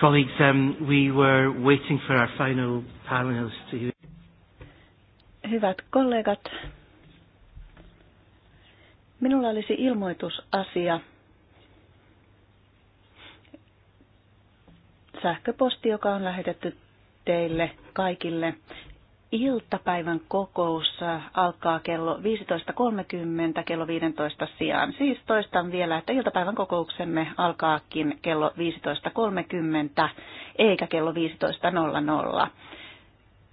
Colleagues, um, we were waiting for our final panelist to... Hyvät kollegat, minulla olisi ilmoitusasia. Sähköposti, joka on lähetetty teille kaikille iltapäivän kokous alkaa kello 15.30 kello 15 sijaan. Siis toistan vielä, että iltapäivän kokouksemme alkaakin kello 15.30 eikä kello 15.00.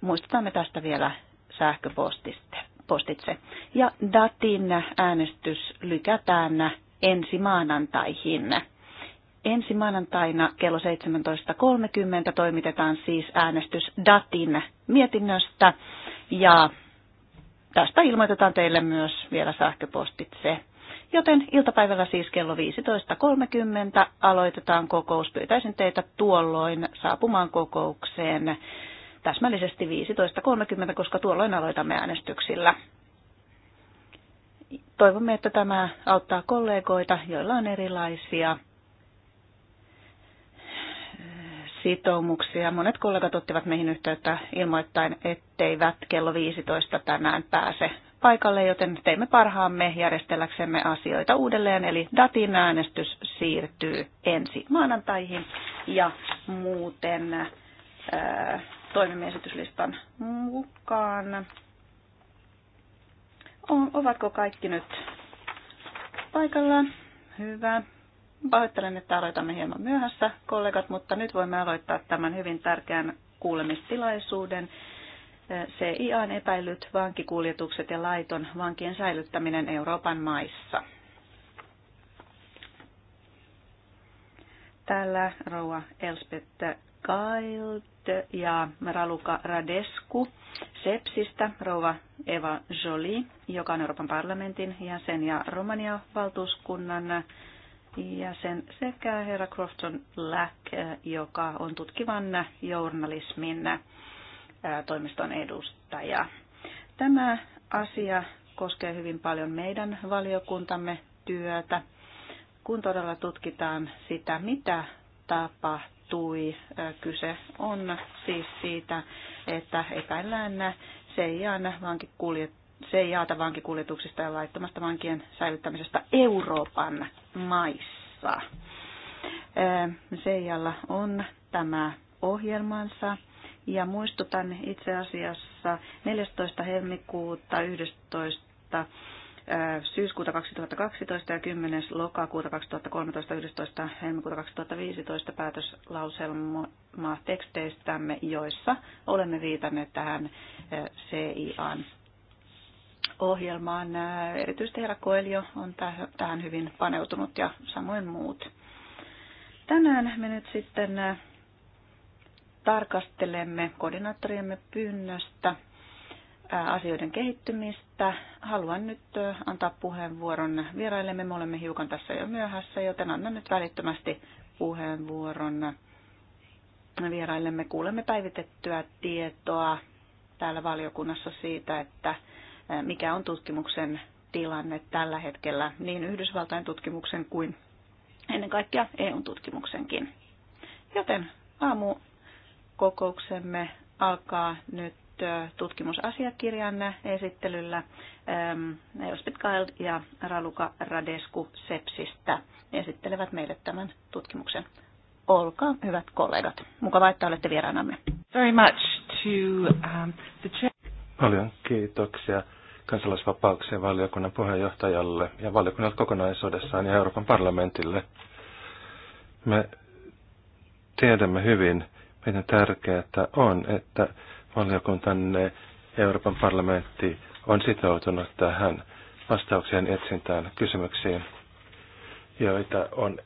Muistutamme tästä vielä sähköpostitse. Ja datin äänestys lykätään ensi maanantaihin. Ensi maanantaina kello 17.30 toimitetaan siis äänestys datin mietinnöstä ja tästä ilmoitetaan teille myös vielä sähköpostitse. Joten iltapäivällä siis kello 15.30 aloitetaan kokous. Pyytäisin teitä tuolloin saapumaan kokoukseen täsmällisesti 15.30, koska tuolloin aloitamme äänestyksillä. Toivomme, että tämä auttaa kollegoita, joilla on erilaisia sitoumuksia. Monet kollegat ottivat meihin yhteyttä ilmoittain, etteivät kello 15 tänään pääse paikalle, joten teimme parhaamme järjestelläksemme asioita uudelleen, eli datin äänestys siirtyy ensi maanantaihin ja muuten ää, äh, toimimme esityslistan mukaan. O- ovatko kaikki nyt paikallaan? Hyvä. Pahoittelen, että aloitamme hieman myöhässä, kollegat, mutta nyt voimme aloittaa tämän hyvin tärkeän kuulemistilaisuuden. CIAn epäilyt, vankikuljetukset ja laiton vankien säilyttäminen Euroopan maissa. Täällä rouva Elspeth Kailt ja Raluka Radesku Sepsistä, rouva Eva Jolie, joka on Euroopan parlamentin jäsen ja Romania valtuuskunnan ja sen sekä herra Crofton Lack, eh, joka on tutkivan journalismin eh, toimiston edustaja. Tämä asia koskee hyvin paljon meidän valiokuntamme työtä, kun todella tutkitaan sitä, mitä tapahtui. Eh, kyse on siis siitä, että epäillään Seijan vankikuljettaja seijaata vankikuljetuksista ja laittomasta vankien säilyttämisestä Euroopan maissa. Seijalla on tämä ohjelmansa. Ja muistutan itse asiassa 14. helmikuuta 11 syyskuuta 2012 ja 10. lokakuuta 2013 11. helmikuuta 2015 päätöslauselma teksteistämme, joissa olemme viitanneet tähän CIAn ohjelmaan. Erityisesti herra Koelio on tähän hyvin paneutunut ja samoin muut. Tänään me nyt sitten tarkastelemme koordinaattoriemme pyynnöstä asioiden kehittymistä. Haluan nyt antaa puheenvuoron vieraillemme. Me olemme hiukan tässä jo myöhässä, joten annan nyt välittömästi puheenvuoron vieraillemme. Kuulemme päivitettyä tietoa täällä valiokunnassa siitä, että mikä on tutkimuksen tilanne tällä hetkellä niin Yhdysvaltain tutkimuksen kuin ennen kaikkea EU-tutkimuksenkin. Joten aamu kokouksemme alkaa nyt tutkimusasiakirjan esittelyllä ähm, Elspeth Kael ja Raluka Radesku Sepsistä esittelevät meille tämän tutkimuksen. Olkaa hyvät kollegat. Mukavaa, että olette vieraanamme. Very much to, um, the Paljon kiitoksia kansalaisvapauksien valiokunnan puheenjohtajalle ja valiokunnalle kokonaisuudessaan ja Euroopan parlamentille. Me tiedämme hyvin, miten tärkeää on, että valiokuntanne Euroopan parlamentti on sitoutunut tähän vastauksien etsintään kysymyksiin, joita on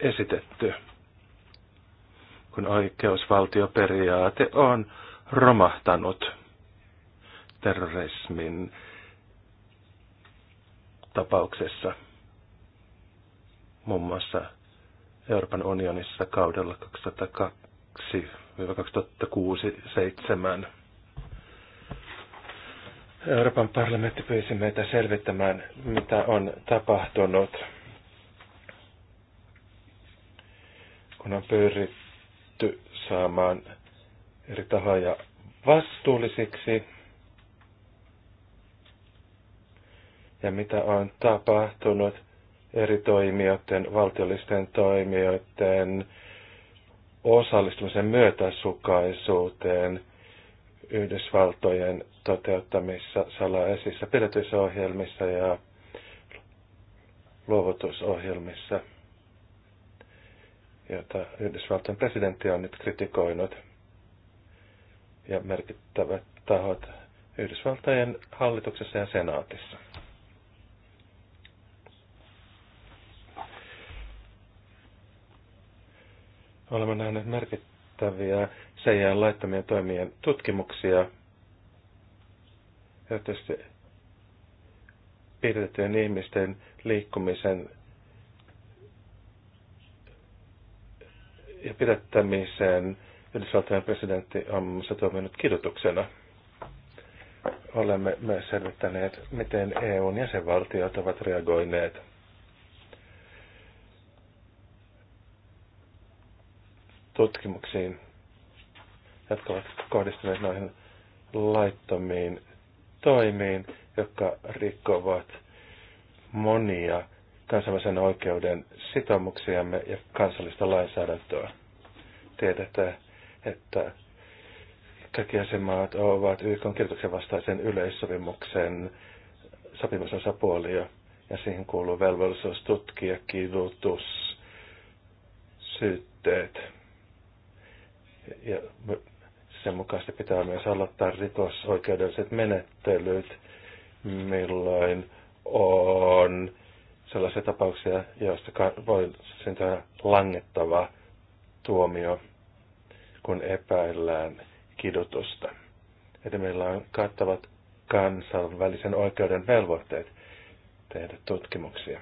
esitetty. Kun oikeusvaltioperiaate on romahtanut terrorismin tapauksessa, muun muassa Euroopan unionissa kaudella 2002-2007. Euroopan parlamentti pyysi meitä selvittämään, mitä on tapahtunut, kun on pyritty saamaan eri tahoja vastuullisiksi ja mitä on tapahtunut eri toimijoiden, valtiollisten toimijoiden osallistumisen myötäsukaisuuteen Yhdysvaltojen toteuttamissa salaisissa pidetyissä ohjelmissa ja luovutusohjelmissa, jota Yhdysvaltojen presidentti on nyt kritikoinut. Ja merkittävät tahot Yhdysvaltojen hallituksessa ja senaatissa. Olemme nähneet merkittäviä seijään laittamien toimien tutkimuksia. erityisesti tietysti ihmisten liikkumisen ja pidättämisen Yhdysvaltain presidentti on toiminut kidutuksena. Olemme myös selvittäneet, miten EUn jäsenvaltiot ovat reagoineet – tutkimuksiin, jotka ovat kohdistuneet noihin laittomiin toimiin, jotka rikkovat monia kansainvälisen oikeuden sitoumuksiamme ja kansallista lainsäädäntöä. Tiedetään, että kaikki jäsenmaat ovat YK kirjoituksen vastaisen yleissopimuksen sopimusosapuolia ja siihen kuuluu velvollisuus tutkia kidutus, syytteet, ja sen mukaisesti pitää myös aloittaa rikosoikeudelliset menettelyt, milloin on sellaisia tapauksia, joista voi syntyä langettava tuomio, kun epäillään kidutusta. Että meillä on kattavat kansainvälisen oikeuden velvoitteet tehdä tutkimuksia,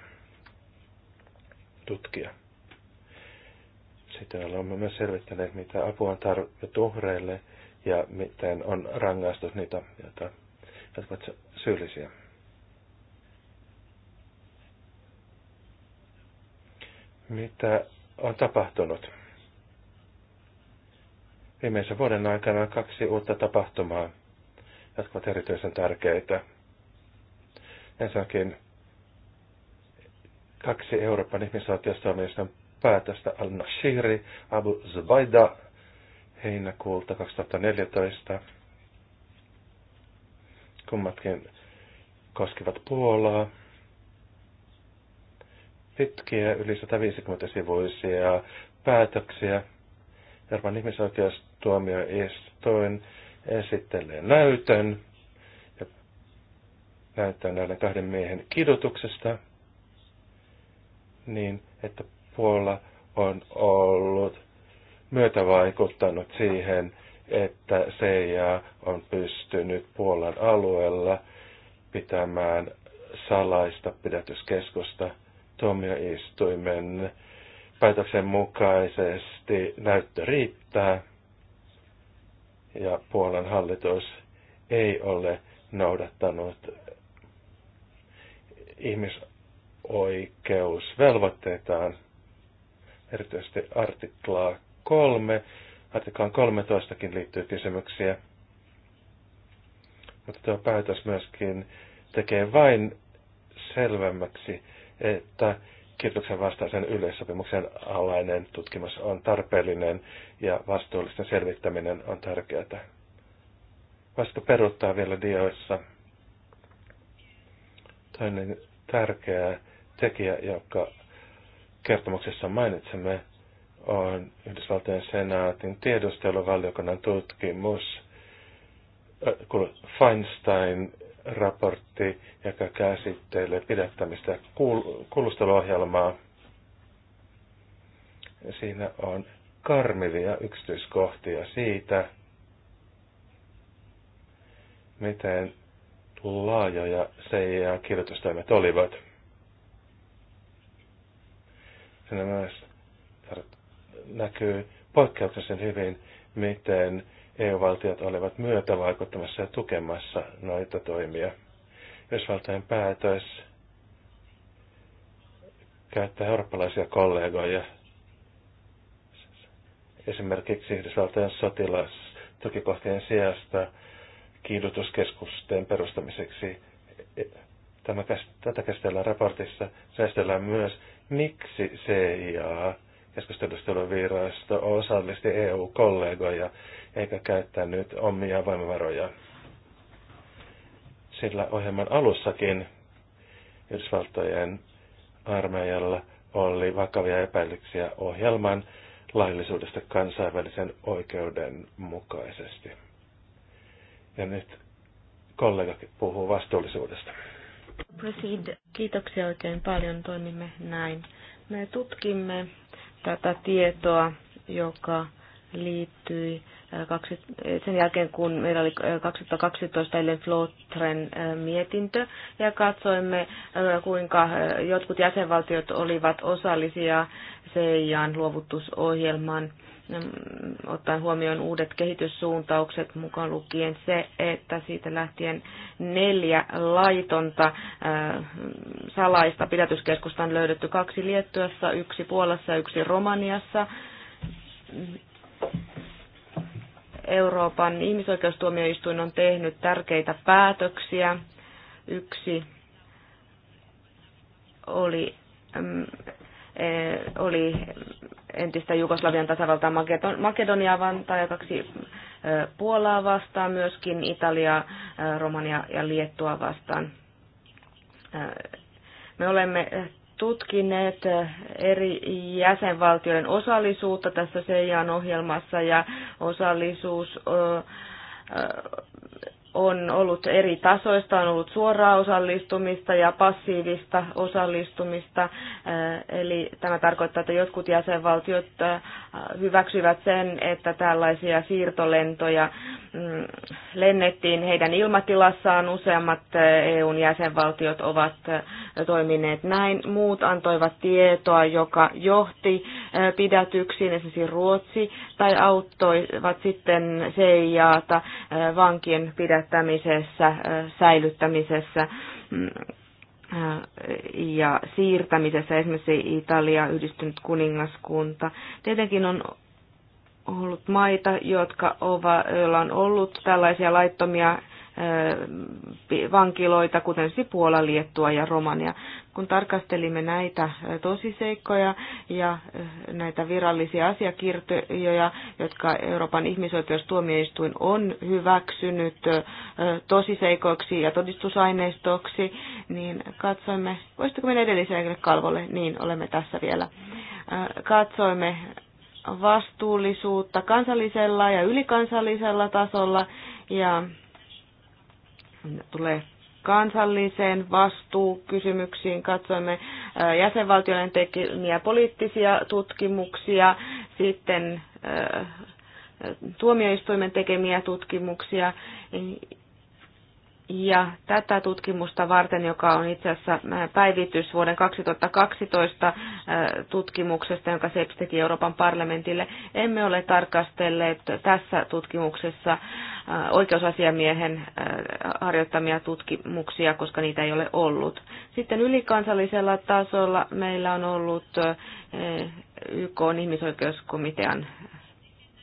tutkia. Sitten olemme myös selvittäneet, mitä apua on tarvittu uhreille ja miten on rangaistus niitä, joita, jotka ovat syyllisiä. Mitä on tapahtunut? Viimeisen vuoden aikana on kaksi uutta tapahtumaa, jotka ovat erityisen tärkeitä. Ensinnäkin kaksi Euroopan ihmisoikeustuomioistuin päätöstä al-Nashiri Abu Zubaida heinäkuulta 2014. Kummatkin koskivat Puolaa. Pitkiä yli 150 sivuisia päätöksiä. Euroopan ihmisoikeustuomioistuin esittelee näytön ja näyttää näiden kahden miehen kidutuksesta niin, että Puola on ollut myötävaikuttanut siihen, että CIA on pystynyt Puolan alueella pitämään salaista pidätyskeskusta tuomioistuimen päätöksen mukaisesti näyttö riittää ja Puolan hallitus ei ole noudattanut ihmisoikeusvelvoitteitaan erityisesti artiklaa 3. Artiklaan 13 liittyy kysymyksiä. Mutta tuo päätös myöskin tekee vain selvemmäksi, että kirjoituksen vastaisen yleissopimuksen alainen tutkimus on tarpeellinen ja vastuullisten selvittäminen on tärkeää. Vasta peruuttaa vielä dioissa. Toinen tärkeä tekijä, joka kertomuksessa mainitsemme, on Yhdysvaltojen senaatin tiedusteluvaliokunnan tutkimus, Feinstein-raportti, joka käsittelee pidättämistä kuulusteluohjelmaa. Siinä on karmivia yksityiskohtia siitä, miten laajoja CIA-kirjoitustoimet e olivat – Siinä myös näkyy poikkeuksellisen hyvin, miten EU-valtiot olivat myötävaikuttamassa ja tukemassa noita toimia. Yhdysvaltain päätös käyttää eurooppalaisia kollegoja. Esimerkiksi Yhdysvaltain sotilas tukikohtien sijasta kiidutuskeskusten perustamiseksi. Tämä, tätä käsitellään raportissa. Säästellään myös miksi CIA, keskustelustulvirasto, osallisti EU-kollegoja eikä käyttänyt omia voimavaroja. Sillä ohjelman alussakin Yhdysvaltojen armeijalla oli vakavia epäilyksiä ohjelman laillisuudesta kansainvälisen oikeuden mukaisesti. Ja nyt kollegakin puhuu vastuullisuudesta. Proceed. Kiitoksia oikein paljon, toimimme näin. Me tutkimme tätä tietoa, joka liittyi äh, äh, sen jälkeen, kun meillä oli 2012 äh, Ellen Flotren mietintö, ja katsoimme, kuinka jotkut jäsenvaltiot olivat osallisia CIAn luovutusohjelman Mm, ottaen huomioon uudet kehityssuuntaukset, mukaan lukien se, että siitä lähtien neljä laitonta äh, salaista pidätyskeskusta on löydetty kaksi Liettuassa, yksi Puolassa ja yksi Romaniassa. Euroopan ihmisoikeustuomioistuin on tehnyt tärkeitä päätöksiä. Yksi oli mm, Eh, oli entistä Jugoslavian tasavaltaa Makedonia vantaa ja kaksi eh, Puolaa vastaan, myöskin Italiaa, eh, Romania ja Liettua vastaan. Me olemme tutkineet eri jäsenvaltioiden osallisuutta tässä CEIAN ohjelmassa ja osallisuus on ollut eri tasoista, on ollut suoraa osallistumista ja passiivista osallistumista. Äh, eli tämä tarkoittaa, että jotkut jäsenvaltiot äh, hyväksyvät sen, että tällaisia siirtolentoja mm, lennettiin heidän ilmatilassaan. Useammat äh, EUn jäsenvaltiot ovat toimineet näin. Muut antoivat tietoa, joka johti pidätyksiin, esimerkiksi Ruotsi, tai auttoivat sitten CIAta vankien pidätyksiin kierrättämisessä, säilyttämisessä mm, ja siirtämisessä, esimerkiksi Italia, yhdistynyt kuningaskunta. Tietenkin on ollut maita, jotka ovat, joilla on ollut tällaisia laittomia vankiloita, kuten Sipuola, siis Liettua ja Romania. Kun tarkastelimme näitä tosiseikkoja ja näitä virallisia asiakirjoja, jotka Euroopan ihmisoikeustuomioistuin on hyväksynyt tosiseikoiksi ja todistusaineistoksi, niin katsoimme, voisitko mennä edelliselle kalvolle, niin olemme tässä vielä. Katsoimme vastuullisuutta kansallisella ja ylikansallisella tasolla ja tulee kansalliseen vastuukysymyksiin. Katsoimme jäsenvaltioiden tekemiä poliittisia tutkimuksia, sitten tuomioistuimen tekemiä tutkimuksia ja tätä tutkimusta varten, joka on itse asiassa päivitys vuoden 2012 tutkimuksesta, jonka SEPS teki Euroopan parlamentille, emme ole tarkastelleet tässä tutkimuksessa oikeusasiamiehen harjoittamia tutkimuksia, koska niitä ei ole ollut. Sitten ylikansallisella tasolla meillä on ollut YK ihmisoikeuskomitean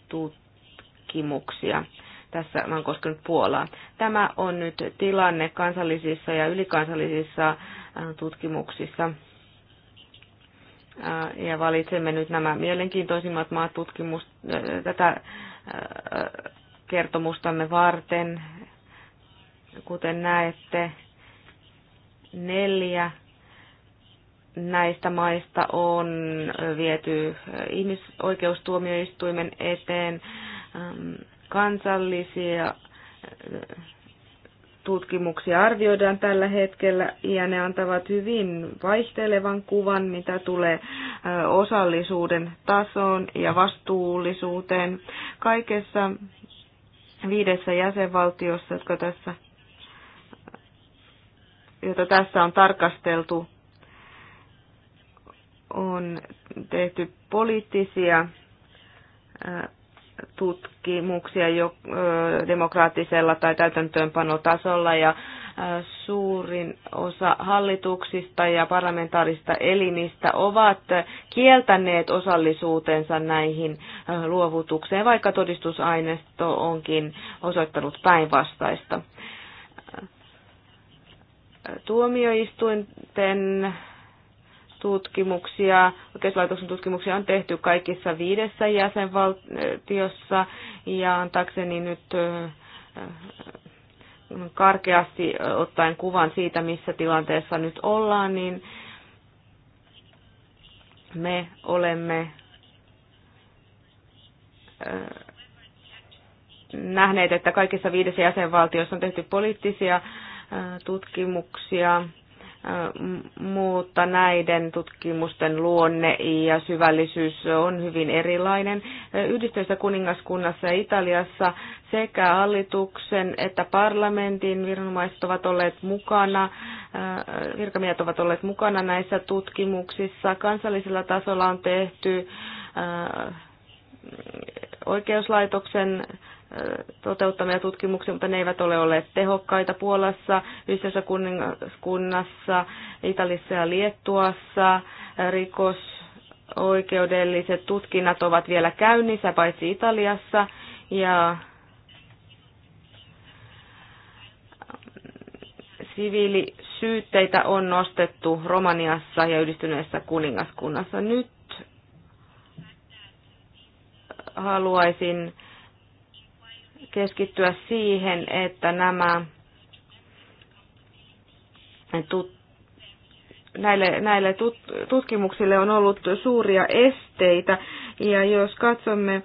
tutkimuksia tässä on koskenut Puolaa. Tämä on nyt tilanne kansallisissa ja ylikansallisissa äh, tutkimuksissa. Äh, ja valitsemme nyt nämä mielenkiintoisimmat maat tutkimus, äh, tätä kertomustamme varten. Kuten näette, neljä näistä maista on viety ihmisoikeustuomioistuimen eteen. Ähm, Kansallisia äh, tutkimuksia arvioidaan tällä hetkellä ja ne antavat hyvin vaihtelevan kuvan, mitä tulee äh, osallisuuden tasoon ja vastuullisuuteen. Kaikessa viidessä jäsenvaltiossa, jotka tässä, jota tässä on tarkasteltu, on tehty poliittisia äh, tutkimuksia jo demokraattisella tai täytäntöönpanotasolla ja suurin osa hallituksista ja parlamentaarista elimistä ovat kieltäneet osallisuutensa näihin luovutukseen, vaikka todistusaineisto onkin osoittanut päinvastaista. Tuomioistuinten tutkimuksia, oikeuslaitoksen tutkimuksia on tehty kaikissa viidessä jäsenvaltiossa ja antaakseni nyt karkeasti ottaen kuvan siitä, missä tilanteessa nyt ollaan, niin me olemme nähneet, että kaikissa viidessä jäsenvaltiossa on tehty poliittisia tutkimuksia mutta näiden tutkimusten luonne ja syvällisyys on hyvin erilainen. Yhdistyössä kuningaskunnassa ja Italiassa sekä hallituksen että parlamentin viranomaiset ovat olleet mukana, virkamiehet ovat olleet mukana näissä tutkimuksissa. Kansallisella tasolla on tehty oikeuslaitoksen toteuttamia tutkimuksia, mutta ne eivät ole olleet tehokkaita Puolassa, yhdessä kunnassa, Italiassa ja Liettuassa. Rikosoikeudelliset tutkinnat ovat vielä käynnissä, paitsi Italiassa. Ja siviilisyytteitä on nostettu Romaniassa ja yhdistyneessä kuningaskunnassa. Nyt haluaisin keskittyä siihen, että nämä näille, näille tut, tutkimuksille on ollut suuria esteitä. Ja jos katsomme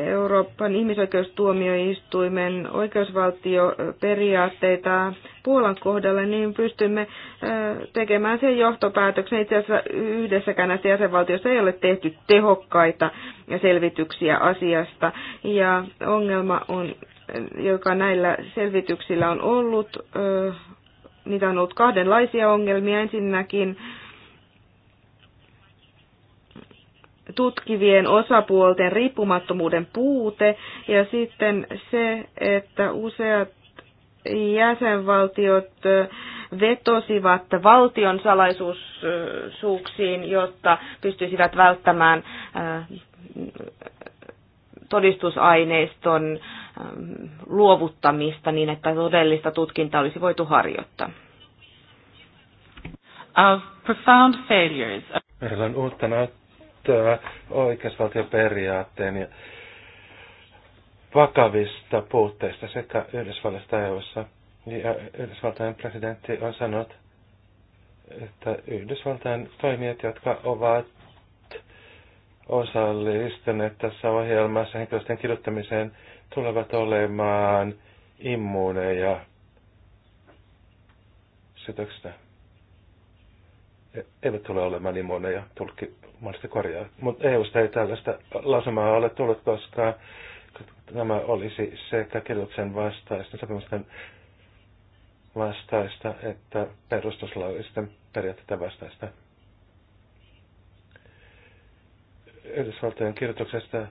Euroopan ihmisoikeustuomioistuimen oikeusvaltioperiaatteita Puolan kohdalla, niin pystymme tekemään sen johtopäätöksen. Itse asiassa yhdessäkään näistä jäsenvaltioissa ei ole tehty tehokkaita selvityksiä asiasta. Ja ongelma on, joka näillä selvityksillä on ollut, niitä on ollut kahdenlaisia ongelmia. Ensinnäkin tutkivien osapuolten riippumattomuuden puute ja sitten se, että useat jäsenvaltiot vetosivat valtion salaisuussuuksiin, jotta pystyisivät välttämään todistusaineiston luovuttamista niin, että todellista tutkintaa olisi voitu harjoittaa. Of profound failures. Meillä on uutta näyttöä oikeusvaltion periaatteen ja vakavista puutteista sekä Yhdysvalloista EUssa. Ja Yhdysvaltain presidentti on sanonut, että Yhdysvaltain toimijat, jotka ovat osallistuneet tässä ohjelmassa henkilöstön kiduttamiseen, tulevat olemaan immuuneja sitoksena. Eivät tule olemaan immuuneja, tulkki mahdollisesti korjaa. Mutta EUsta ei tällaista lausumaa ole tullut, koska nämä olisi sekä kirjoituksen vastaisten sopimusten vastaista että perustuslaillisten periaatteiden vastaista. Yhdysvaltojen kirjoituksesta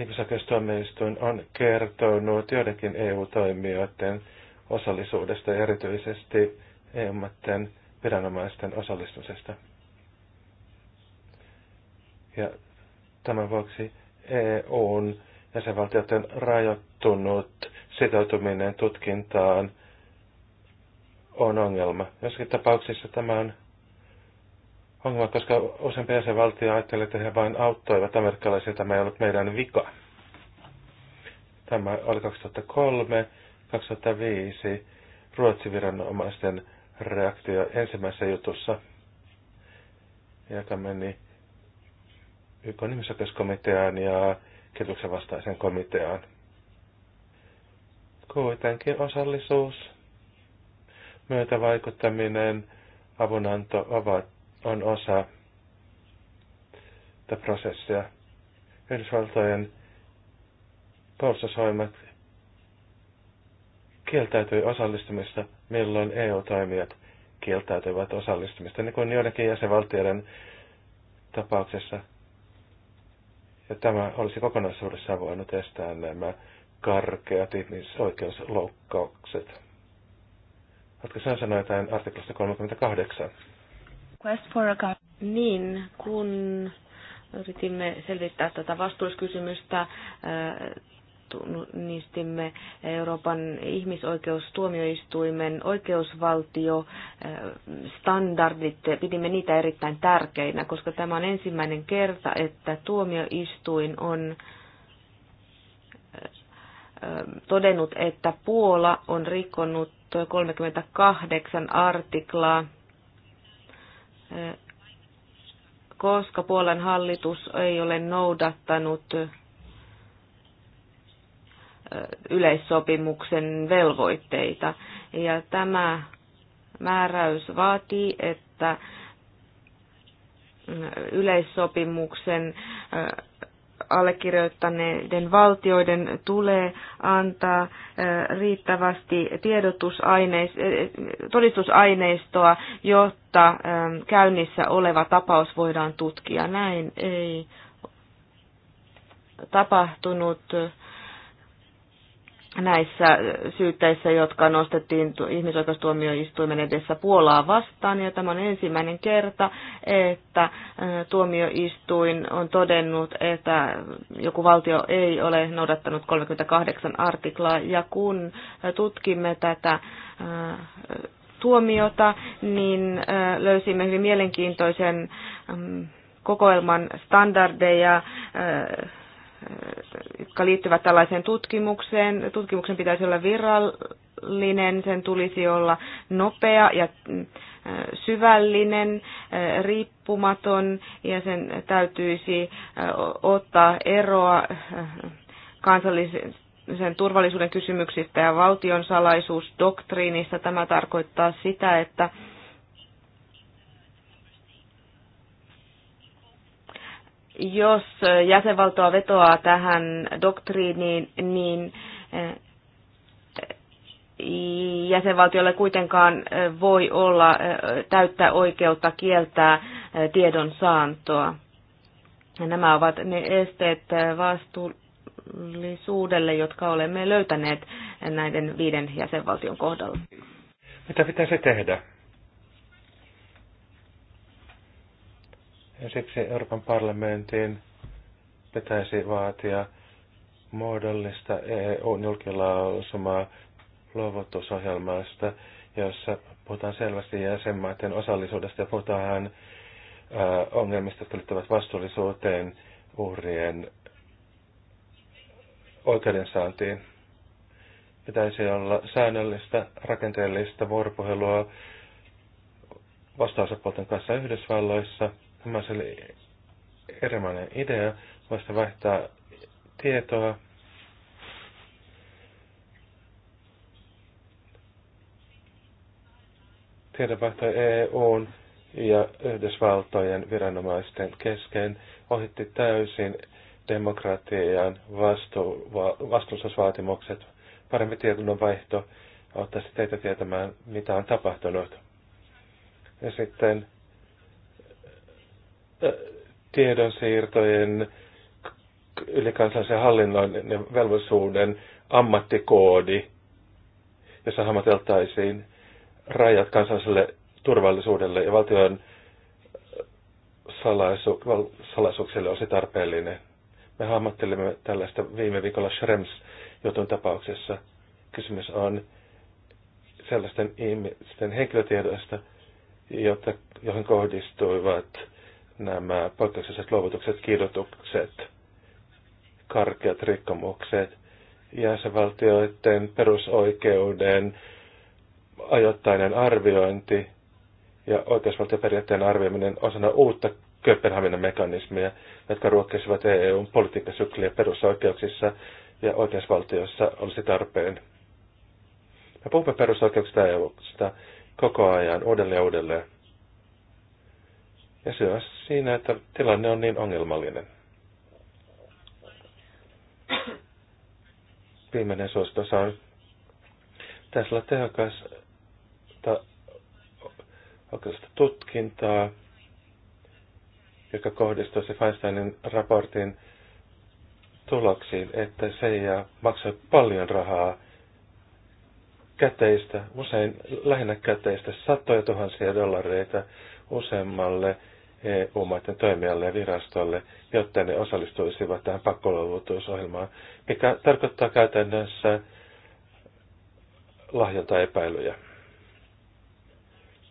ihmisoikeustuomioistuin on kertonut joidenkin EU-toimijoiden osallisuudesta erityisesti eu viranomaisten osallistumisesta. Ja tämän vuoksi EUn jäsenvaltioiden rajoittunut sitoutuminen tutkintaan on ongelma. Joskin tapauksissa tämä on ongelma, koska useampi jäsenvaltio ajattelee, että he vain auttoivat amerikkalaisia, tämä ei ollut meidän vika. Tämä oli 2003, 2005 ruotsiviranomaisten reaktio ensimmäisessä jutussa, joka meni niin YK ihmisoikeuskomiteaan ja kirjoituksen vastaisen komiteaan. Kuitenkin osallisuus, myötävaikuttaminen, avunanto ovat, on osa tätä prosessia. Yhdysvaltojen puolustusvoimat kieltäytyi osallistumista milloin EU-toimijat kieltäytyvät osallistumista, niin kuin joidenkin jäsenvaltioiden tapauksessa. Ja tämä olisi kokonaisuudessaan voinut estää nämä karkeat ihmisoikeusloukkaukset. Oletko sinä sanoa jotain artiklasta 38? Quest for a niin, kun yritimme selvittää tätä vastuuskysymystä tunnistimme Euroopan ihmisoikeustuomioistuimen eh, standardit, pidimme niitä erittäin tärkeinä, koska tämä on ensimmäinen kerta, että tuomioistuin on eh, todennut, että Puola on rikkonut 38 artiklaa, eh, koska Puolan hallitus ei ole noudattanut yleissopimuksen velvoitteita. Ja tämä määräys vaatii, että yleissopimuksen äh, allekirjoittaneiden valtioiden tulee antaa äh, riittävästi äh, todistusaineistoa, jotta käynnissä oleva tapaus voidaan tutkia. Näin ei tapahtunut näissä syytteissä, jotka nostettiin ihmisoikeustuomioistuimen edessä Puolaa vastaan. Ja tämä on ensimmäinen kerta, että tuomioistuin on todennut, että joku valtio ei ole noudattanut 38 artiklaa. Ja kun tutkimme tätä tuomiota, niin löysimme hyvin mielenkiintoisen mm, kokoelman standardeja jotka liittyvät tällaiseen tutkimukseen. Tutkimuksen pitäisi olla virallinen, sen tulisi olla nopea ja mm, syvällinen, riippumaton ja sen täytyisi ottaa eroa kansallisen turvallisuuden kysymyksistä ja valtion salaisuusdoktriinista. Tämä tarkoittaa sitä, että Jos jäsenvaltoa vetoaa tähän doktriiniin, niin jäsenvaltiolle kuitenkaan voi olla täyttä oikeutta kieltää tiedon saantoa. Nämä ovat ne esteet vastuullisuudelle, jotka olemme löytäneet näiden viiden jäsenvaltion kohdalla. Mitä pitäisi tehdä? Ja siksi Euroopan parlamentin pitäisi vaatia muodollista EUn julkilausumaa luovutusohjelmasta, jossa puhutaan selvästi jäsenmaiden osallisuudesta ja puhutaan ongelmista, jotka liittyvät vastuullisuuteen, uhrien oikeudensaantiin. Pitäisi olla säännöllistä, rakenteellista vuoropuhelua vastausapuolten kanssa Yhdysvalloissa – Tämä oli erilainen idea, voisi vaihtaa tietoa. Tiedonvaihto EUn ja Yhdysvaltojen viranomaisten kesken ohitti täysin demokratian vastu, va, vastuullisuusvaatimukset. Parempi tiedonvaihto auttaisi teitä tietämään, mitä on tapahtunut. Ja sitten tiedonsiirtojen ylikansallisen hallinnon velvollisuuden ammattikoodi, jossa hamateltaisiin rajat kansalliselle turvallisuudelle ja valtion salaisu, val, salaisuuksille olisi tarpeellinen. Me hahmottelimme tällaista viime viikolla Schrems-jutun tapauksessa. Kysymys on sellaisten ihmisten henkilötiedoista, johon kohdistuivat nämä poikkeukselliset luovutukset, kiidotukset, karkeat rikkomukset, jäsenvaltioiden perusoikeuden ajoittainen arviointi ja oikeusvaltioperiaatteen arvioiminen osana uutta Kööpenhaminan mekanismia, jotka ruokkisivat EUn politiikkasykliä perusoikeuksissa ja oikeusvaltiossa olisi tarpeen. Me puhumme perusoikeuksista EUsta koko ajan uudelleen ja uudelleen. Ja se on siinä, että tilanne on niin ongelmallinen. Viimeinen suositus on, tässä olla tehokas oikeastaan tutkintaa, joka kohdistuisi Feinsteinin raportin tuloksiin, että se ja maksoi paljon rahaa käteistä, usein lähinnä käteistä, satoja tuhansia dollareita useammalle EU-maiden toimijalle ja virastolle, jotta ne osallistuisivat tähän pakkoluovutusohjelmaan, mikä tarkoittaa käytännössä lahjontaepäilyjä.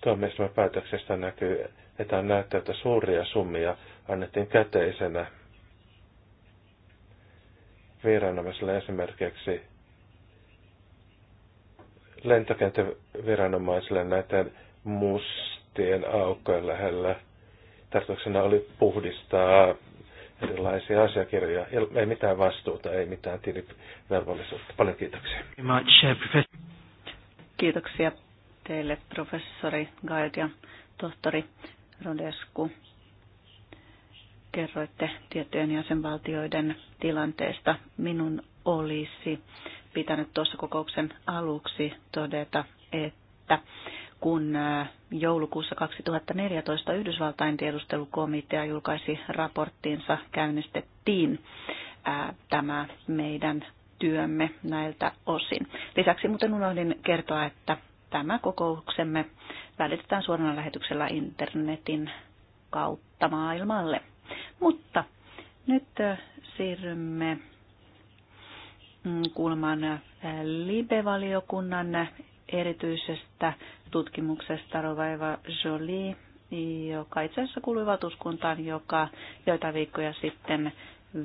Tuomioistuimen päätöksestä näkyy, että on näyttää, että suuria summia annettiin käteisenä viranomaisille esimerkiksi lentokenttäviranomaisille näiden mustien aukkojen lähellä – tarkoituksena oli puhdistaa erilaisia asiakirjoja. Ei mitään vastuuta, ei mitään tilivelvollisuutta. Paljon kiitoksia. Kiitoksia teille professori Gaid ja tohtori Rodescu. Kerroitte tiettyjen jäsenvaltioiden tilanteesta. Minun olisi pitänyt tuossa kokouksen aluksi todeta, että kun joulukuussa 2014 Yhdysvaltain tiedustelukomitea julkaisi raporttiinsa, käynnistettiin tämä meidän työmme näiltä osin. Lisäksi muuten unohdin kertoa, että tämä kokouksemme välitetään suorana lähetyksellä internetin kautta maailmalle. Mutta nyt siirrymme mm, kuulemaan Libe-valiokunnan erityisestä tutkimuksesta Rovaiva Jolie, joka itse asiassa kuului valtuuskuntaan, joka joita viikkoja sitten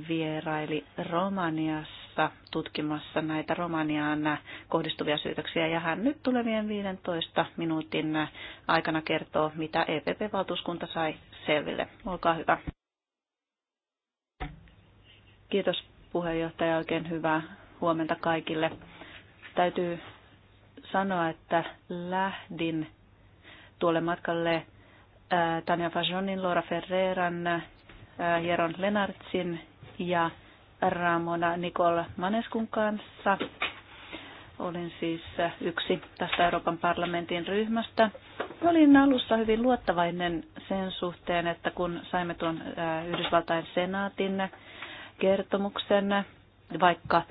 vieraili Romaniassa tutkimassa näitä Romaniaan kohdistuvia syytöksiä. Ja hän nyt tulevien 15 minuutin aikana kertoo, mitä EPP-valtuuskunta sai selville. Olkaa hyvä. Kiitos puheenjohtaja, oikein hyvää huomenta kaikille. Täytyy sanoa, että lähdin tuolle matkalle äh, Tania Fajonin, Laura Ferreran, äh, Jeron Lenartsin ja Ramona Nicole Maneskun kanssa. Olin siis äh, yksi tästä Euroopan parlamentin ryhmästä. Olin alussa hyvin luottavainen sen suhteen, että kun saimme tuon Yhdysvaltain senaatin kertomuksen, vaikka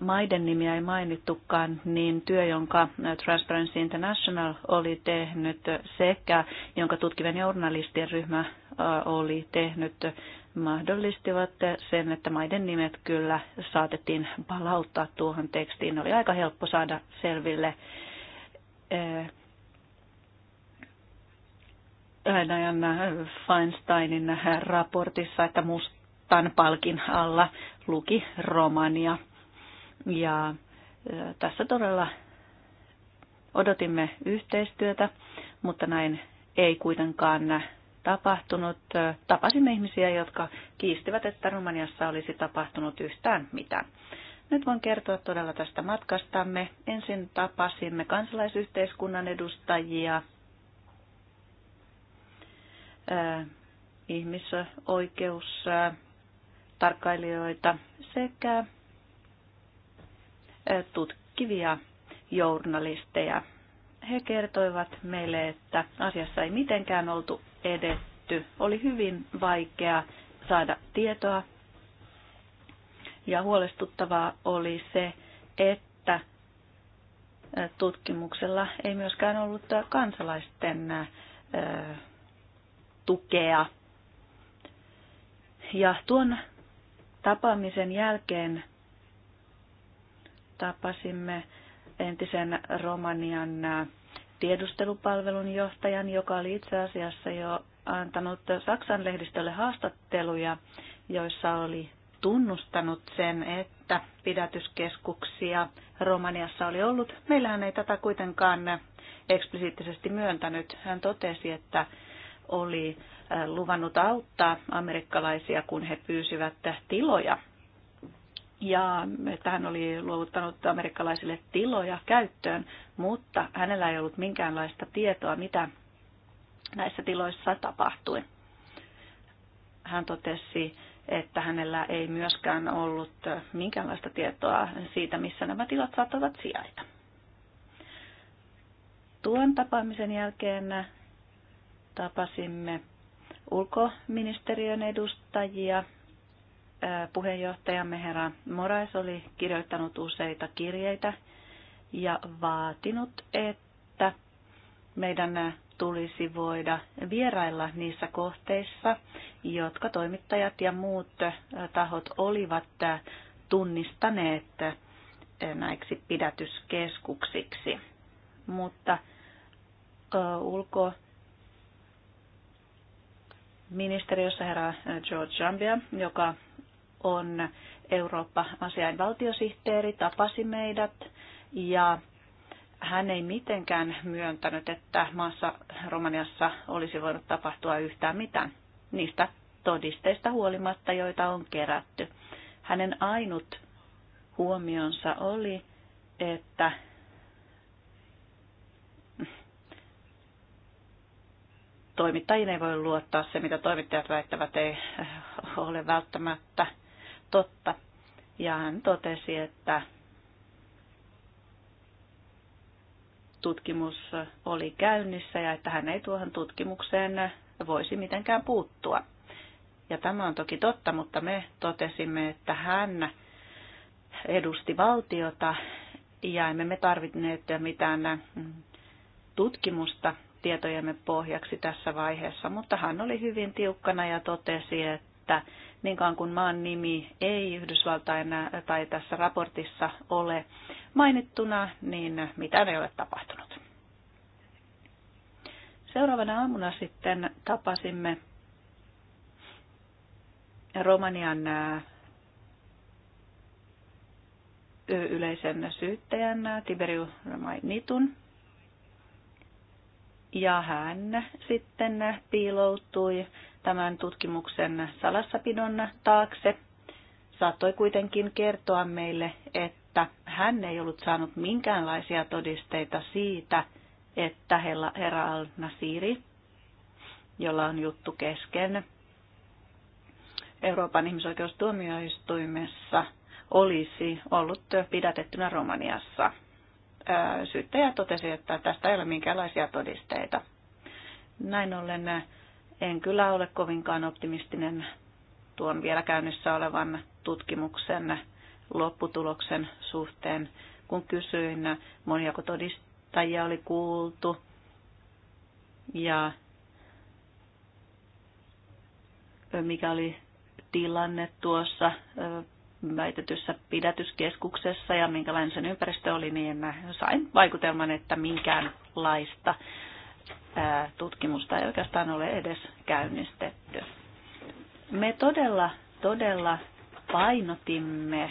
maiden nimiä ei mainittukaan, niin työ, jonka Transparency International oli tehnyt sekä jonka tutkivien journalistien ryhmä oli tehnyt, mahdollistivat sen, että maiden nimet kyllä saatettiin palauttaa tuohon tekstiin. Oli aika helppo saada selville ajan Feinsteinin raportissa, että musta tämän palkin alla luki Romania. Ja tässä todella odotimme yhteistyötä, mutta näin ei kuitenkaan tapahtunut. Tapasimme ihmisiä, jotka kiistivät, että Romaniassa olisi tapahtunut yhtään mitään. Nyt voin kertoa todella tästä matkastamme. Ensin tapasimme kansalaisyhteiskunnan edustajia, ihmisoikeus tarkkailijoita sekä tutkivia journalisteja. He kertoivat meille, että asiassa ei mitenkään oltu edetty. Oli hyvin vaikea saada tietoa. Ja huolestuttavaa oli se, että tutkimuksella ei myöskään ollut kansalaisten tukea. Ja tuon Tapaamisen jälkeen tapasimme entisen Romanian äh, tiedustelupalvelun johtajan, joka oli itse asiassa jo antanut Saksan lehdistölle haastatteluja, joissa oli tunnustanut sen, että pidätyskeskuksia Romaniassa oli ollut. Meillähän ei tätä kuitenkaan eksplisiittisesti myöntänyt. Hän totesi, että oli äh, luvannut auttaa amerikkalaisia, kun he pyysivät tiloja. Ja että hän oli luovuttanut amerikkalaisille tiloja käyttöön, mutta hänellä ei ollut minkäänlaista tietoa, mitä näissä tiloissa tapahtui. Hän totesi, että hänellä ei myöskään ollut minkäänlaista tietoa siitä, missä nämä tilat saattavat sijaita. Tuon tapaamisen jälkeen Tapasimme ulkoministeriön edustajia. Puheenjohtajamme herra Morais oli kirjoittanut useita kirjeitä ja vaatinut, että meidän tulisi voida vierailla niissä kohteissa, jotka toimittajat ja muut tahot olivat tunnistaneet näiksi pidätyskeskuksiksi. Mutta ulko ministeriössä herra George Jambia, joka on Eurooppa-asiain valtiosihteeri, tapasi meidät ja hän ei mitenkään myöntänyt, että maassa Romaniassa olisi voinut tapahtua yhtään mitään niistä todisteista huolimatta, joita on kerätty. Hänen ainut huomionsa oli, että toimittajiin ei voi luottaa. Se, mitä toimittajat väittävät, ei eh, ole välttämättä totta. Ja hän totesi, että tutkimus oli käynnissä ja että hän ei tuohon tutkimukseen voisi mitenkään puuttua. Ja tämä on toki totta, mutta me totesimme, että hän edusti valtiota ja emme me tarvinneet mitään tutkimusta tietojemme pohjaksi tässä vaiheessa, mutta hän oli hyvin tiukkana ja totesi, että niin kauan kuin maan nimi ei Yhdysvaltain tai tässä raportissa ole mainittuna, niin mitä ei ole tapahtunut. Seuraavana aamuna sitten tapasimme Romanian yleisen syyttäjän Tiberiu Nitun. Ja hän sitten piiloutui tämän tutkimuksen salassapidon taakse. Saattoi kuitenkin kertoa meille, että hän ei ollut saanut minkäänlaisia todisteita siitä, että herra al-Nasiri, jolla on juttu kesken, Euroopan ihmisoikeustuomioistuimessa olisi ollut pidätettynä Romaniassa syyttäjä totesi, että tästä ei ole minkäänlaisia todisteita. Näin ollen en kyllä ole kovinkaan optimistinen tuon vielä käynnissä olevan tutkimuksen lopputuloksen suhteen, kun kysyin, moniako todistajia oli kuultu ja mikä oli tilanne tuossa väitetyssä pidätyskeskuksessa ja minkälainen sen ympäristö oli, niin mä sain vaikutelman, että minkäänlaista tutkimusta ei oikeastaan ole edes käynnistetty. Me todella, todella painotimme,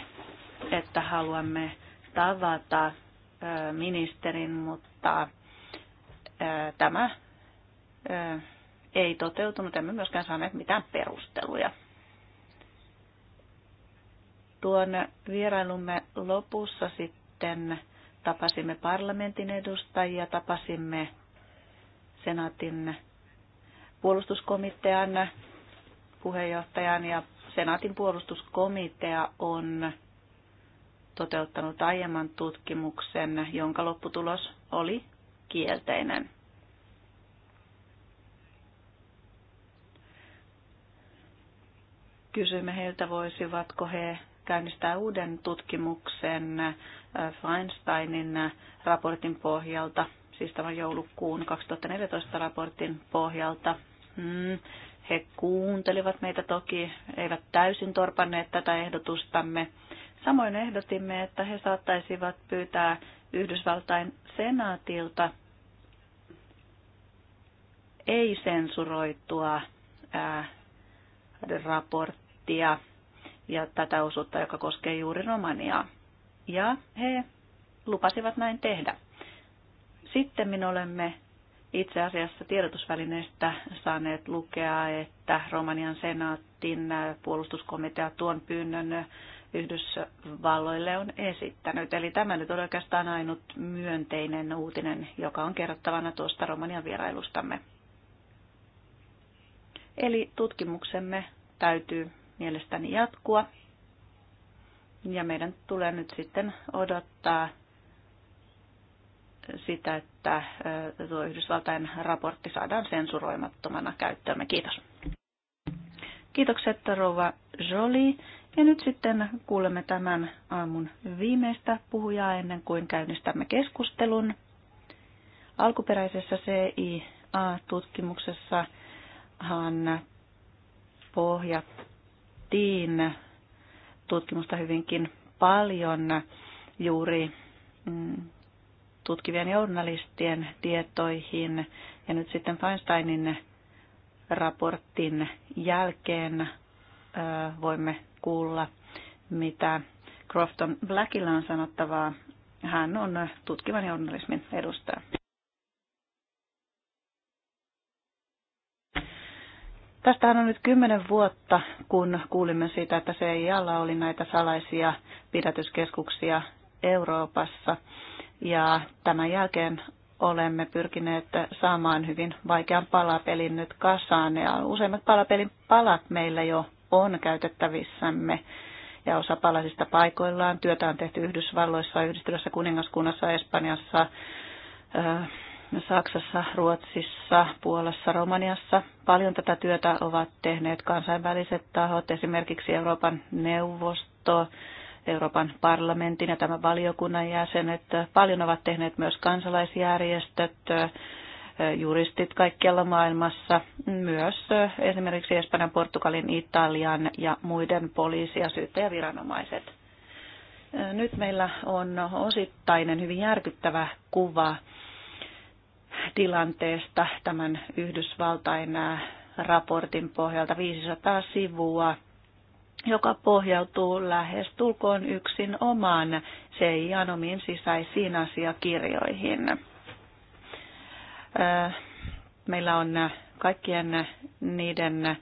että haluamme tavata ministerin, mutta tämä ei toteutunut. Emme myöskään saaneet mitään perusteluja Tuon vierailumme lopussa sitten tapasimme parlamentin edustajia, tapasimme senaatin puolustuskomitean puheenjohtajan ja senaatin puolustuskomitea on toteuttanut aiemman tutkimuksen, jonka lopputulos oli kielteinen. Kysyimme heiltä, voisivatko he käynnistää uuden tutkimuksen äh, Feinsteinin äh, raportin pohjalta, siis tämän joulukuun 2014 raportin pohjalta. Mm, he kuuntelivat meitä toki, eivät täysin torpanneet tätä ehdotustamme. Samoin ehdotimme, että he saattaisivat pyytää Yhdysvaltain senaatilta ei-sensuroitua äh, raporttia ja tätä osuutta, joka koskee juuri Romaniaa. Ja he lupasivat näin tehdä. Sitten minä olemme itse asiassa tiedotusvälineistä saaneet lukea, että Romanian senaattin puolustuskomitea tuon pyynnön Yhdysvalloille on esittänyt. Eli tämä nyt on oikeastaan ainut myönteinen uutinen, joka on kerrottavana tuosta Romanian vierailustamme. Eli tutkimuksemme täytyy mielestäni jatkua. Ja meidän tulee nyt sitten odottaa sitä, että tuo Yhdysvaltain raportti saadaan sensuroimattomana käyttöömme. Kiitos. Kiitokset rouva Jolie. Ja nyt sitten kuulemme tämän aamun viimeistä puhujaa ennen kuin käynnistämme keskustelun. Alkuperäisessä CIA-tutkimuksessahan pohjattiin tehtiin tutkimusta hyvinkin paljon juuri mm, tutkivien journalistien tietoihin. Ja nyt sitten Feinsteinin raportin jälkeen voimme kuulla, mitä Crofton Blackilla on sanottavaa. Hän on tutkivan journalismin edustaja. Tästähän on nyt kymmenen vuotta, kun kuulimme siitä, että alla oli näitä salaisia pidätyskeskuksia Euroopassa. Ja tämän jälkeen olemme pyrkineet saamaan hyvin vaikean palapelin nyt kasaan. Ja useimmat palapelin palat meillä jo on käytettävissämme. Ja osa palasista paikoillaan. Työtä on tehty Yhdysvalloissa, Yhdistyvässä kuningaskunnassa, Espanjassa, Saksassa, Ruotsissa, Puolassa, Romaniassa. Paljon tätä työtä ovat tehneet kansainväliset tahot, esimerkiksi Euroopan neuvosto, Euroopan parlamentin ja tämän valiokunnan jäsenet. Paljon ovat tehneet myös kansalaisjärjestöt, juristit kaikkialla maailmassa, myös esimerkiksi Espanjan, Portugalin, Italian ja muiden poliisi- ja syyttäjäviranomaiset. Nyt meillä on osittainen hyvin järkyttävä kuva tilanteesta tämän Yhdysvaltain raportin pohjalta 500 sivua, joka pohjautuu lähes tulkoon yksin omaan CIAN omiin sisäisiin asiakirjoihin. Meillä on kaikkien niiden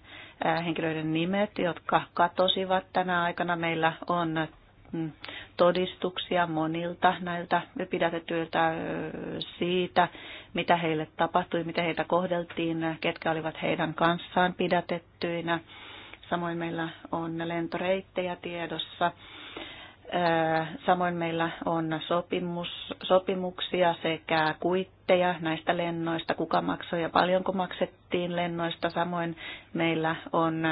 henkilöiden nimet, jotka katosivat tänä aikana. Meillä on mm, todistuksia monilta näiltä pidätetyiltä siitä, mitä heille tapahtui, mitä heitä kohdeltiin, ketkä olivat heidän kanssaan pidätettyinä. Samoin meillä on lentoreittejä tiedossa. Samoin meillä on sopimus, sopimuksia sekä kuitteja näistä lennoista, kuka maksoi ja paljonko maksettiin lennoista. Samoin meillä on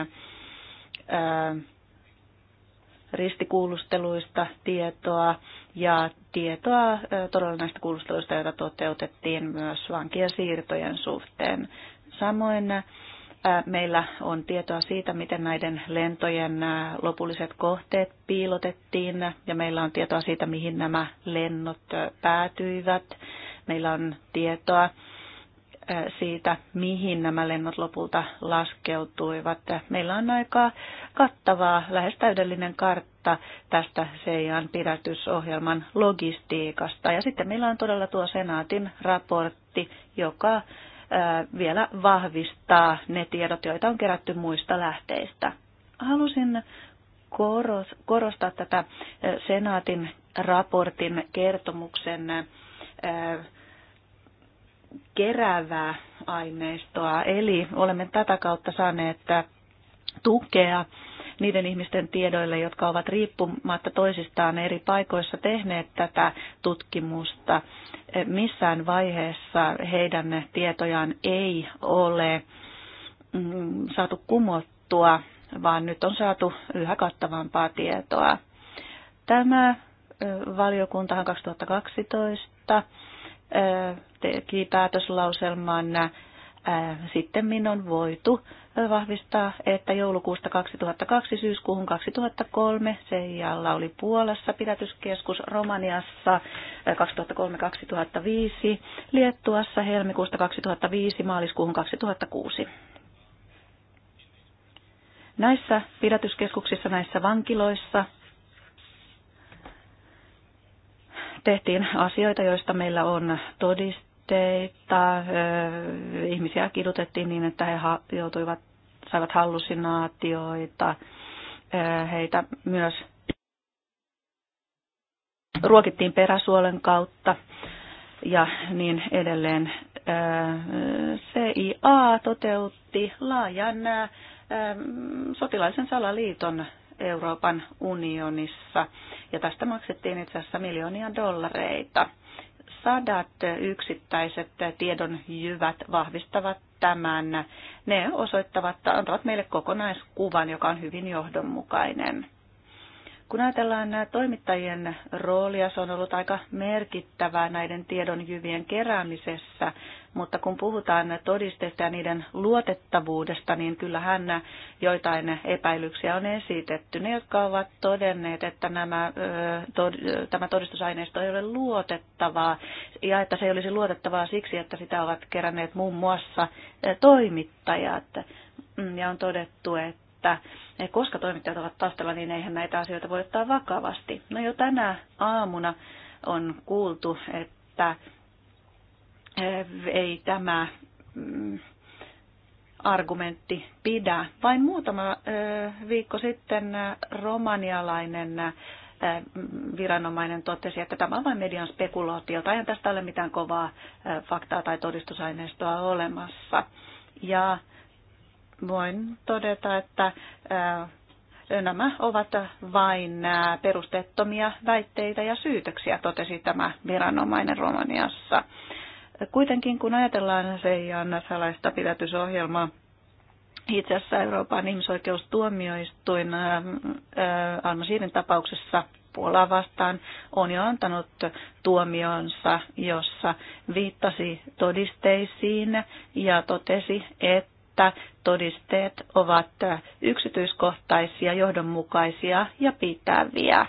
ristikuulusteluista tietoa ja tietoa todella näistä kuulusteluista, joita toteutettiin myös vankien siirtojen suhteen. Samoin meillä on tietoa siitä, miten näiden lentojen lopulliset kohteet piilotettiin ja meillä on tietoa siitä, mihin nämä lennot päätyivät. Meillä on tietoa siitä, mihin nämä lennot lopulta laskeutuivat. Meillä on aika kattavaa, lähes täydellinen kartta tästä Seijan pidätysohjelman logistiikasta. Ja sitten meillä on todella tuo senaatin raportti, joka vielä vahvistaa ne tiedot, joita on kerätty muista lähteistä. Halusin korostaa tätä senaatin raportin kertomuksen keräävää aineistoa. Eli olemme tätä kautta saaneet tukea niiden ihmisten tiedoille, jotka ovat riippumatta toisistaan eri paikoissa tehneet tätä tutkimusta. Missään vaiheessa heidän tietojaan ei ole mm, saatu kumottua, vaan nyt on saatu yhä kattavampaa tietoa. Tämä valiokuntahan 2012 teki päätöslauselman. Sitten minun on voitu vahvistaa, että joulukuusta 2002 syyskuuhun 2003 Seijalla oli Puolassa pidätyskeskus, Romaniassa 2003-2005, Liettuassa helmikuusta 2005 maaliskuuhun 2006. Näissä pidätyskeskuksissa, näissä vankiloissa – tehtiin asioita, joista meillä on todisteita. Ihmisiä kidutettiin niin, että he joutuivat, saivat hallusinaatioita. Heitä myös ruokittiin peräsuolen kautta ja niin edelleen. CIA toteutti laajan sotilaisen salaliiton Euroopan unionissa. Ja tästä maksettiin itse asiassa miljoonia dollareita. Sadat yksittäiset tiedonjyvät vahvistavat tämän. Ne osoittavat, antavat meille kokonaiskuvan, joka on hyvin johdonmukainen. Kun ajatellaan toimittajien roolia, se on ollut aika merkittävää näiden tiedonjyvien keräämisessä mutta kun puhutaan todisteista ja niiden luotettavuudesta, niin kyllähän joitain epäilyksiä on esitetty. Ne, jotka ovat todenneet, että nämä, to, tämä todistusaineisto ei ole luotettavaa ja että se ei olisi luotettavaa siksi, että sitä ovat keränneet muun muassa toimittajat. Mm, ja on todettu, että että koska toimittajat ovat taustalla, niin eihän näitä asioita voi ottaa vakavasti. No jo tänä aamuna on kuultu, että Äh, ei tämä mm, argumentti pidä. Vain muutama äh, viikko sitten äh, romanialainen viranomainen totesi, että tämä on vain median spekulaatio tai tästä ole mitään kovaa faktaa tai todistusaineistoa olemassa. Ja voin todeta, että nämä ovat vain perusteettomia väitteitä ja syytöksiä, totesi tämä viranomainen Romaniassa. Kuitenkin kun ajatellaan Seijan salaista pidätysohjelmaa, itse asiassa Euroopan ihmisoikeustuomioistuin Alma Siirin tapauksessa Puolaa vastaan on jo antanut tuomionsa, jossa viittasi todisteisiin ja totesi, että todisteet ovat yksityiskohtaisia, johdonmukaisia ja pitäviä.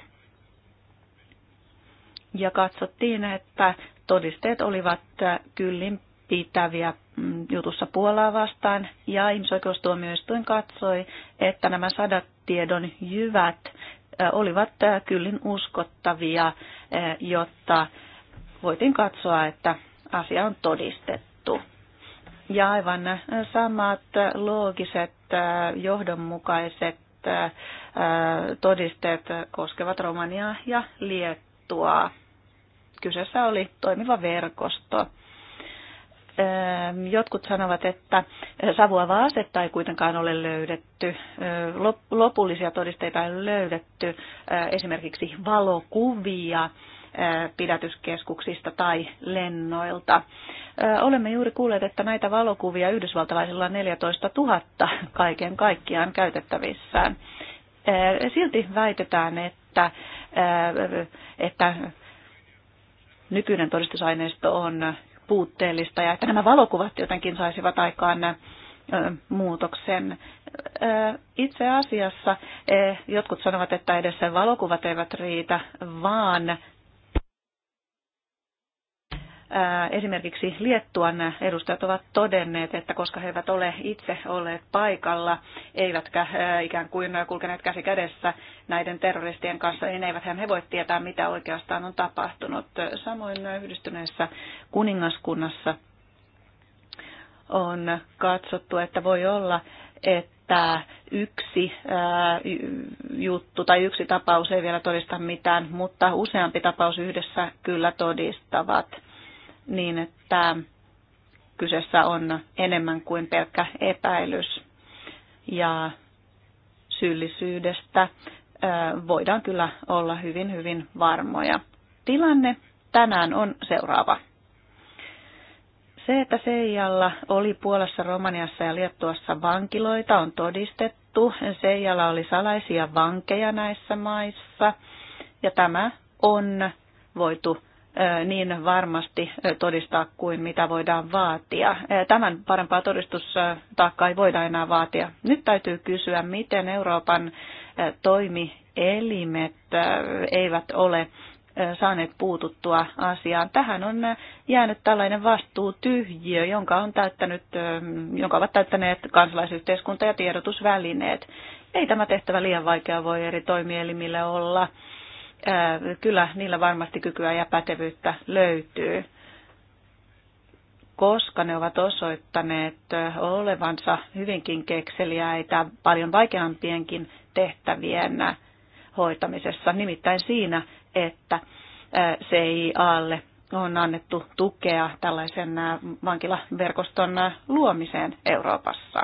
Ja katsottiin, että todisteet olivat kyllin pitäviä mm, jutussa Puolaa vastaan ja ihmisoikeustuomioistuin katsoi, että nämä sadat tiedon jyvät olivat kyllin uskottavia, jotta voitiin katsoa, että asia on todistettu. Ja aivan samat loogiset, johdonmukaiset todisteet koskevat Romaniaa ja Liettuaa kyseessä oli toimiva verkosto. Öö, jotkut sanovat, että savua asetta ei kuitenkaan ole löydetty, öö, lopullisia todisteita ei ole löydetty, öö, esimerkiksi valokuvia pidätyskeskuksista tai lennoilta. Olemme juuri kuulleet, että näitä valokuvia yhdysvaltalaisilla on 14 000 kaiken kaikkiaan käytettävissään. Silti väitetään, että, että nykyinen todistusaineisto on puutteellista ja että nämä valokuvat jotenkin saisivat aikaan muutoksen. Itse asiassa jotkut sanovat, että edes sen valokuvat eivät riitä, vaan Esimerkiksi Liettuan edustajat ovat todenneet, että koska he eivät ole itse olleet paikalla, eivätkä ikään kuin kulkeneet käsi kädessä näiden terroristien kanssa, niin eiväthän he voi tietää, mitä oikeastaan on tapahtunut. Samoin yhdistyneessä kuningaskunnassa on katsottu, että voi olla, että yksi ää, juttu tai yksi tapaus ei vielä todista mitään, mutta useampi tapaus yhdessä kyllä todistavat niin, että kyseessä on enemmän kuin pelkkä epäilys. Ja syyllisyydestä voidaan kyllä olla hyvin, hyvin varmoja. Tilanne tänään on seuraava. Se, että Seijalla oli Puolassa, Romaniassa ja Liettuassa vankiloita, on todistettu. Seijalla oli salaisia vankeja näissä maissa ja tämä on voitu niin varmasti todistaa kuin mitä voidaan vaatia. Tämän parempaa todistustaakkaa ei voida enää vaatia. Nyt täytyy kysyä, miten Euroopan toimielimet eivät ole saaneet puututtua asiaan. Tähän on jäänyt tällainen vastuutyhjiö, jonka, on täyttänyt, jonka ovat täyttäneet kansalaisyhteiskunta ja tiedotusvälineet. Ei tämä tehtävä liian vaikea voi eri toimielimille olla kyllä niillä varmasti kykyä ja pätevyyttä löytyy, koska ne ovat osoittaneet olevansa hyvinkin kekseliäitä paljon vaikeampienkin tehtävien hoitamisessa, nimittäin siinä, että CIAlle on annettu tukea tällaisen vankilaverkoston luomiseen Euroopassa.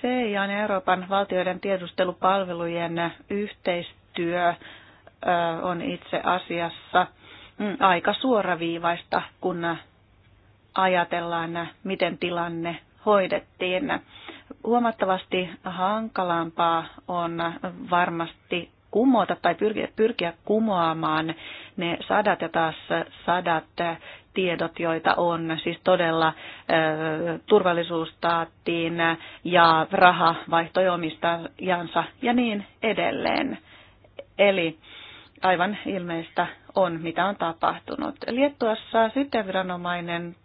CIA ja Euroopan valtioiden tiedustelupalvelujen yhteistyö on itse asiassa mm, aika suoraviivaista, kun ajatellaan, miten tilanne hoidettiin. Huomattavasti hankalampaa on varmasti kumota tai pyrkiä, pyrkiä kumoamaan ne sadat ja taas sadat tiedot, joita on, siis todella turvallisuus taattiin ja raha vaihtoi omistajansa ja niin edelleen. Eli aivan ilmeistä on, mitä on tapahtunut. Liettuassa viranomainen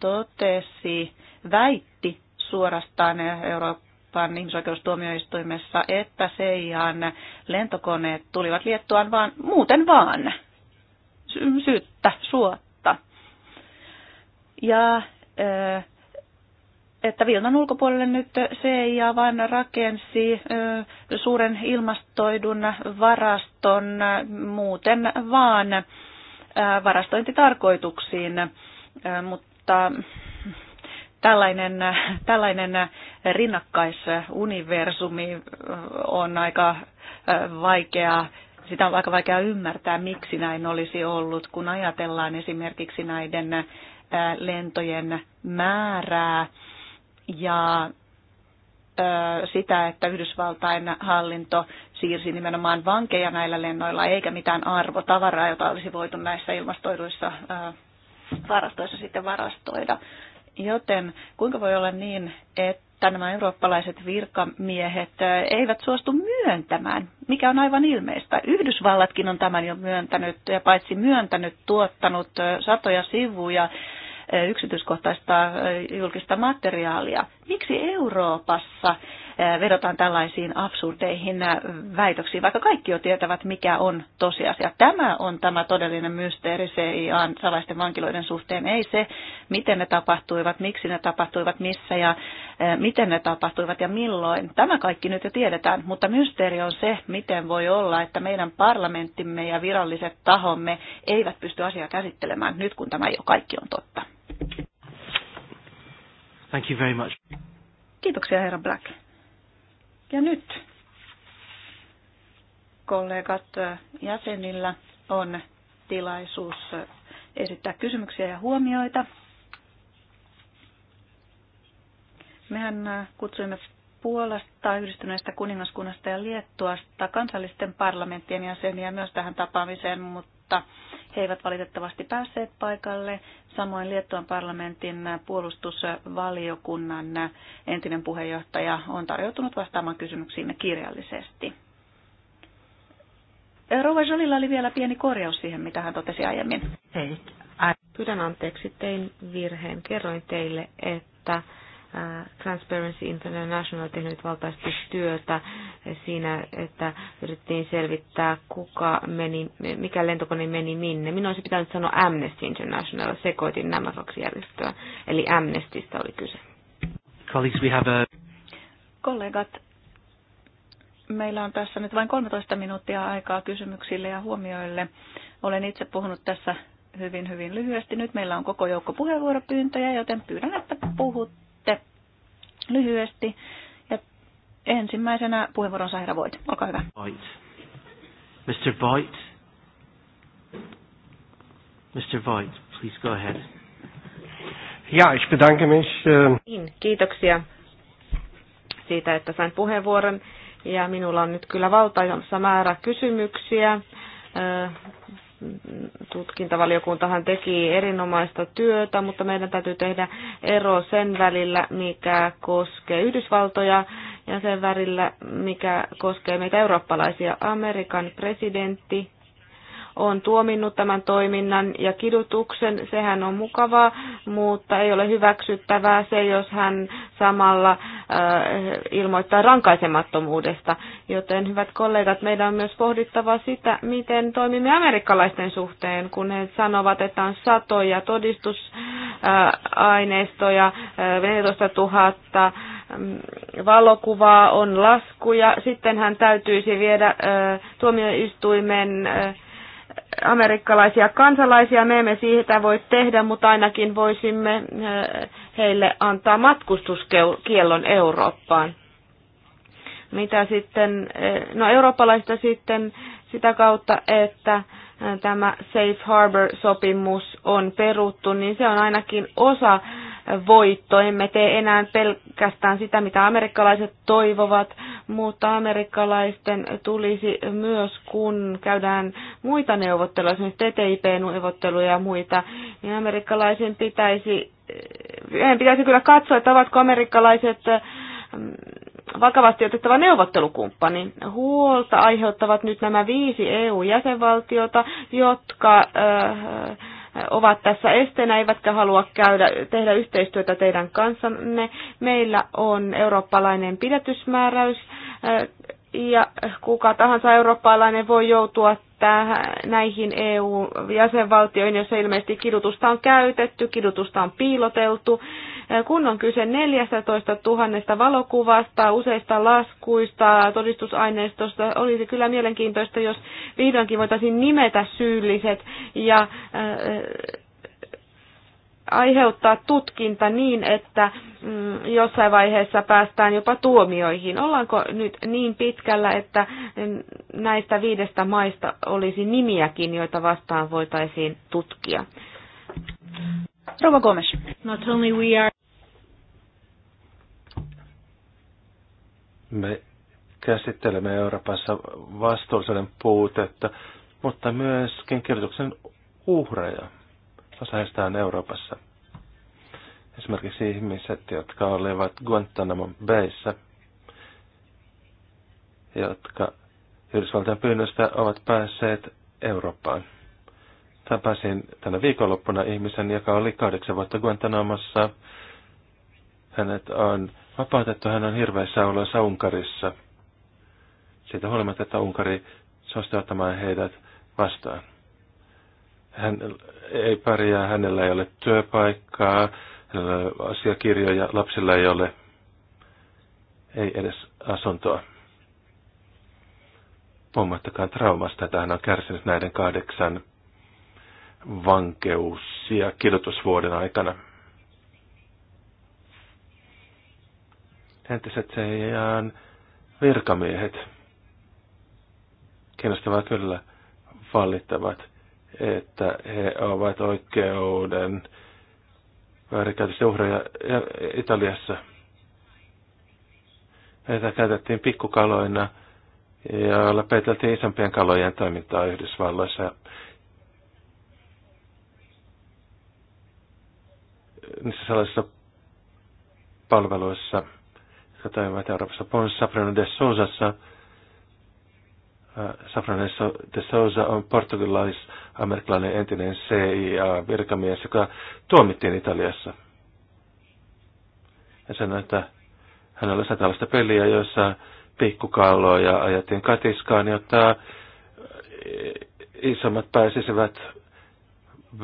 totesi, väitti suorastaan Euroopan ihmisoikeustuomioistuimessa, että Seijan lentokoneet tulivat Liettuaan vaan muuten vaan syyttä suotta ja että Vilnan ulkopuolelle nyt CIA vain rakensi suuren ilmastoidun varaston muuten vaan varastointitarkoituksiin, mutta tällainen, tällainen rinnakkaisuniversumi on aika vaikea sitä on aika vaikea ymmärtää, miksi näin olisi ollut, kun ajatellaan esimerkiksi näiden lentojen määrää ja sitä, että Yhdysvaltain hallinto siirsi nimenomaan vankeja näillä lennoilla, eikä mitään arvotavaraa, jota olisi voitu näissä ilmastoiduissa varastoissa sitten varastoida. Joten kuinka voi olla niin, että nämä eurooppalaiset virkamiehet eivät suostu myöntämään, mikä on aivan ilmeistä. Yhdysvallatkin on tämän jo myöntänyt ja paitsi myöntänyt, tuottanut satoja sivuja yksityiskohtaista julkista materiaalia. Miksi Euroopassa vedotaan tällaisiin absurdeihin väitöksiin, vaikka kaikki jo tietävät, mikä on tosiasia. Tämä on tämä todellinen mysteeri CIAn salaisten vankiloiden suhteen, ei se, miten ne tapahtuivat, miksi ne tapahtuivat, missä ja miten ne tapahtuivat ja milloin. Tämä kaikki nyt jo tiedetään, mutta mysteeri on se, miten voi olla, että meidän parlamenttimme ja viralliset tahomme eivät pysty asiaa käsittelemään nyt, kun tämä jo kaikki on totta. Thank you very much. Kiitoksia herra Black. Ja nyt kollegat jäsenillä on tilaisuus esittää kysymyksiä ja huomioita. Mehän kutsuimme Puolasta, Yhdistyneestä kuningaskunnasta ja Liettuasta kansallisten parlamenttien jäseniä myös tähän tapaamiseen, mutta he eivät valitettavasti päässeet paikalle. Samoin Liettuan parlamentin puolustusvaliokunnan entinen puheenjohtaja on tarjoutunut vastaamaan kysymyksiimme kirjallisesti. Rova Jolilla oli vielä pieni korjaus siihen, mitä hän totesi aiemmin. Pyydän anteeksi, tein virheen. Kerroin teille, että Äh, Transparency International tehnyt valtaisesti työtä siinä, että yritettiin selvittää, kuka meni, mikä lentokone meni minne. Minun olisi pitänyt sanoa Amnesty International, sekoitin nämä kaksi järjestöä, eli Amnestystä oli kyse. Colleagues, we have a... Kollegat, meillä on tässä nyt vain 13 minuuttia aikaa kysymyksille ja huomioille. Olen itse puhunut tässä hyvin, hyvin lyhyesti. Nyt meillä on koko joukko puheenvuoropyyntöjä, joten pyydän, että puhut lyhyesti. Ja ensimmäisenä puheenvuoron saa herra Voit. Olkaa hyvä. Voit. Mr. Voit. Mr. Voit, please go ahead. Ja, ich bedanke mich. Ähm, niin, kiitoksia siitä, että sain puheenvuoron. Ja minulla on nyt kyllä valtaisa määrä kysymyksiä äh, tutkintavaliokuntahan teki erinomaista työtä, mutta meidän täytyy tehdä ero sen välillä, mikä koskee Yhdysvaltoja ja sen välillä, mikä koskee meitä eurooppalaisia. Amerikan presidentti on tuominnut tämän toiminnan ja kidutuksen. Sehän on mukavaa, mutta ei ole hyväksyttävää se, jos hän samalla äh, ilmoittaa rankaisemattomuudesta. Joten hyvät kollegat, meidän on myös pohdittava sitä, miten toimimme amerikkalaisten suhteen, kun he sanovat, että on satoja todistusaineistoja, 14 äh, 000 mm, valokuvaa, on laskuja. Sitten hän täytyisi viedä äh, tuomioistuimen amerikkalaisia kansalaisia. Me emme siitä voi tehdä, mutta ainakin voisimme eh, heille antaa matkustuskiellon Eurooppaan. Mitä sitten, eh, no eurooppalaista sitten sitä kautta, että eh, tämä Safe Harbor-sopimus on peruttu, niin se on ainakin osa voitto. Emme tee enää pelkästään sitä, mitä amerikkalaiset toivovat, mutta amerikkalaisten tulisi myös, kun käydään muita neuvotteluja, esimerkiksi TTIP-neuvotteluja ja muita, niin amerikkalaisen pitäisi, en eh, pitäisi kyllä katsoa, että ovatko amerikkalaiset mm, vakavasti otettava neuvottelukumppani. Huolta aiheuttavat nyt nämä viisi EU-jäsenvaltiota, jotka öö, ovat tässä esteenä, eivätkä halua käydä, tehdä yhteistyötä teidän kanssanne. Meillä on eurooppalainen pidätysmääräys eh, ja kuka tahansa eurooppalainen voi joutua tähän, näihin EU-jäsenvaltioihin, joissa ilmeisesti kidutusta on käytetty, kidutusta on piiloteltu Äh, kun on kyse 14 000 valokuvasta, useista laskuista, todistusaineistosta, olisi kyllä mielenkiintoista, jos vihdoinkin voitaisiin nimetä syylliset ja äh, äh, aiheuttaa tutkinta niin, että mm, jossain vaiheessa päästään jopa tuomioihin. Ollaanko nyt niin pitkällä, että näistä viidestä maista olisi nimiäkin, joita vastaan voitaisiin tutkia? Rova Gomes. Not only we are... Me käsittelemme Euroopassa vastuullisuuden puutetta, mutta myöskin kirjoituksen uhreja. Osa Euroopassa. Esimerkiksi ihmiset, jotka olivat Guantanamo Bayssä, jotka Yhdysvaltain pyynnöstä ovat päässeet Eurooppaan. Tapasin tänä viikonloppuna ihmisen, joka oli kahdeksan vuotta Guantanamossa. Hänet on Vapautettu hän on hirveissä oloissa Unkarissa. Siitä huolimatta, että Unkari suosti ottamaan heidät vastaan. Hän ei pärjää, hänellä ei ole työpaikkaa, hänellä ei ole asiakirjoja, lapsilla ei ole, ei edes asuntoa. Puhumattakaan traumasta, että hän on kärsinyt näiden kahdeksan vankeus- ja kidutusvuoden aikana. entiset CIAn virkamiehet, kiinnostavaa kyllä, valittavat, että he ovat oikeuden väärinkäytöstä uhreja Italiassa. Heitä käytettiin pikkukaloina, ja peiteltiin isompien kalojen toimintaa Yhdysvalloissa. Niissä sellaisissa palveluissa – jotka toimivat Euroopassa. Pons Safrano de Sousassa. Äh, Safrano de Sousa on portugalais-amerikkalainen entinen CIA-virkamies, joka tuomittiin Italiassa. Ja sanoi, että hänellä oli tällaista peliä, jossa pikkukalloja ajettiin katiskaan, jotta äh, isommat pääsisivät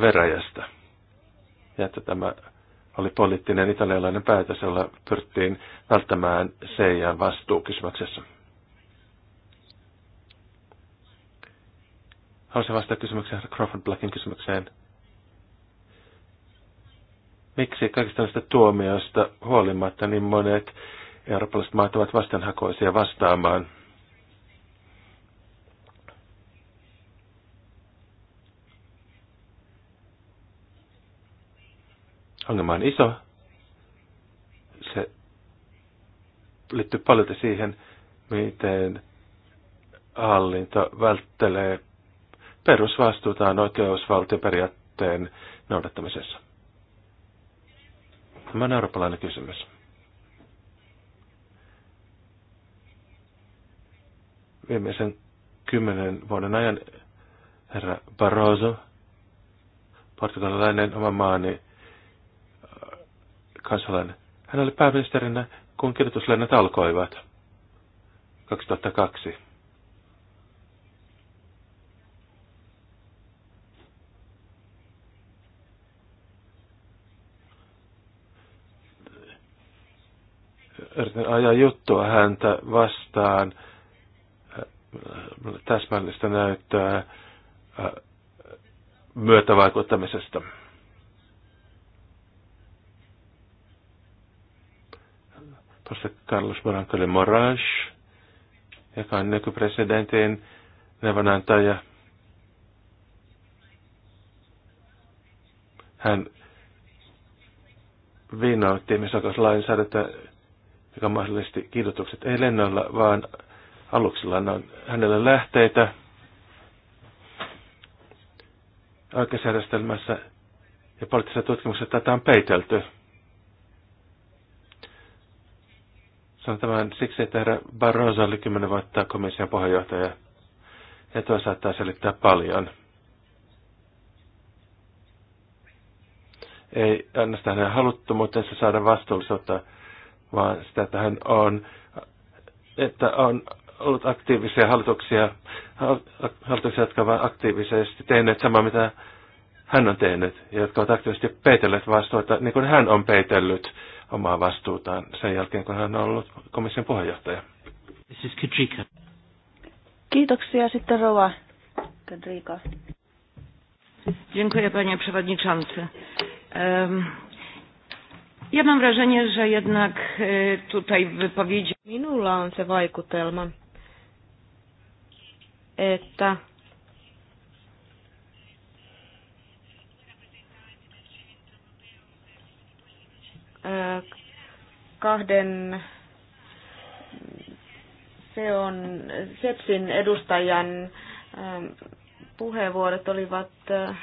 veräjästä. Ja että tämä oli poliittinen italialainen päätös, jolla pyrittiin välttämään CIAn vastuu kysymyksessä. Haluaisin vastata kysymykseen, Crawford Blackin kysymykseen. Miksi kaikista näistä tuomioista huolimatta niin monet eurooppalaiset maat ovat vastenhakoisia vastaamaan – Ongelma on iso. Se liittyy paljon siihen, miten hallinto välttelee perusvastuutaan oikeusvaltioperiaatteen noudattamisessa. Tämä on eurooppalainen kysymys. Viimeisen kymmenen vuoden ajan herra Barroso, portugalilainen oma maani, kansalainen. Hän oli pääministerinä, kun kirjoituslennot alkoivat 2002. yritin ajaa juttua häntä vastaan täsmällistä näyttöä myötävaikuttamisesta. professori Carlos Barranco de Moraes, joka on nykypresidentin neuvonantaja. Hän viinautti ihmisoikeuslainsäädäntöä, joka mahdollisti kidutukset ei lennoilla, vaan aluksilla on hänellä lähteitä. Oikeusjärjestelmässä ja poliittisessa tutkimuksessa tätä on peitelty. Sanon tämän siksi, että herra Barroso oli kymmenen vuotta komission puheenjohtaja. Ja tuo saattaa selittää paljon. Ei annasta hänen haluttomuutensa saada vastuullisuutta, vaan sitä, että hän on, että on ollut aktiivisia hallituksia, hallituksia, jotka ovat aktiivisesti tehneet samaa, mitä hän on tehnyt, ja jotka ovat aktiivisesti peitelleet vastuuta, niin kuin hän on peitellyt omaa vastuutaan sen jälkeen, kun hän on ollut komission puheenjohtaja. Kiitoksia sitten Rova Kedrika. Dziękuję panie przewodniczący. Ja mam wrażenie, że jednak e, tutaj wypowiedzi... Minulla on se vaikutelma, että kahden se on Sepsin edustajan ähm, puheenvuorot olivat äh,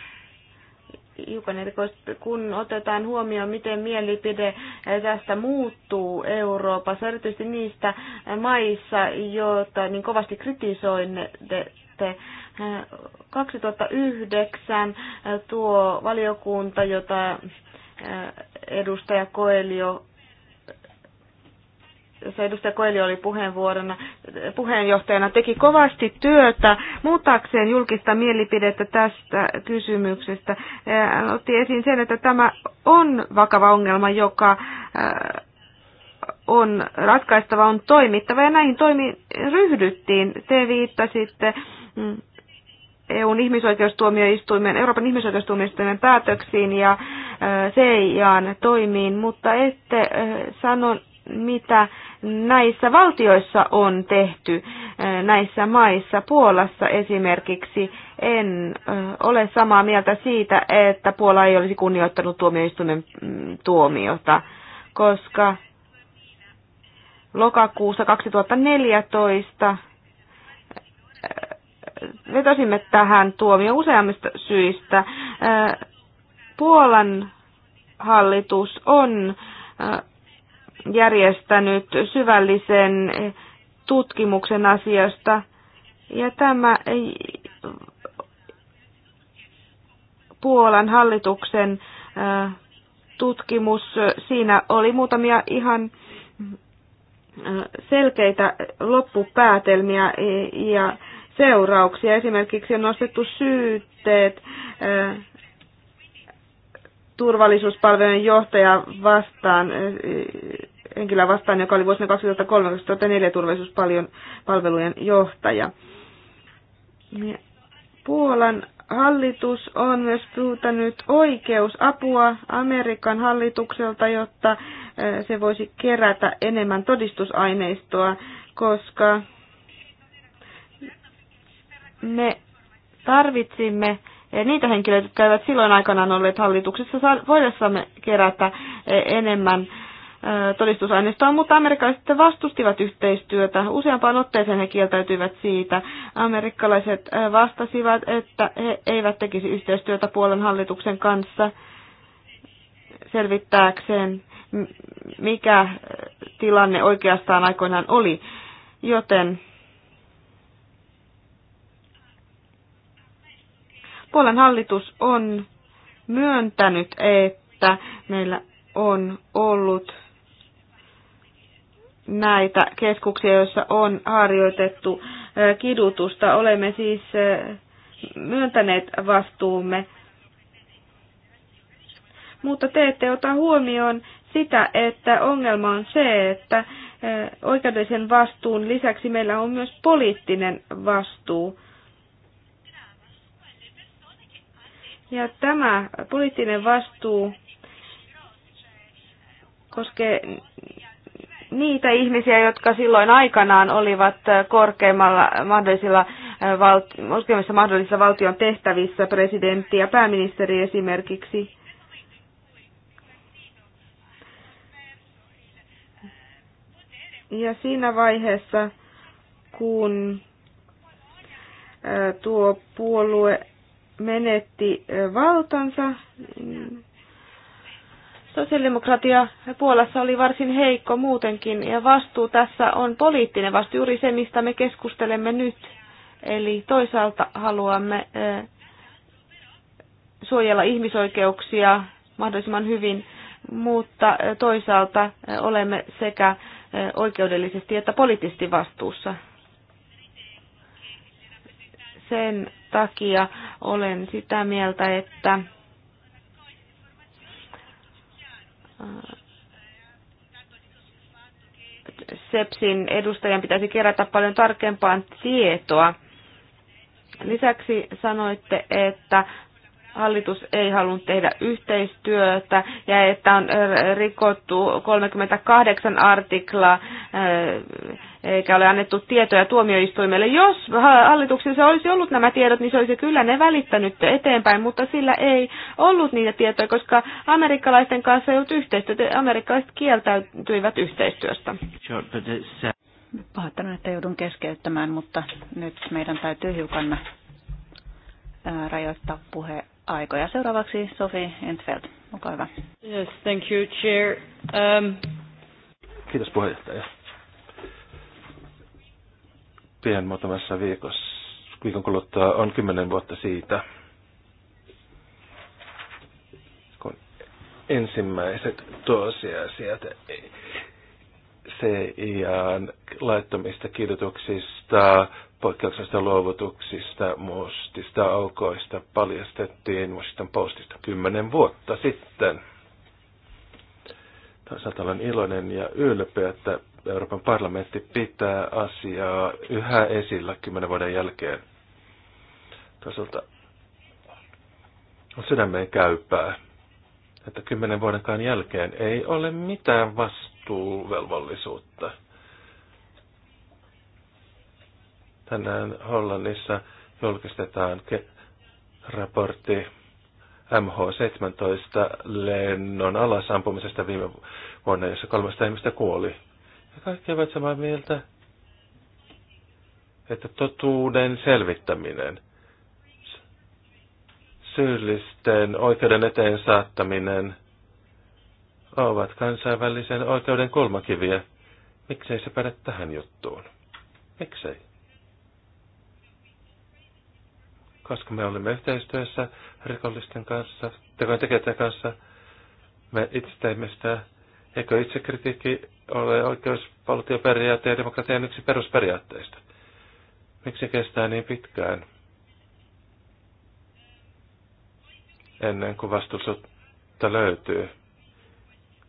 hiukan erikoista, kun otetaan huomioon, miten mielipide äh, tästä muuttuu Euroopassa, erityisesti niistä äh, maissa, joita niin kovasti kritisoitte. 2009 tuo valiokunta, jota edustaja Koelio jossa edustaja Koelio oli puheenvuorona, puheenjohtajana, teki kovasti työtä muuttaakseen julkista mielipidettä tästä kysymyksestä. Hän otti esiin sen, että tämä on vakava ongelma, joka äh, on ratkaistava, on toimittava, ja näihin toimiin ryhdyttiin. Te viittasitte mm, EUn ihmisoikeustuomioistuimen, Euroopan ihmisoikeustuomioistuimen päätöksiin ja äh, CIAn toimiin, mutta ette äh, sano, mitä näissä valtioissa on tehty, äh, näissä maissa, Puolassa esimerkiksi. En ole samaa mieltä siitä, että Puola ei olisi kunnioittanut tuomioistuimen mm, tuomiota, koska lokakuussa 2014 vetosimme tähän tuomio useammista syistä. Äh, Puolan hallitus on äh, järjestänyt syvällisen tutkimuksen asiasta ja tämä Puolan hallituksen äh, tutkimus, siinä oli muutamia ihan selkeitä loppupäätelmiä e, ja seurauksia. Esimerkiksi on nostettu syytteet äh, turvallisuuspalvelujen johtaja vastaan, äh, henkilö vastaan, joka oli vuosina 2003-2004 turvallisuuspalvelujen johtaja. Puolan hallitus on myös pyytänyt oikeusapua Amerikan hallitukselta, jotta äh, se voisi kerätä enemmän todistusaineistoa, koska me tarvitsimme eh, niitä henkilöitä, jotka eivät silloin aikanaan olleet hallituksessa, voidessamme kerätä eh, enemmän eh, todistusaineistoa, mutta amerikkalaiset vastustivat yhteistyötä. Useampaan otteeseen he kieltäytyivät siitä. Amerikkalaiset vastasivat, että he eivät tekisi yhteistyötä puolen hallituksen kanssa selvittääkseen, mikä tilanne oikeastaan aikoinaan oli. Joten Puolan hallitus on myöntänyt, että meillä on ollut näitä keskuksia, joissa on harjoitettu kidutusta. Olemme siis myöntäneet vastuumme. Mutta te ette ota huomioon sitä, että ongelma on se, että oikeudellisen vastuun lisäksi meillä on myös poliittinen vastuu. Ja tämä poliittinen vastuu koskee niitä ihmisiä, jotka silloin aikanaan olivat korkeimmalla mahdollisilla valt- mahdollisissa valtion tehtävissä, presidentti ja pääministeri esimerkiksi. Ja siinä vaiheessa, kun tuo puolue menetti valtansa. Sosiaalidemokratia Puolassa oli varsin heikko muutenkin ja vastuu tässä on poliittinen vastuu, juuri se mistä me keskustelemme nyt. Eli toisaalta haluamme suojella ihmisoikeuksia mahdollisimman hyvin, mutta toisaalta olemme sekä oikeudellisesti että poliittisesti vastuussa sen takia olen sitä mieltä, että äh, SEPSin edustajan pitäisi kerätä paljon tarkempaa tietoa. Lisäksi sanoitte, että hallitus ei halunnut tehdä yhteistyötä ja että on rikottu 38 artiklaa äh, eikä ole annettu tietoja tuomioistuimelle. Jos hallituksessa olisi ollut nämä tiedot, niin se olisi kyllä ne välittänyt eteenpäin, mutta sillä ei ollut niitä tietoja, koska amerikkalaisten kanssa ei ollut yhteistyötä. Amerikkalaiset kieltäytyivät yhteistyöstä. Uh, Pahoittelen, että joudun keskeyttämään, mutta nyt meidän täytyy hiukan rajoittaa puheaikoja. Seuraavaksi Sofi Entfeld, olkaa hyvä. Yes, thank you, Chair. Um... Kiitos puheenjohtaja pian muutamassa viikossa, viikon kuluttua on kymmenen vuotta siitä, kun ensimmäiset tosiasiat CIAn laittomista kirjoituksista, poikkeuksista, luovutuksista, mustista aukoista paljastettiin Washington Postista kymmenen vuotta sitten. Toisaalta olen iloinen ja ylpeä, että Euroopan parlamentti pitää asiaa yhä esillä kymmenen vuoden jälkeen. Toisaalta on sydämeen käypää, että kymmenen vuodenkaan jälkeen ei ole mitään vastuuvelvollisuutta. Tänään Hollannissa julkistetaan raportti MH17 lennon alasampumisesta viime vuonna, jossa kolmesta ihmistä kuoli. Ja kaikki ovat samaa mieltä, että totuuden selvittäminen, syyllisten oikeuden eteen saattaminen ovat kansainvälisen oikeuden kulmakiviä. Miksei se päde tähän juttuun? Miksei? Koska me olemme yhteistyössä rikollisten kanssa, tekojen tekijöiden kanssa, me itse teemme sitä Eikö itsekritiikki ole oikeusvaltioperiaate ja demokratian yksi perusperiaatteista? Miksi kestää niin pitkään? Ennen kuin vastuullisuutta löytyy.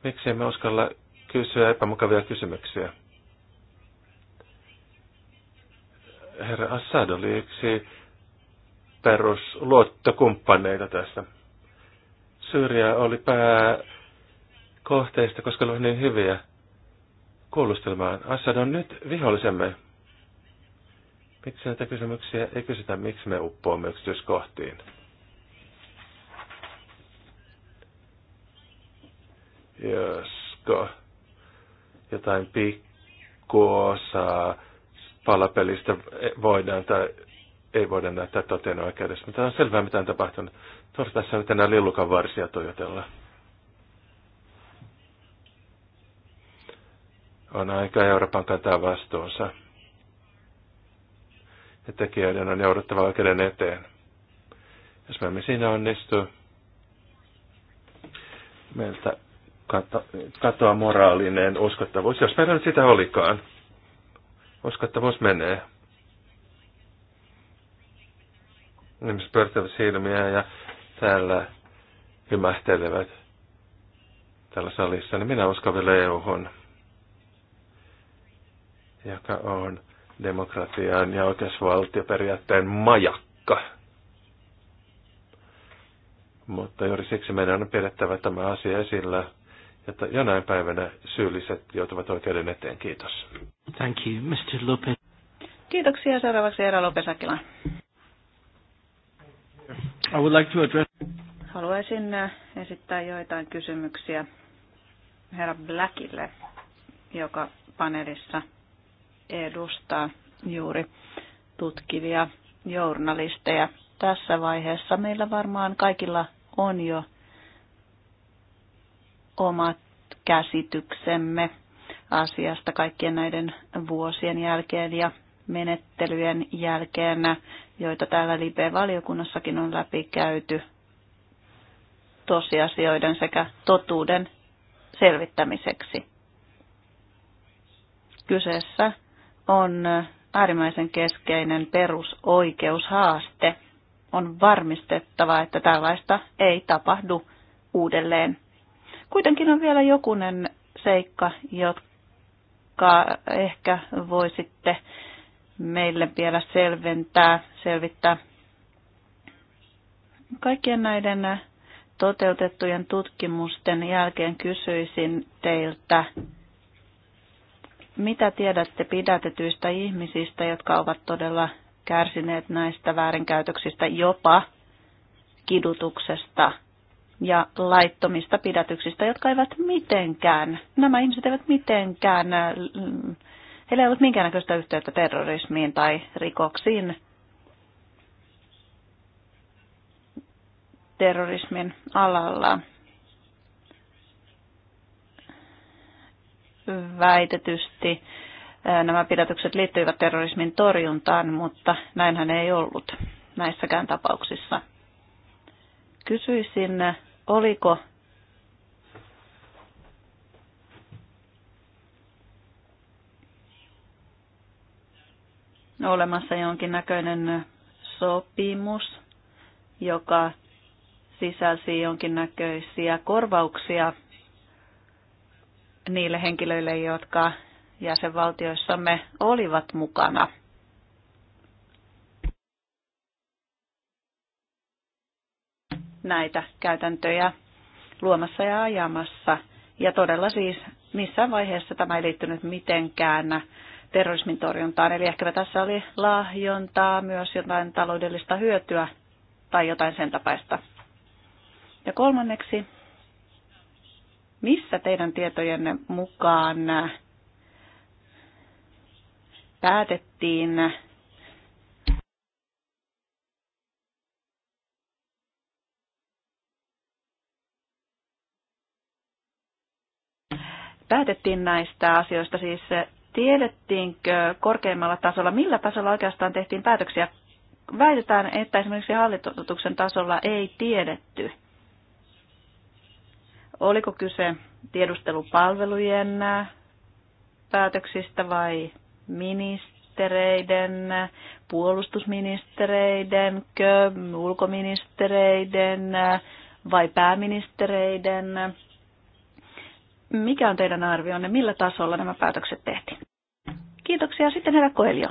Miksi emme uskalla kysyä epämukavia kysymyksiä? Herra Assad oli yksi perusluottokumppaneita tässä. Syyria oli pää kohteista, koska ne niin hyviä kuulustelmaan. Assad on nyt vihollisemme. Miksi näitä kysymyksiä ei kysytä, miksi me uppoamme yksityiskohtiin? Josko jotain pikkuosaa palapelistä voidaan tai ei voida näyttää toteen oikeudessa, mutta on selvää, mitä on tapahtunut. Torstaissa nyt enää lillukan varsia tuijotellaan. On aika Euroopan kantaa vastuunsa. Ja tekijöiden on jouduttava oikeuden eteen. Jos me emme siinä onnistu, meiltä katoaa moraalinen uskottavuus, jos meillä nyt sitä olikaan. Uskottavuus menee. Ihmiset pyörtävät silmiä ja täällä hymähtelevät täällä salissa, niin minä uskon vielä EU-hun joka on demokratian ja oikeusvaltioperiaatteen majakka. Mutta juuri siksi meidän on pidettävä tämä asia esillä, että jonain päivänä syylliset joutuvat oikeuden eteen. Kiitos. Thank you, Mr. Lopez. Kiitoksia. Seuraavaksi Eero lopez I would like to address... Haluaisin äh, esittää joitain kysymyksiä herra Blackille, joka paneelissa edustaa juuri tutkivia journalisteja. Tässä vaiheessa meillä varmaan kaikilla on jo omat käsityksemme asiasta kaikkien näiden vuosien jälkeen ja menettelyjen jälkeen, joita täällä LIBE-valiokunnassakin on läpikäyty tosiasioiden sekä totuuden selvittämiseksi. Kyseessä on äärimmäisen keskeinen perusoikeushaaste. On varmistettava, että tällaista ei tapahdu uudelleen. Kuitenkin on vielä jokunen seikka, jotka ehkä voisitte meille vielä selventää, selvittää. Kaikkien näiden toteutettujen tutkimusten jälkeen kysyisin teiltä, mitä tiedätte pidätetyistä ihmisistä, jotka ovat todella kärsineet näistä väärinkäytöksistä, jopa kidutuksesta ja laittomista pidätyksistä, jotka eivät mitenkään, nämä ihmiset eivät mitenkään, heillä ei ollut minkäännäköistä yhteyttä terrorismiin tai rikoksiin. terrorismin alalla. väitetysti nämä pidätykset liittyivät terrorismin torjuntaan, mutta näinhän ei ollut näissäkään tapauksissa. Kysyisin, oliko olemassa jonkinnäköinen sopimus, joka sisälsi jonkinnäköisiä korvauksia niille henkilöille, jotka jäsenvaltioissamme olivat mukana. näitä käytäntöjä luomassa ja ajamassa. Ja todella siis missään vaiheessa tämä ei liittynyt mitenkään terrorismin torjuntaan. Eli ehkä tässä oli lahjontaa, myös jotain taloudellista hyötyä tai jotain sen tapaista. Ja kolmanneksi missä teidän tietojenne mukaan päätettiin päätettiin näistä asioista, siis tiedettiinkö korkeimmalla tasolla, millä tasolla oikeastaan tehtiin päätöksiä? Väitetään, että esimerkiksi hallituksen tasolla ei tiedetty. Oliko kyse tiedustelupalvelujen äh, päätöksistä vai ministereiden, puolustusministereiden, ulkoministereiden äh, vai pääministereiden? Mikä on teidän arvionne, millä tasolla nämä päätökset tehtiin? Kiitoksia. Sitten herra Koelio.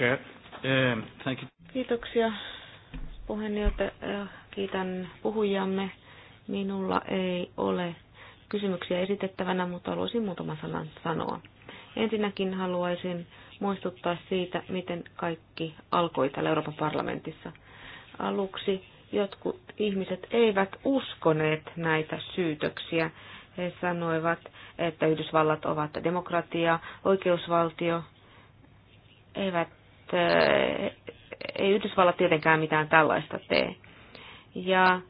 Um, thank you. Kiitoksia puheenjohtaja. Kiitän puhujamme Minulla ei ole kysymyksiä esitettävänä, mutta haluaisin muutaman sanan sanoa. Ensinnäkin haluaisin muistuttaa siitä, miten kaikki alkoi täällä Euroopan parlamentissa. Aluksi jotkut ihmiset eivät uskoneet näitä syytöksiä. He sanoivat, että Yhdysvallat ovat demokratia, oikeusvaltio. Eivät, eh, ei Yhdysvallat tietenkään mitään tällaista tee. Ja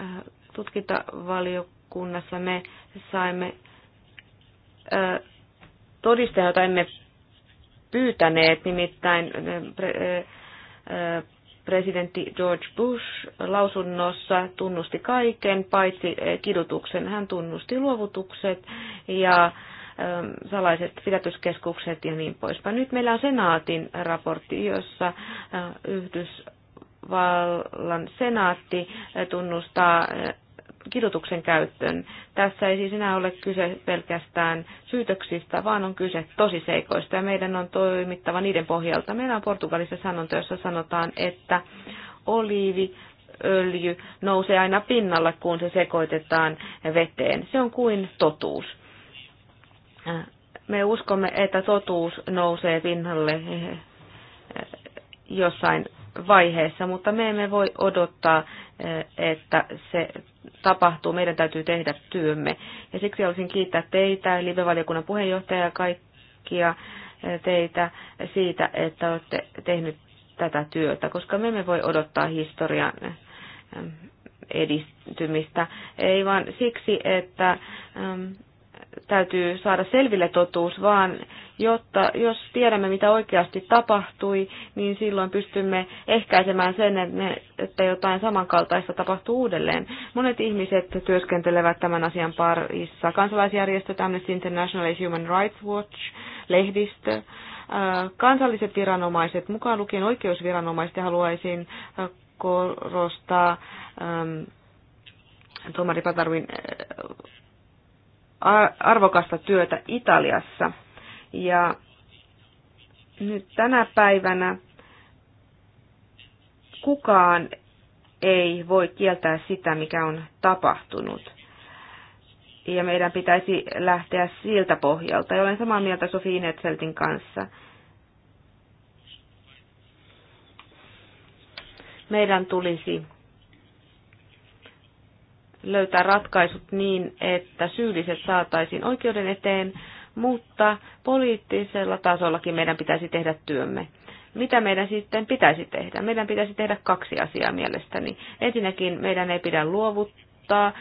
eh, tutkintavaliokunnassa me saimme todistaa, jota emme pyytäneet, nimittäin presidentti George Bush lausunnossa tunnusti kaiken paitsi kidutuksen. Hän tunnusti luovutukset ja salaiset pidätyskeskukset ja niin poispäin. Nyt meillä on senaatin raportti, jossa Yhdys Itävallan senaatti tunnustaa eh, kidutuksen käyttöön. Tässä ei siis enää ole kyse pelkästään syytöksistä, vaan on kyse tosiseikoista ja meidän on toimittava niiden pohjalta. Meillä on Portugalissa sanonta, jossa sanotaan, että oliivi öljy nousee aina pinnalla kun se sekoitetaan veteen. Se on kuin totuus. Me uskomme, että totuus nousee pinnalle eh, jossain vaiheessa, mutta me emme voi odottaa, eh, että se tapahtuu. Meidän täytyy tehdä työmme. Ja siksi haluaisin kiittää teitä, live-valiokunnan puheenjohtajaa ja kaikkia eh, teitä siitä, että olette tehnyt tätä työtä, koska me emme voi odottaa historian eh, edistymistä. Ei vaan siksi, että täytyy saada selville totuus, vaan jotta, jos tiedämme, mitä oikeasti tapahtui, niin silloin pystymme ehkäisemään sen, että, ne, että jotain samankaltaista tapahtuu uudelleen. Monet ihmiset työskentelevät tämän asian parissa. Kansalaisjärjestöt Amnesty International Human Rights Watch, lehdistö, äh, kansalliset viranomaiset, mukaan lukien oikeusviranomaiset, haluaisin äh, korostaa ähm, tuomari Patarvin äh, arvokasta työtä Italiassa. Ja nyt tänä päivänä kukaan ei voi kieltää sitä, mikä on tapahtunut. Ja meidän pitäisi lähteä siltä pohjalta. Ja olen samaa mieltä Sofi Netfeltin kanssa. Meidän tulisi löytää ratkaisut niin, että syylliset saataisiin oikeuden eteen, mutta poliittisella tasollakin meidän pitäisi tehdä työmme. Mitä meidän sitten pitäisi tehdä? Meidän pitäisi tehdä kaksi asiaa mielestäni. Ensinnäkin meidän ei pidä luovuttaa ottaa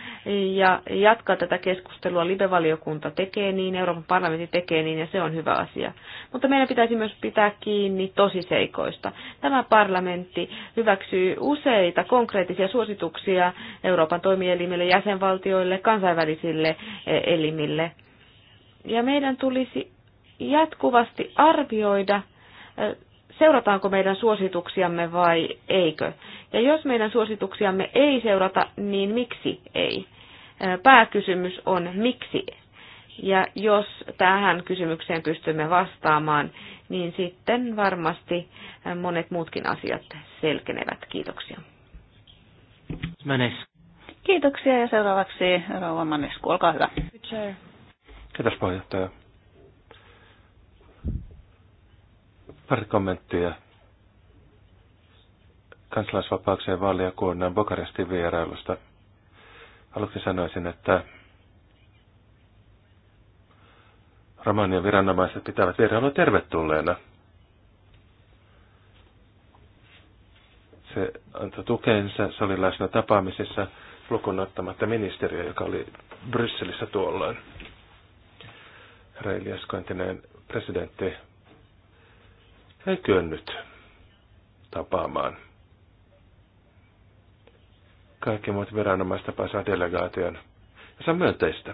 ja jatkaa tätä keskustelua. Libevaliokunta tekee niin, Euroopan parlamentti tekee niin ja se on hyvä asia. Mutta meidän pitäisi myös pitää kiinni tosiseikoista. Tämä parlamentti hyväksyy useita konkreettisia suosituksia Euroopan toimielimille, jäsenvaltioille, kansainvälisille e, elimille. Ja meidän tulisi jatkuvasti arvioida e, seurataanko meidän suosituksiamme vai eikö. Ja jos meidän suosituksiamme ei seurata, niin miksi ei? Pääkysymys on miksi. Ja jos tähän kysymykseen pystymme vastaamaan, niin sitten varmasti monet muutkin asiat selkenevät. Kiitoksia. Menes. Kiitoksia ja seuraavaksi Rauha Manesku, olkaa hyvä. Kiitos puheenjohtaja. Pari kommenttia vaalia kuunnan Bokarestin vierailusta. Aluksi sanoisin, että Romanian viranomaiset pitävät vierailua tervetulleena. Se antoi tukensa, se oli läsnä tapaamisissa lukuun ottamatta ministeriö, joka oli Brysselissä tuolloin. Reiliaskointinen presidentti ei kyennyt tapaamaan. Kaikki muut viranomaista pääsää delegaation, ja se on myönteistä.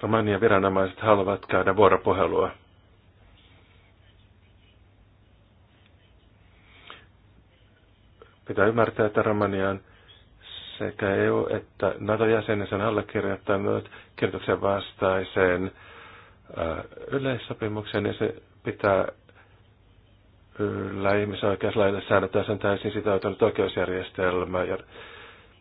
Romanian viranomaiset haluavat käydä vuoropuhelua. Pitää ymmärtää, että Romanian sekä EU että NATO-jäsenensä allekirjoittanut kirjoituksen vastaiseen yleissopimuksen ja se pitää yllä ihmisoikeuslaille säädetään sen täysin sitoutunut oikeusjärjestelmä ja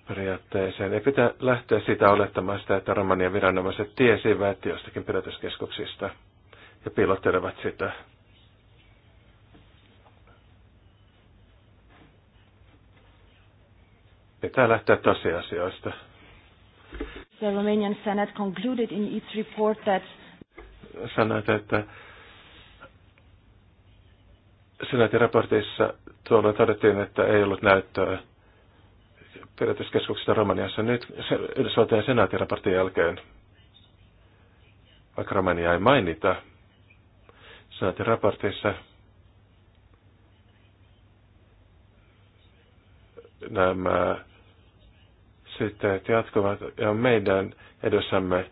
periaatteeseen. Ei pitä lähteä sitä olettamasta, että romanian viranomaiset tiesivät jostakin pidätyskeskuksista ja piilottelevat sitä. Pitää lähteä tosiasioista. The Romanian Senate concluded in its report that sanoit, että senaatin raportissa tuolloin todettiin, että ei ollut näyttöä periaatteessa Romaniassa nyt Yhdysvaltain senaatin raportin jälkeen, vaikka Romania ei mainita senaatin raportissa, nämä syytteet jatkuvat ja meidän edessämme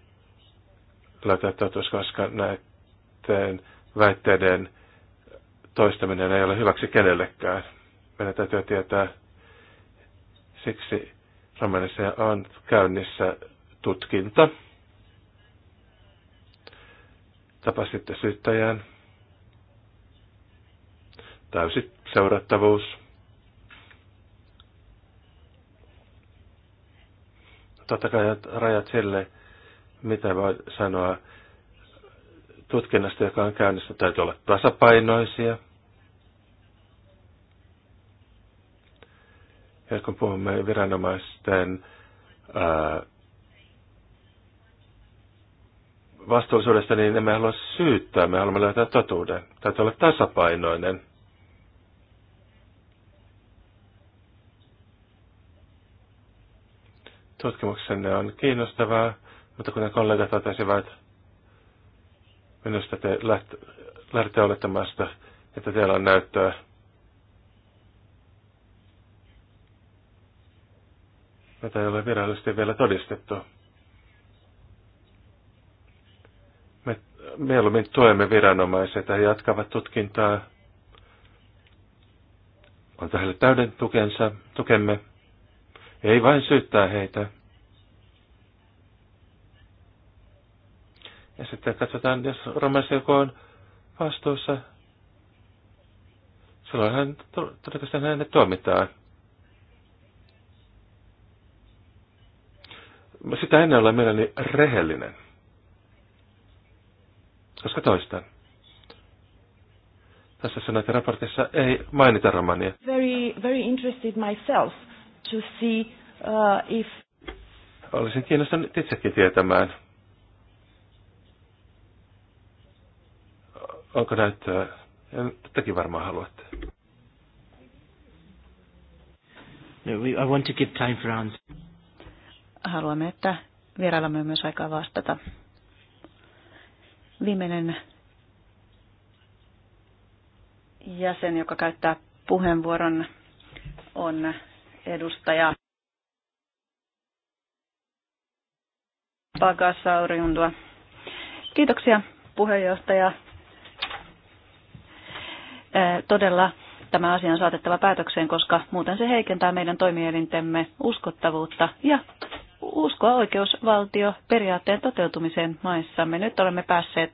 löytää koska näiden väitteiden toistaminen ei ole hyväksi kenellekään. Meidän täytyy tietää, siksi Romanissa on käynnissä tutkinta. Tapasitte syyttäjän. Täysi seurattavuus. Totta kai rajat sille, mitä voi sanoa tutkinnasta, joka on käynnissä, täytyy olla tasapainoisia. Ja kun puhumme viranomaisten ää, vastuullisuudesta, niin emme halua syyttää, me haluamme löytää totuuden. Täytyy olla tasapainoinen. Tutkimuksenne on kiinnostavaa mutta kuten kollegat totesivat, minusta te lähdette olettamasta, että teillä on näyttöä. Tätä ei ole virallisesti vielä todistettu. Me mieluummin tuemme viranomaiset he jatkavat tutkintaa. On heille täyden tukensa, tukemme. Ei vain syyttää heitä. Ja sitten katsotaan, jos romanssi joku on vastuussa, silloin hän todennäköisesti hänet tuomitaan. Sitä ennen ole mielelläni rehellinen. Koska toistan. Tässä sanoit raportissa ei mainita romania. Very, very interested myself to see uh, if... Olisin kiinnostunut itsekin tietämään, Onko näyttöä? Tekin varmaan haluatte. No, we, I want to give time for answer. Haluamme, että vieraillamme myös aikaa vastata. Viimeinen jäsen, joka käyttää puheenvuoron, on edustaja Pagasauriundua. Kiitoksia puheenjohtaja todella tämä asia on saatettava päätökseen, koska muuten se heikentää meidän toimielintemme uskottavuutta ja uskoa oikeusvaltio periaatteen toteutumiseen maissamme. Nyt olemme päässeet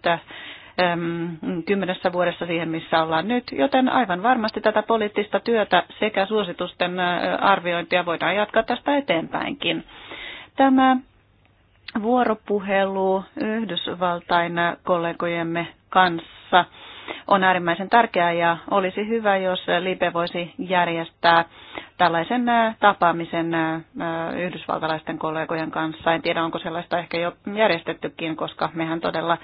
kymmenessä vuodessa siihen, missä ollaan nyt, joten aivan varmasti tätä poliittista työtä sekä suositusten arviointia voidaan jatkaa tästä eteenpäinkin. Tämä vuoropuhelu Yhdysvaltain kollegojemme kanssa on äärimmäisen tärkeää ja olisi hyvä, jos Libe voisi järjestää tällaisen tapaamisen yhdysvaltalaisten kollegojen kanssa. En tiedä, onko sellaista ehkä jo järjestettykin, koska mehän todella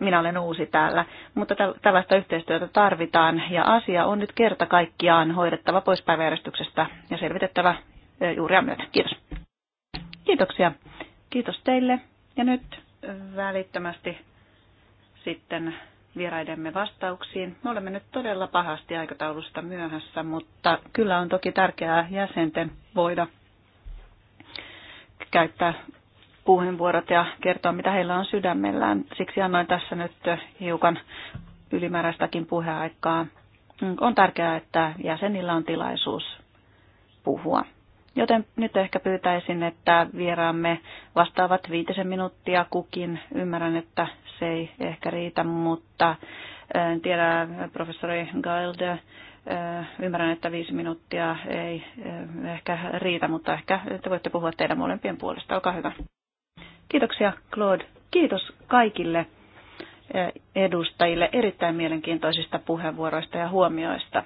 minä olen uusi täällä, mutta tällaista yhteistyötä tarvitaan ja asia on nyt kerta kaikkiaan hoidettava pois päiväjärjestyksestä ja selvitettävä juuria myötä. Kiitos. Kiitoksia. Kiitos teille. Ja nyt välittömästi sitten vieraidemme vastauksiin. Me olemme nyt todella pahasti aikataulusta myöhässä, mutta kyllä on toki tärkeää jäsenten voida käyttää puheenvuorot ja kertoa, mitä heillä on sydämellään. Siksi annoin tässä nyt hiukan ylimääräistäkin puheaikaa. On tärkeää, että jäsenillä on tilaisuus puhua. Joten nyt ehkä pyytäisin, että vieraamme vastaavat viitisen minuuttia kukin. Ymmärrän, että se ei ehkä riitä, mutta en tiedä, professori Gailde, ymmärrän, että viisi minuuttia ei ehkä riitä, mutta ehkä te voitte puhua teidän molempien puolesta. Olkaa hyvä. Kiitoksia Claude. Kiitos kaikille edustajille erittäin mielenkiintoisista puheenvuoroista ja huomioista.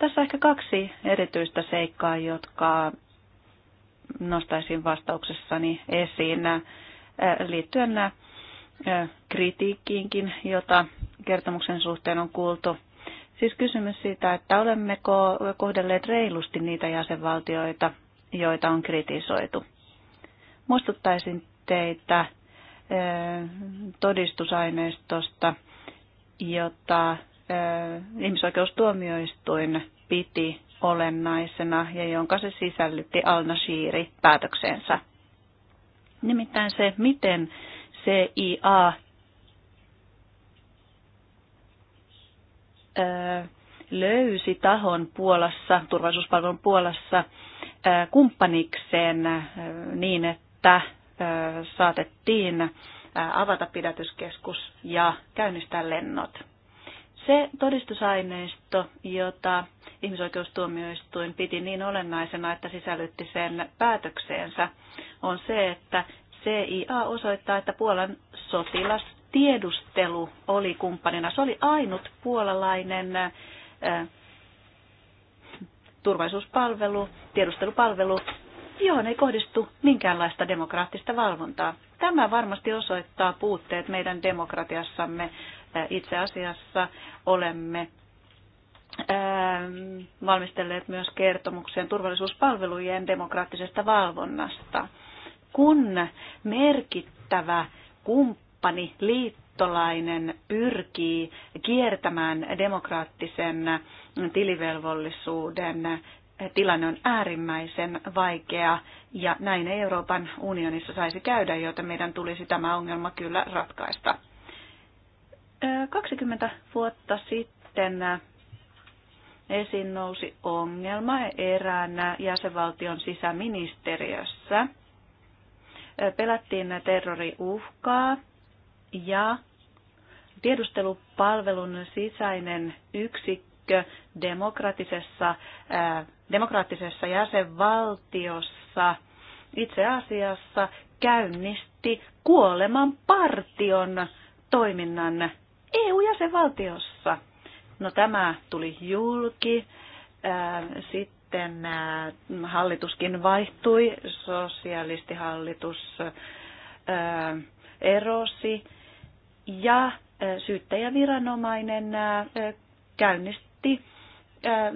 Tässä ehkä kaksi erityistä seikkaa, jotka nostaisin vastauksessani esiin äh, liittyen äh, kritiikkiinkin, jota kertomuksen suhteen on kuultu. Siis kysymys siitä, että olemmeko kohdelleet reilusti niitä jäsenvaltioita, joita on kritisoitu. Muistuttaisin teitä äh, todistusaineistosta, jota ihmisoikeustuomioistuin piti olennaisena ja jonka se sisällytti Al-Nashiri päätökseensä. Nimittäin se, miten CIA löysi tahon Puolassa, turvallisuuspalvelun Puolassa kumppanikseen niin, että saatettiin avata pidätyskeskus ja käynnistää lennot. Se todistusaineisto, jota ihmisoikeustuomioistuin piti niin olennaisena, että sisällytti sen päätökseensä, on se, että CIA osoittaa, että Puolan sotilastiedustelu oli kumppanina. Se oli ainut puolalainen turvallisuuspalvelu, tiedustelupalvelu, johon ei kohdistu minkäänlaista demokraattista valvontaa. Tämä varmasti osoittaa puutteet meidän demokratiassamme itse asiassa olemme ähm, valmistelleet myös kertomuksen turvallisuuspalvelujen demokraattisesta valvonnasta. Kun merkittävä kumppani, liittolainen pyrkii kiertämään demokraattisen tilivelvollisuuden, tilanne on äärimmäisen vaikea ja näin Euroopan unionissa saisi käydä, joten meidän tulisi tämä ongelma kyllä ratkaista. 20 vuotta sitten esiin nousi ongelma eräänä jäsenvaltion sisäministeriössä. Pelättiin terroriuhkaa ja tiedustelupalvelun sisäinen yksikkö demokraattisessa, äh, demokraattisessa jäsenvaltiossa itse asiassa käynnisti kuoleman partion toiminnan EU-jäsenvaltiossa. No tämä tuli julki. Sitten hallituskin vaihtui, sosialistihallitus erosi ja syyttäjäviranomainen käynnisti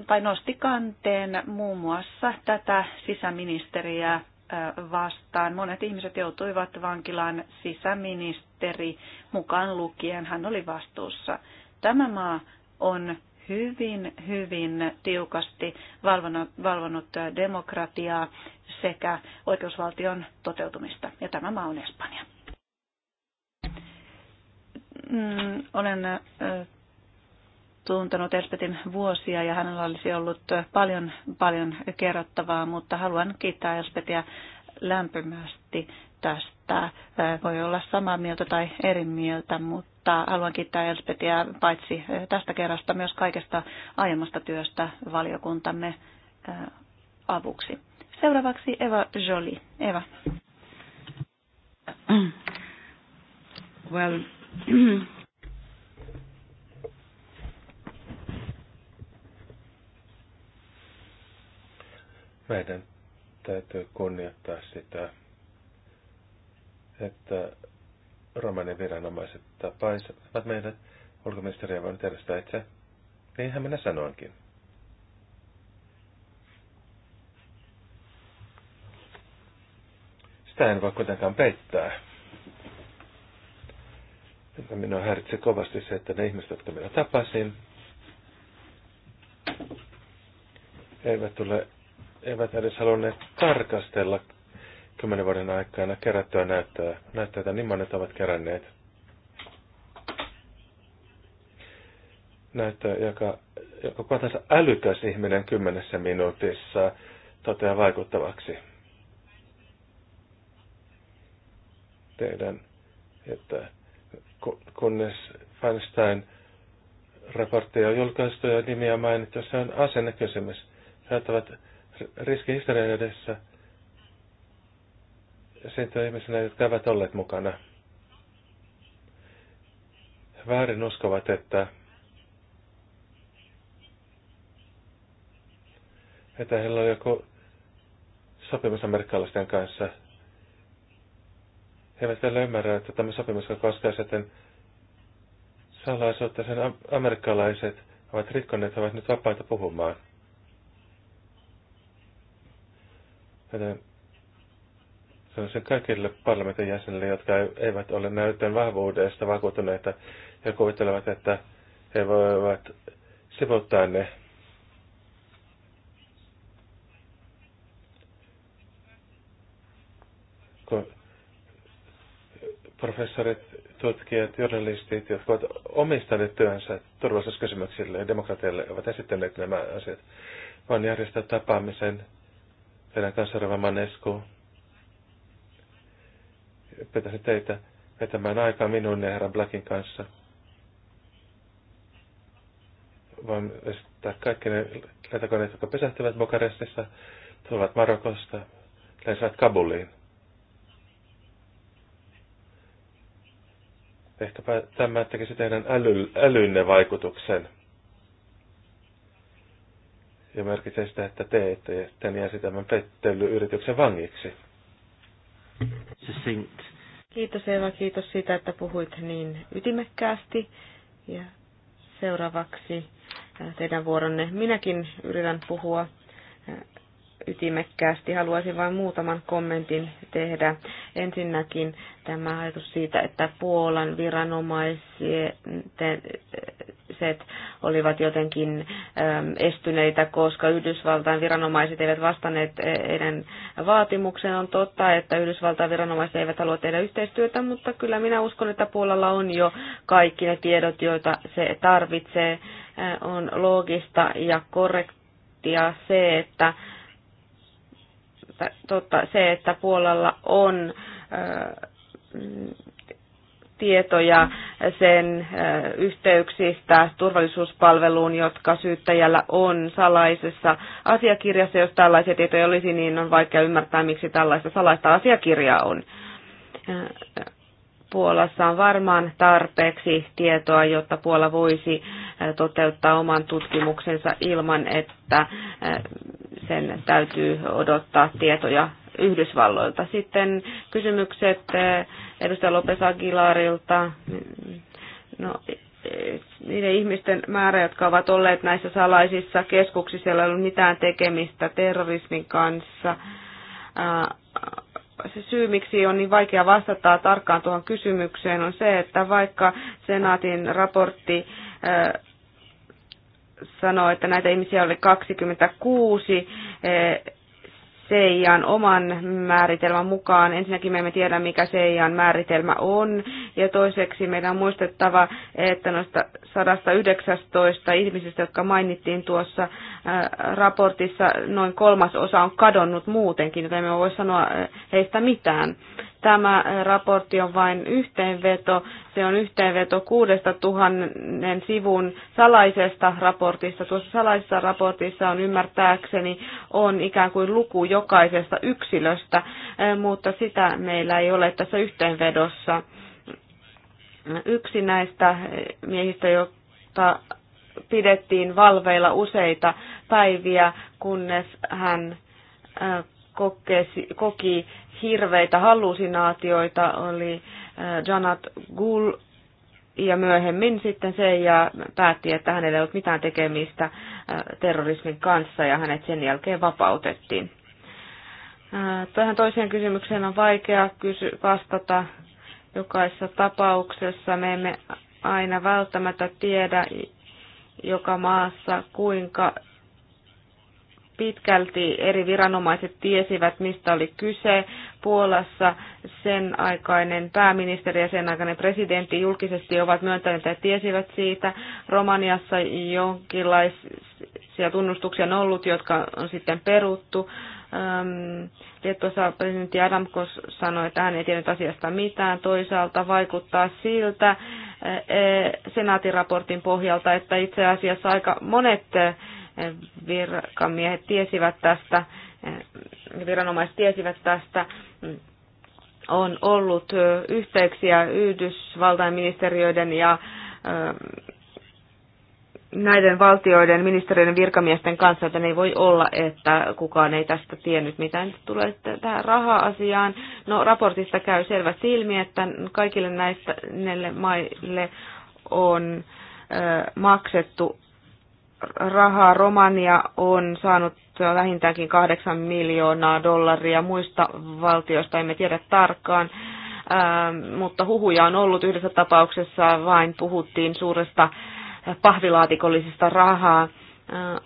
tai nosti kanteen muun muassa tätä sisäministeriä vastaan. Monet ihmiset joutuivat vankilaan sisäministeri mukaan lukien. Hän oli vastuussa. Tämä maa on hyvin, hyvin tiukasti valvonut, valvonut demokratiaa sekä oikeusvaltion toteutumista. Ja tämä maa on Espanja. Mm, olen tuntenut Espetin vuosia ja hänellä olisi ollut paljon, paljon kerrottavaa, mutta haluan kiittää Espetiä lämpimästi tästä. Äh, voi olla samaa mieltä tai eri mieltä, mutta haluan kiittää Elspetiä paitsi äh, tästä kerrasta myös kaikesta aiemmasta työstä valiokuntamme äh, avuksi. Seuraavaksi Eva Jolie. Eva. Well, Meidän täytyy kunnioittaa sitä, että romanin viranomaiset tapaisivat meidät. ulkoministeriä voinut järjestää itse. Niinhän minä sanoinkin. Sitä en voi kuitenkaan peittää. Minua häiritsee kovasti se, että ne ihmiset, jotka minä tapasin, eivät tule eivät edes halunneet tarkastella kymmenen vuoden aikana kerättyä näyttöä. Näyttöitä niin monet ovat keränneet. Näyttö, joka, joka kuka tässä älykäs ihminen kymmenessä minuutissa toteaa vaikuttavaksi. Teidän, että kunnes Feinstein raportteja on julkaistu ja nimiä mainittu, se on asennekysymys. He ovat riski historian edessä syntyy ihmisenä, jotka eivät olleet mukana. Väärin uskovat, että, että heillä on joku sopimus amerikkalaisten kanssa. He eivät vielä ymmärrä, että tämä sopimus koskee sitten salaisuutta, sen amerikkalaiset ovat rikkoneet, ovat nyt vapaita puhumaan. Joten sanoisin kaikille parlamentin jäsenille, jotka eivät ole näytön vahvuudesta vakuuttuneita ja kuvittelevat, että he voivat sivuttaa ne. Kun professorit, tutkijat, journalistit, jotka ovat omistaneet työnsä turvallisuuskysymyksille ja demokratialle, ovat esittäneet nämä asiat, vaan järjestää tapaamisen teidän kanssa Manesku. Pitäisin teitä vetämään aikaa minun ja herran Blackin kanssa. Voin esittää kaikki ne lentokoneet, jotka pesähtyvät Bukarestissa, tulevat Marokosta, lensivät Kabuliin. Ehkäpä tämä tekisi teidän äly, älynne vaikutuksen ja merkitsee sitä, että te ette ja sitten jäisi tämän pettelyyrityksen vangiksi. Kiitos Eva, kiitos siitä, että puhuit niin ytimekkäästi. Ja seuraavaksi äh, teidän vuoronne. Minäkin yritän puhua äh, ytimekkäästi. Haluaisin vain muutaman kommentin tehdä. Ensinnäkin tämä ajatus siitä, että Puolan viranomaiset olivat jotenkin ähm, estyneitä, koska Yhdysvaltain viranomaiset eivät vastanneet e, heidän vaatimukseen. On totta, että Yhdysvaltain viranomaiset eivät halua tehdä yhteistyötä, mutta kyllä minä uskon, että Puolalla on jo kaikki ne tiedot, joita se tarvitsee. Äh, on loogista ja korrektia se, että totta se, että Puolalla on mm, tietoja sen yhteyksistä turvallisuuspalveluun, jotka syyttäjällä on salaisessa asiakirjassa. Jos tällaisia tietoja olisi, niin on vaikea ymmärtää, miksi tällaista salaista asiakirjaa on. Puolassa on varmaan tarpeeksi tietoa, jotta Puola voisi toteuttaa oman tutkimuksensa ilman, että sen täytyy odottaa tietoja Yhdysvalloilta. Sitten kysymykset edustaja Lopes Aguilarilta. No, niiden ihmisten määrä, jotka ovat olleet näissä salaisissa keskuksissa, ei ole ollut mitään tekemistä terrorismin kanssa se syy, miksi on niin vaikea vastata tarkkaan tuohon kysymykseen, on se, että vaikka senaatin raportti äh, sanoo, että näitä ihmisiä oli 26, CIAn oman määritelmän mukaan. Ensinnäkin me emme tiedä, mikä CIAn määritelmä on, ja toiseksi meidän on muistettava, että noista 119 ihmisistä, jotka mainittiin tuossa äh, raportissa, noin kolmas osa on kadonnut muutenkin, joten emme voi sanoa äh, heistä mitään. Tämä äh, raportti on vain yhteenveto. Se on yhteenveto kuudesta tuhannen sivun salaisesta raportista. Tuossa salaisessa raportissa on ymmärtääkseni on ikään kuin luku jokaisesta yksilöstä, äh, mutta sitä meillä ei ole tässä yhteenvedossa. Yksi näistä äh, miehistä, jota pidettiin valveilla useita päiviä, kunnes hän kokesi, koki hirveitä hallusinaatioita, oli äh, Janat Gul ja myöhemmin sitten se ja päätti, että hänellä ei ollut mitään tekemistä äh, terrorismin kanssa ja hänet sen jälkeen vapautettiin. Äh, tähän toiseen kysymykseen on vaikea kysy- vastata jokaisessa tapauksessa. Me emme aina välttämättä tiedä joka maassa, kuinka pitkälti eri viranomaiset tiesivät, mistä oli kyse. Puolassa sen aikainen pääministeri ja sen aikainen presidentti julkisesti ovat myöntäneet ja tiesivät siitä. Romaniassa jonkinlaisia tunnustuksia on ollut, jotka on sitten peruttu. Liettuossa presidentti Adamkos sanoi, että hän ei tiennyt asiasta mitään. Toisaalta vaikuttaa siltä e, e, senaatin raportin pohjalta, että itse asiassa aika monet virkamiehet tiesivät tästä, viranomaiset tiesivät tästä, on ollut yhteyksiä Yhdysvaltain ministeriöiden ja näiden valtioiden ministeriöiden virkamiesten kanssa, että ei voi olla, että kukaan ei tästä tiennyt mitään. Tulee tähän raha-asiaan. No, raportista käy selvä silmi, että kaikille näistä maille on maksettu rahaa Romania on saanut vähintäänkin 8 miljoonaa dollaria muista valtioista, emme tiedä tarkkaan. Ähm, mutta huhuja on ollut yhdessä tapauksessa, vain puhuttiin suuresta pahvilaatikollisesta rahaa. Äh,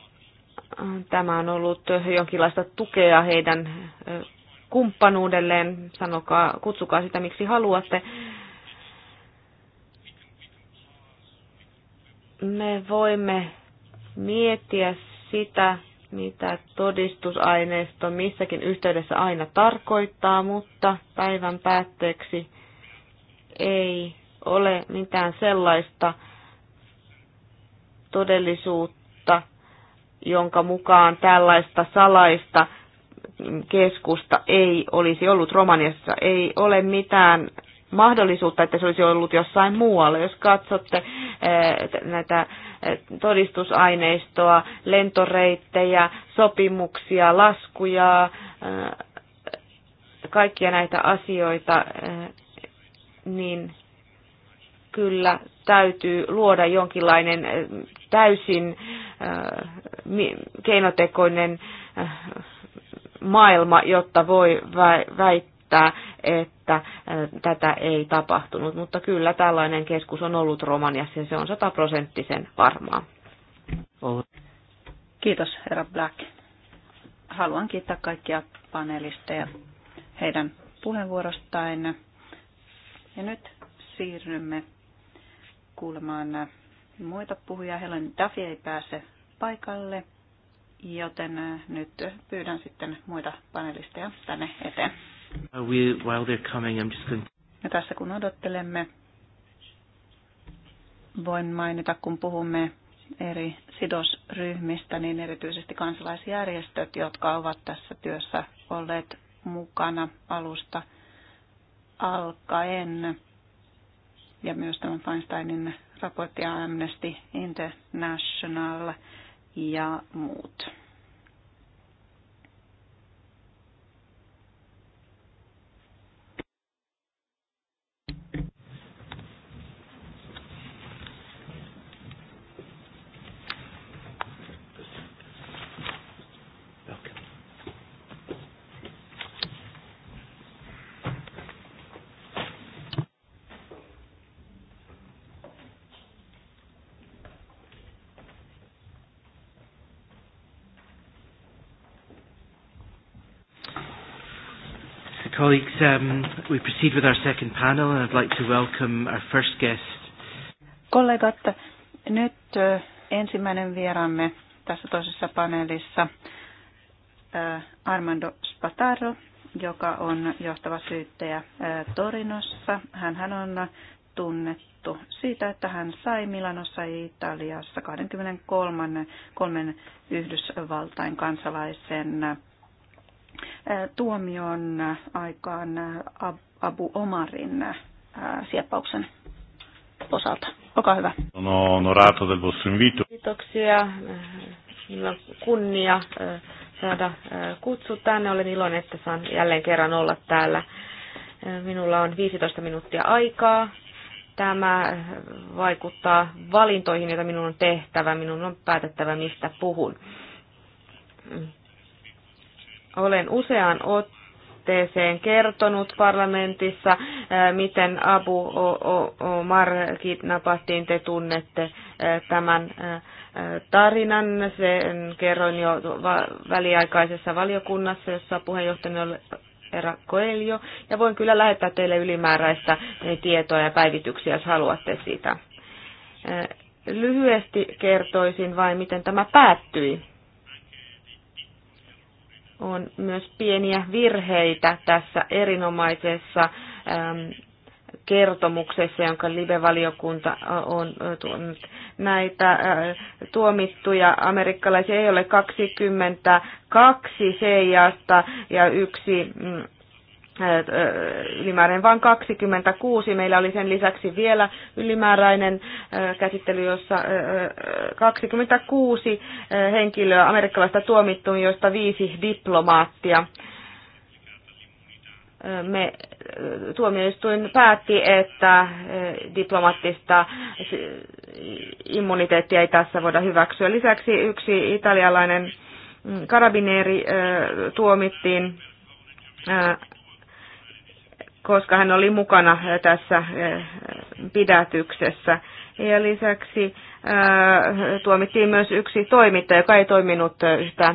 tämä on ollut jonkinlaista tukea heidän äh, kumppanuudelleen. Sanokaa, kutsukaa sitä miksi haluatte. Me voimme miettiä sitä, mitä todistusaineisto missäkin yhteydessä aina tarkoittaa, mutta päivän päätteeksi ei ole mitään sellaista todellisuutta, jonka mukaan tällaista salaista keskusta ei olisi ollut Romaniassa. Ei ole mitään mahdollisuutta, että se olisi ollut jossain muualla. Jos katsotte eh, näitä eh, todistusaineistoa, lentoreittejä, sopimuksia, laskuja, eh, kaikkia näitä asioita, niin kyllä täytyy luoda jonkinlainen täysin keinotekoinen maailma, jotta voi väittää väittää, että äh, tätä ei tapahtunut, mutta kyllä tällainen keskus on ollut Romaniassa ja se on sataprosenttisen varmaa. Kiitos herra Black. Haluan kiittää kaikkia panelisteja heidän puheenvuorostaan. Ja nyt siirrymme kuulemaan muita puhujia. Helen Duffy ei pääse paikalle, joten nyt pyydän sitten muita panelisteja tänne eteen. Ja tässä kun odottelemme, voin mainita, kun puhumme eri sidosryhmistä, niin erityisesti kansalaisjärjestöt, jotka ovat tässä työssä olleet mukana alusta alkaen. Ja myös tämän Feinsteinin raportti Amnesty International ja muut. colleagues, um, we proceed with our second panel and I'd like to welcome our first guest. Kollegat, nyt ensimmäinen vieramme tässä toisessa paneelissa Armando Spataro, joka on johtava syyttäjä Torinossa. Hän on tunnettu siitä, että hän sai Milanossa ja Italiassa 23 kolmen Yhdysvaltain kansalaisen tuomion aikaan Abu Omarin sieppauksen osalta. Olkaa hyvä. Kiitoksia. Minulla on kunnia saada kutsu tänne. Olen iloinen, että saan jälleen kerran olla täällä. Minulla on 15 minuuttia aikaa. Tämä vaikuttaa valintoihin, joita minun on tehtävä. Minun on päätettävä, mistä puhun. Olen useaan otteeseen kertonut parlamentissa, äh, miten Abu Omar kidnappattiin. Te tunnette äh, tämän äh, tarinan. Sen kerroin jo väliaikaisessa valiokunnassa, jossa puheenjohtajana oli Era Coelho, ja voin kyllä lähettää teille ylimääräistä tietoa ja päivityksiä, jos haluatte sitä. Lyhyesti kertoisin vain, miten tämä päättyi on myös pieniä virheitä tässä erinomaisessa kertomuksessa, jonka live-valiokunta on tuonut. Näitä tuomittuja amerikkalaisia ei ole 22 seijasta ja yksi mm, Äh, äh, ylimääräinen vain 26. Meillä oli sen lisäksi vielä ylimääräinen äh, käsittely, jossa 26 henkilöä amerikkalaista tuomittu, joista viisi diplomaattia. Me, tuomioistuin päätti, että diplomaattista immuniteettia ei tässä voida hyväksyä. Lisäksi yksi italialainen mm, karabineeri tuomittiin koska hän oli mukana eh, tässä eh, pidätyksessä. Ja lisäksi eh, tuomittiin myös yksi toimittaja, joka ei toiminut yhtä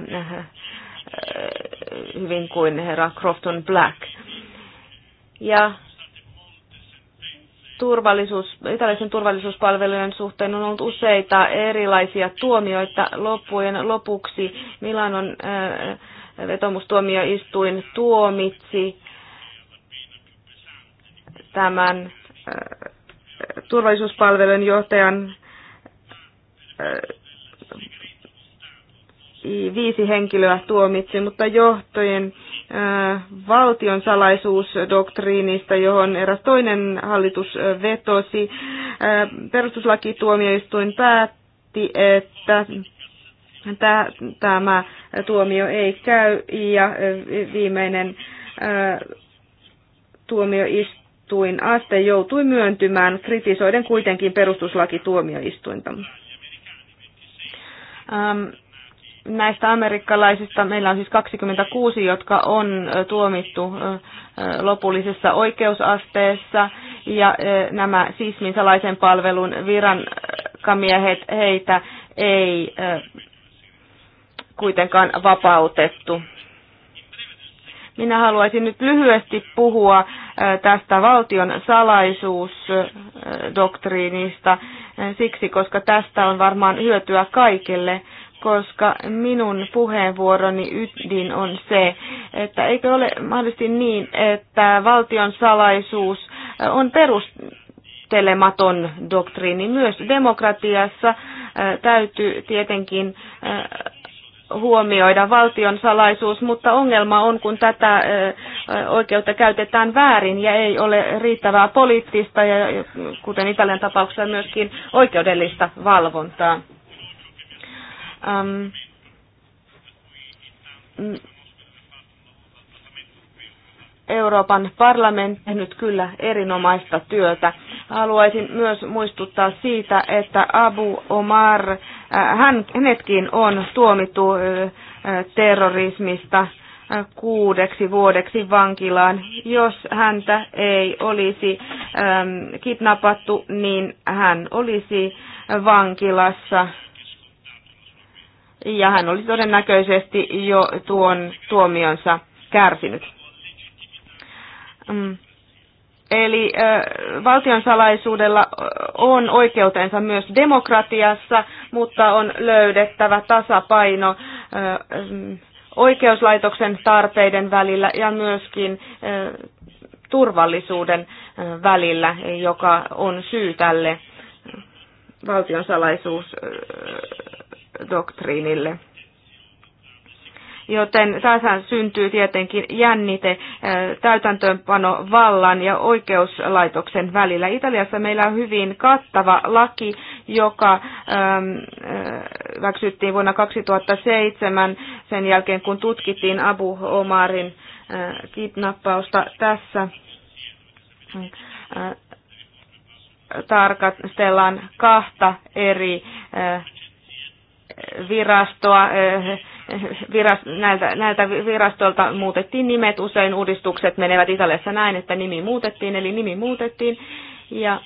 hyvin kuin herra Crofton Black. Ja turvallisuus, italialaisen turvallisuuspalvelujen suhteen on ollut useita erilaisia tuomioita. Loppujen lopuksi Milanon vetomustuomioistuin tuomitsi tämän turvallisuuspalvelun johtajan viisi henkilöä tuomitsi, mutta johtojen valtion salaisuusdoktriinista, johon eräs toinen hallitus vetosi. Perustuslakituomioistuin päätti, että tämä tuomio ei käy ja viimeinen tuomioistuin tuomioistuin aste joutui myöntymään, kritisoiden kuitenkin perustuslakituomioistuinta. Ähm, näistä amerikkalaisista meillä on siis 26, jotka on tuomittu lopullisessa oikeusasteessa ja nämä sismin salaisen palvelun virankamiehet, heitä ei kuitenkaan vapautettu. Minä haluaisin nyt lyhyesti puhua äh, tästä valtion salaisuusdoktriinista äh, siksi, koska tästä on varmaan hyötyä kaikille koska minun puheenvuoroni ydin on se, että eikö ole mahdollisesti niin, että valtion salaisuus äh, on perustelematon doktriini. Myös demokratiassa täytyy tietenkin huomioida valtion salaisuus, mutta ongelma on, kun tätä oikeutta käytetään väärin ja ei ole riittävää poliittista ja kuten Italian tapauksessa myöskin oikeudellista valvontaa. Ähm, Euroopan parlamentti on tehnyt kyllä erinomaista työtä. Haluaisin myös muistuttaa siitä, että Abu Omar, äh, hän, hänetkin on tuomittu äh, terrorismista äh, kuudeksi vuodeksi vankilaan. Jos häntä ei olisi ähm, kidnappattu, niin hän olisi vankilassa. Ja hän olisi todennäköisesti jo tuon tuomionsa kärsinyt. Mm. Eli valtion salaisuudella on oikeutensa myös demokratiassa, mutta on löydettävä tasapaino mm, oikeuslaitoksen tarpeiden välillä ja myöskin turvallisuuden välillä, joka on syy tälle valtion salaisuusdoktriinille joten sääsään syntyy tietenkin jännite eh, täytäntöönpano vallan ja oikeuslaitoksen välillä. Italiassa meillä on hyvin kattava laki, joka ehm, eh, väksyttiin vuonna 2007 sen jälkeen, kun tutkittiin Abu Omarin eh, kidnappausta tässä tarkastellaan kahta eri virastoa, virast, näiltä, näiltä virastoilta muutettiin nimet. Usein uudistukset menevät Italiassa näin, että nimi muutettiin, eli nimi muutettiin. Ja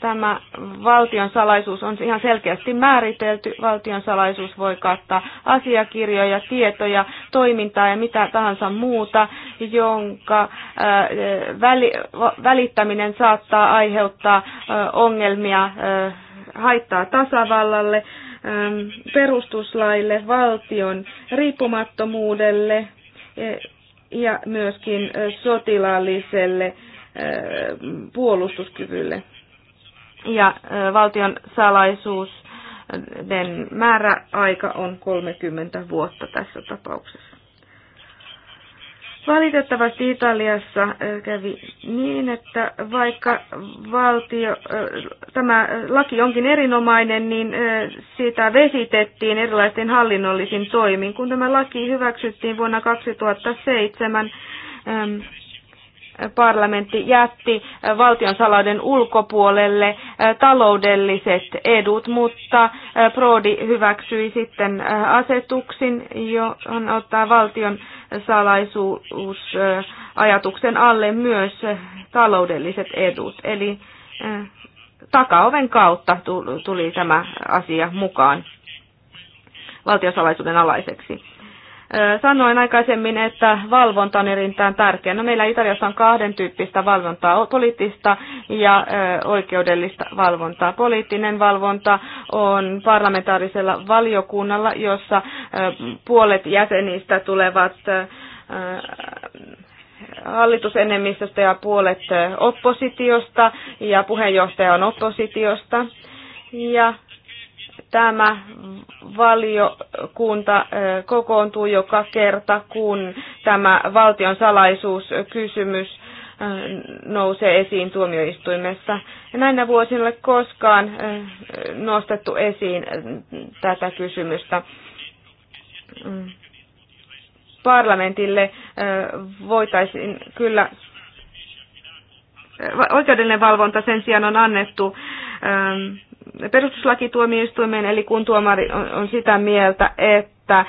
tämä valtion salaisuus on ihan selkeästi määritelty. Valtion salaisuus voi kattaa asiakirjoja, tietoja, toimintaa ja mitä tahansa muuta, jonka äh, välittäminen saattaa aiheuttaa äh, ongelmia äh, haittaa tasavallalle, ähm, perustuslaille, valtion riippumattomuudelle e, ja myöskin sotilaalliselle puolustuskyvylle. Ja valtion salaisuuden määräaika on 30 vuotta tässä tapauksessa. Valitettavasti Italiassa äh, kävi niin, että vaikka valtio, äh, tämä laki onkin erinomainen, niin äh, sitä vesitettiin erilaisten hallinnollisin toimin. Kun tämä laki hyväksyttiin vuonna 2007, parlamentti jätti äh, valtion salauden ulkopuolelle äh, taloudelliset edut, mutta äh, Prodi hyväksyi sitten asetuksin, johon ottaa valtion salaisuus ajatuksen alle myös taloudelliset edut. Eli takaoven kautta tuli tämä asia mukaan valtiosalaisuuden alaiseksi. Sanoin aikaisemmin, että valvonta on erittäin tärkeää. No, meillä Italiassa on kahden tyyppistä valvontaa, poliittista ja oikeudellista valvontaa. Poliittinen valvonta on parlamentaarisella valiokunnalla, jossa puolet jäsenistä tulevat hallitusenemmistöstä ja puolet oppositiosta ja puheenjohtaja on oppositiosta. Ja tämä valiokunta kokoontuu joka kerta, kun tämä valtion salaisuuskysymys nousee esiin tuomioistuimessa. Näinä vuosina ei koskaan nostettu esiin tätä kysymystä. Mm. Parlamentille voitaisiin kyllä oikeudellinen valvonta sen sijaan on annettu perustuslakituomioistuimeen, eli kun tuomari on sitä mieltä, että äh,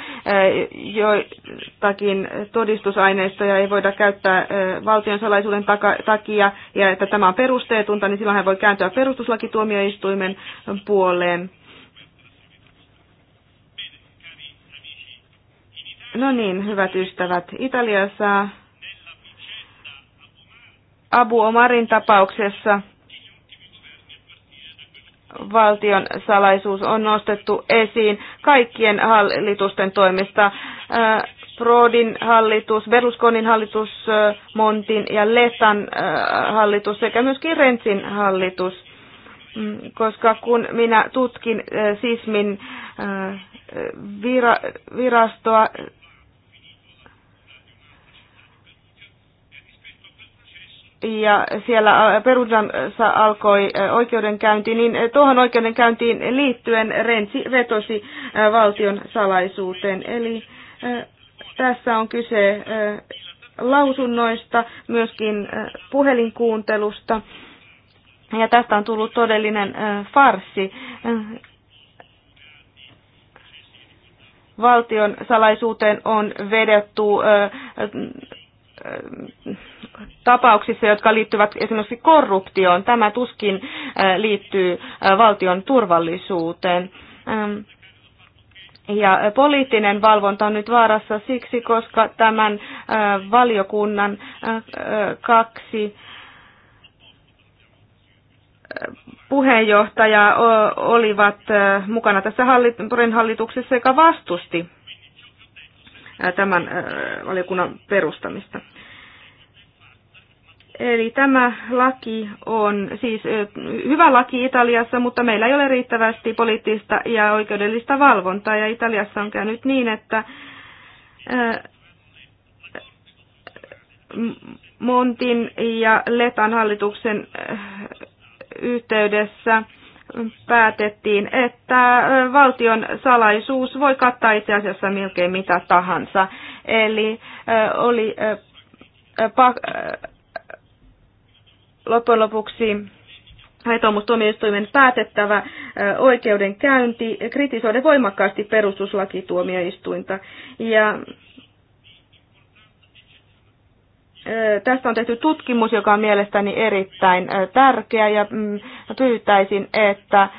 joitakin todistusaineistoja ei voida käyttää äh, valtion salaisuuden takia ja että tämä on perusteetunta, niin silloin hän voi kääntyä perustuslakituomioistuimen puoleen. No niin, hyvät ystävät. Italiassa Abu Omarin tapauksessa valtion salaisuus on nostettu esiin kaikkien hallitusten toimesta. Äh, Prodin hallitus, Berlusconin hallitus, äh, Montin ja Letan äh, hallitus sekä myöskin Rentsin hallitus. Mm, koska kun minä tutkin SISMin virastoa, ja siellä Perudansa alkoi oikeudenkäynti, niin tuohon oikeudenkäyntiin liittyen Rensi vetosi valtion salaisuuteen. Eli tässä on kyse lausunnoista, myöskin puhelinkuuntelusta. Ja tästä on tullut todellinen farsi. Valtion salaisuuteen on vedetty Äh, tapauksissa, jotka liittyvät esimerkiksi korruptioon. Tämä tuskin äh, liittyy äh, valtion turvallisuuteen. Ähm, ja poliittinen valvonta on nyt vaarassa siksi, koska tämän valiokunnan kaksi puheenjohtajaa olivat mukana tässä Porin hallituksessa, joka vastusti tämän valiokunnan perustamista. Eli tämä laki on siis hyvä laki Italiassa, mutta meillä ei ole riittävästi poliittista ja oikeudellista valvontaa. Ja Italiassa on käynyt niin, että Montin ja Letan hallituksen yhteydessä päätettiin, että valtion salaisuus voi kattaa itse asiassa melkein mitä tahansa. Eli oli loppujen lopuksi vetomustuomioistuimen päätettävä oikeudenkäynti kritisoida voimakkaasti perustuslakituomioistuinta. Ja tästä on tehty tutkimus, joka on mielestäni erittäin tärkeä ja mm, pyytäisin, että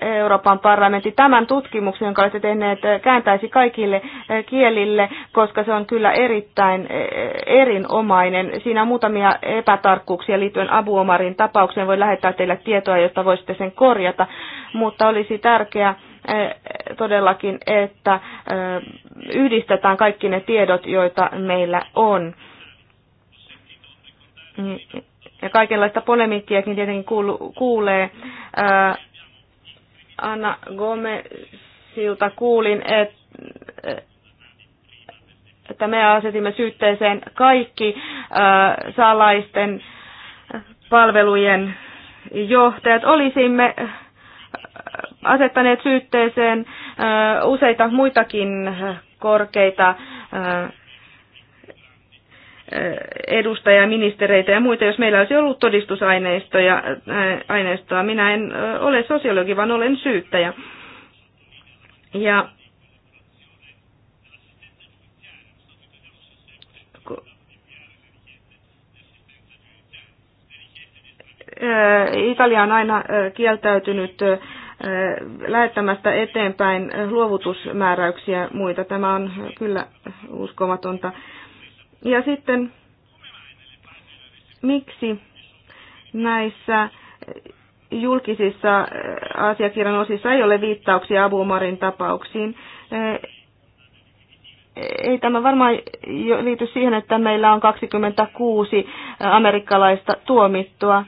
Euroopan parlamentti tämän tutkimuksen, jonka olette tehneet, kääntäisi kaikille kielille, koska se on kyllä erittäin erinomainen. Siinä on muutamia epätarkkuuksia liittyen Abu Omarin tapaukseen. voi lähettää teille tietoa, jotta voisitte sen korjata, mutta olisi tärkeää, E, todellakin, että e, yhdistetään kaikki ne tiedot, joita meillä on. Ja kaikenlaista polemiikkiakin tietenkin kuulee. E, Anna Gomezilta kuulin, että että me asetimme syytteeseen kaikki salaisten palvelujen johtajat. Olisimme asettaneet syytteeseen useita muitakin korkeita edustajia, ministereitä ja muita, jos meillä olisi ollut todistusaineistoja. Aineistoa. Minä en ole sosiologi, vaan olen syyttäjä. Ja Italia on aina kieltäytynyt lähettämästä eteenpäin luovutusmääräyksiä ja muita. Tämä on kyllä uskomatonta. Ja sitten, miksi näissä julkisissa asiakirjan osissa ei ole viittauksia Abu tapauksiin? ei tämä varmaan liity siihen, että meillä on 26 amerikkalaista tuomittua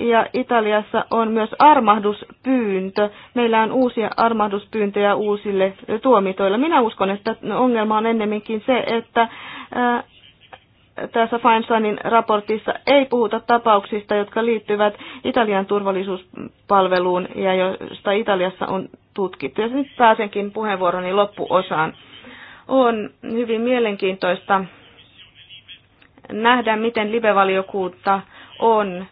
ja Italiassa on myös armahduspyyntö. Meillä on uusia armahduspyyntöjä uusille tuomitoille. Minä uskon, että ongelma on ennemminkin se, että äh, tässä Feinsteinin raportissa ei puhuta tapauksista, jotka liittyvät Italian turvallisuuspalveluun ja joista Italiassa on tutkittu. Ja nyt pääsenkin puheenvuoroni loppuosaan. On hyvin mielenkiintoista nähdä, miten libevaliokuutta on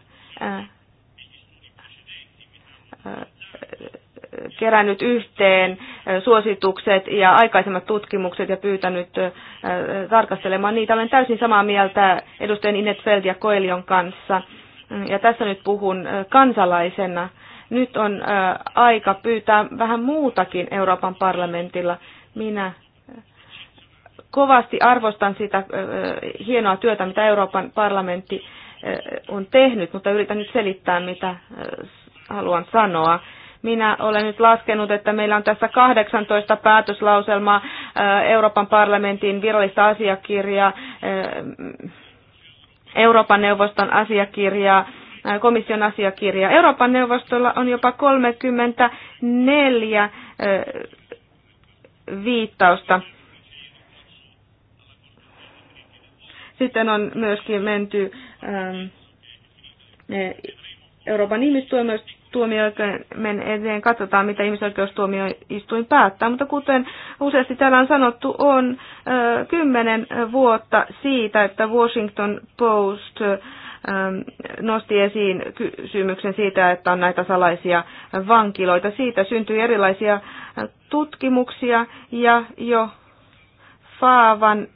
kerännyt yhteen suositukset ja aikaisemmat tutkimukset ja pyytänyt tarkastelemaan niitä. Olen täysin samaa mieltä edustajien Inet Feld ja Koelion kanssa. Ja tässä nyt puhun kansalaisena. Nyt on aika pyytää vähän muutakin Euroopan parlamentilla. Minä kovasti arvostan sitä hienoa työtä, mitä Euroopan parlamentti Eh, on tehnyt, mutta yritän nyt selittää, mitä eh, haluan sanoa. Minä olen nyt laskenut, että meillä on tässä 18 päätöslauselmaa eh, Euroopan parlamentin virallista asiakirjaa, Euroopan neuvoston asiakirjaa, komission asiakirjaa. Euroopan neuvostolla on jopa 34 viittausta. Sitten on myöskin menty Ähm, Euroopan ihmistuomioistuimen eteen katsotaan, mitä ihmisoikeustuomioistuin päättää. Mutta kuten useasti täällä on sanottu, on kymmenen vuotta siitä, että Washington Post nosti esiin kysymyksen siitä, että on näitä salaisia vankiloita. Siitä syntyi erilaisia tutkimuksia ja jo Faavan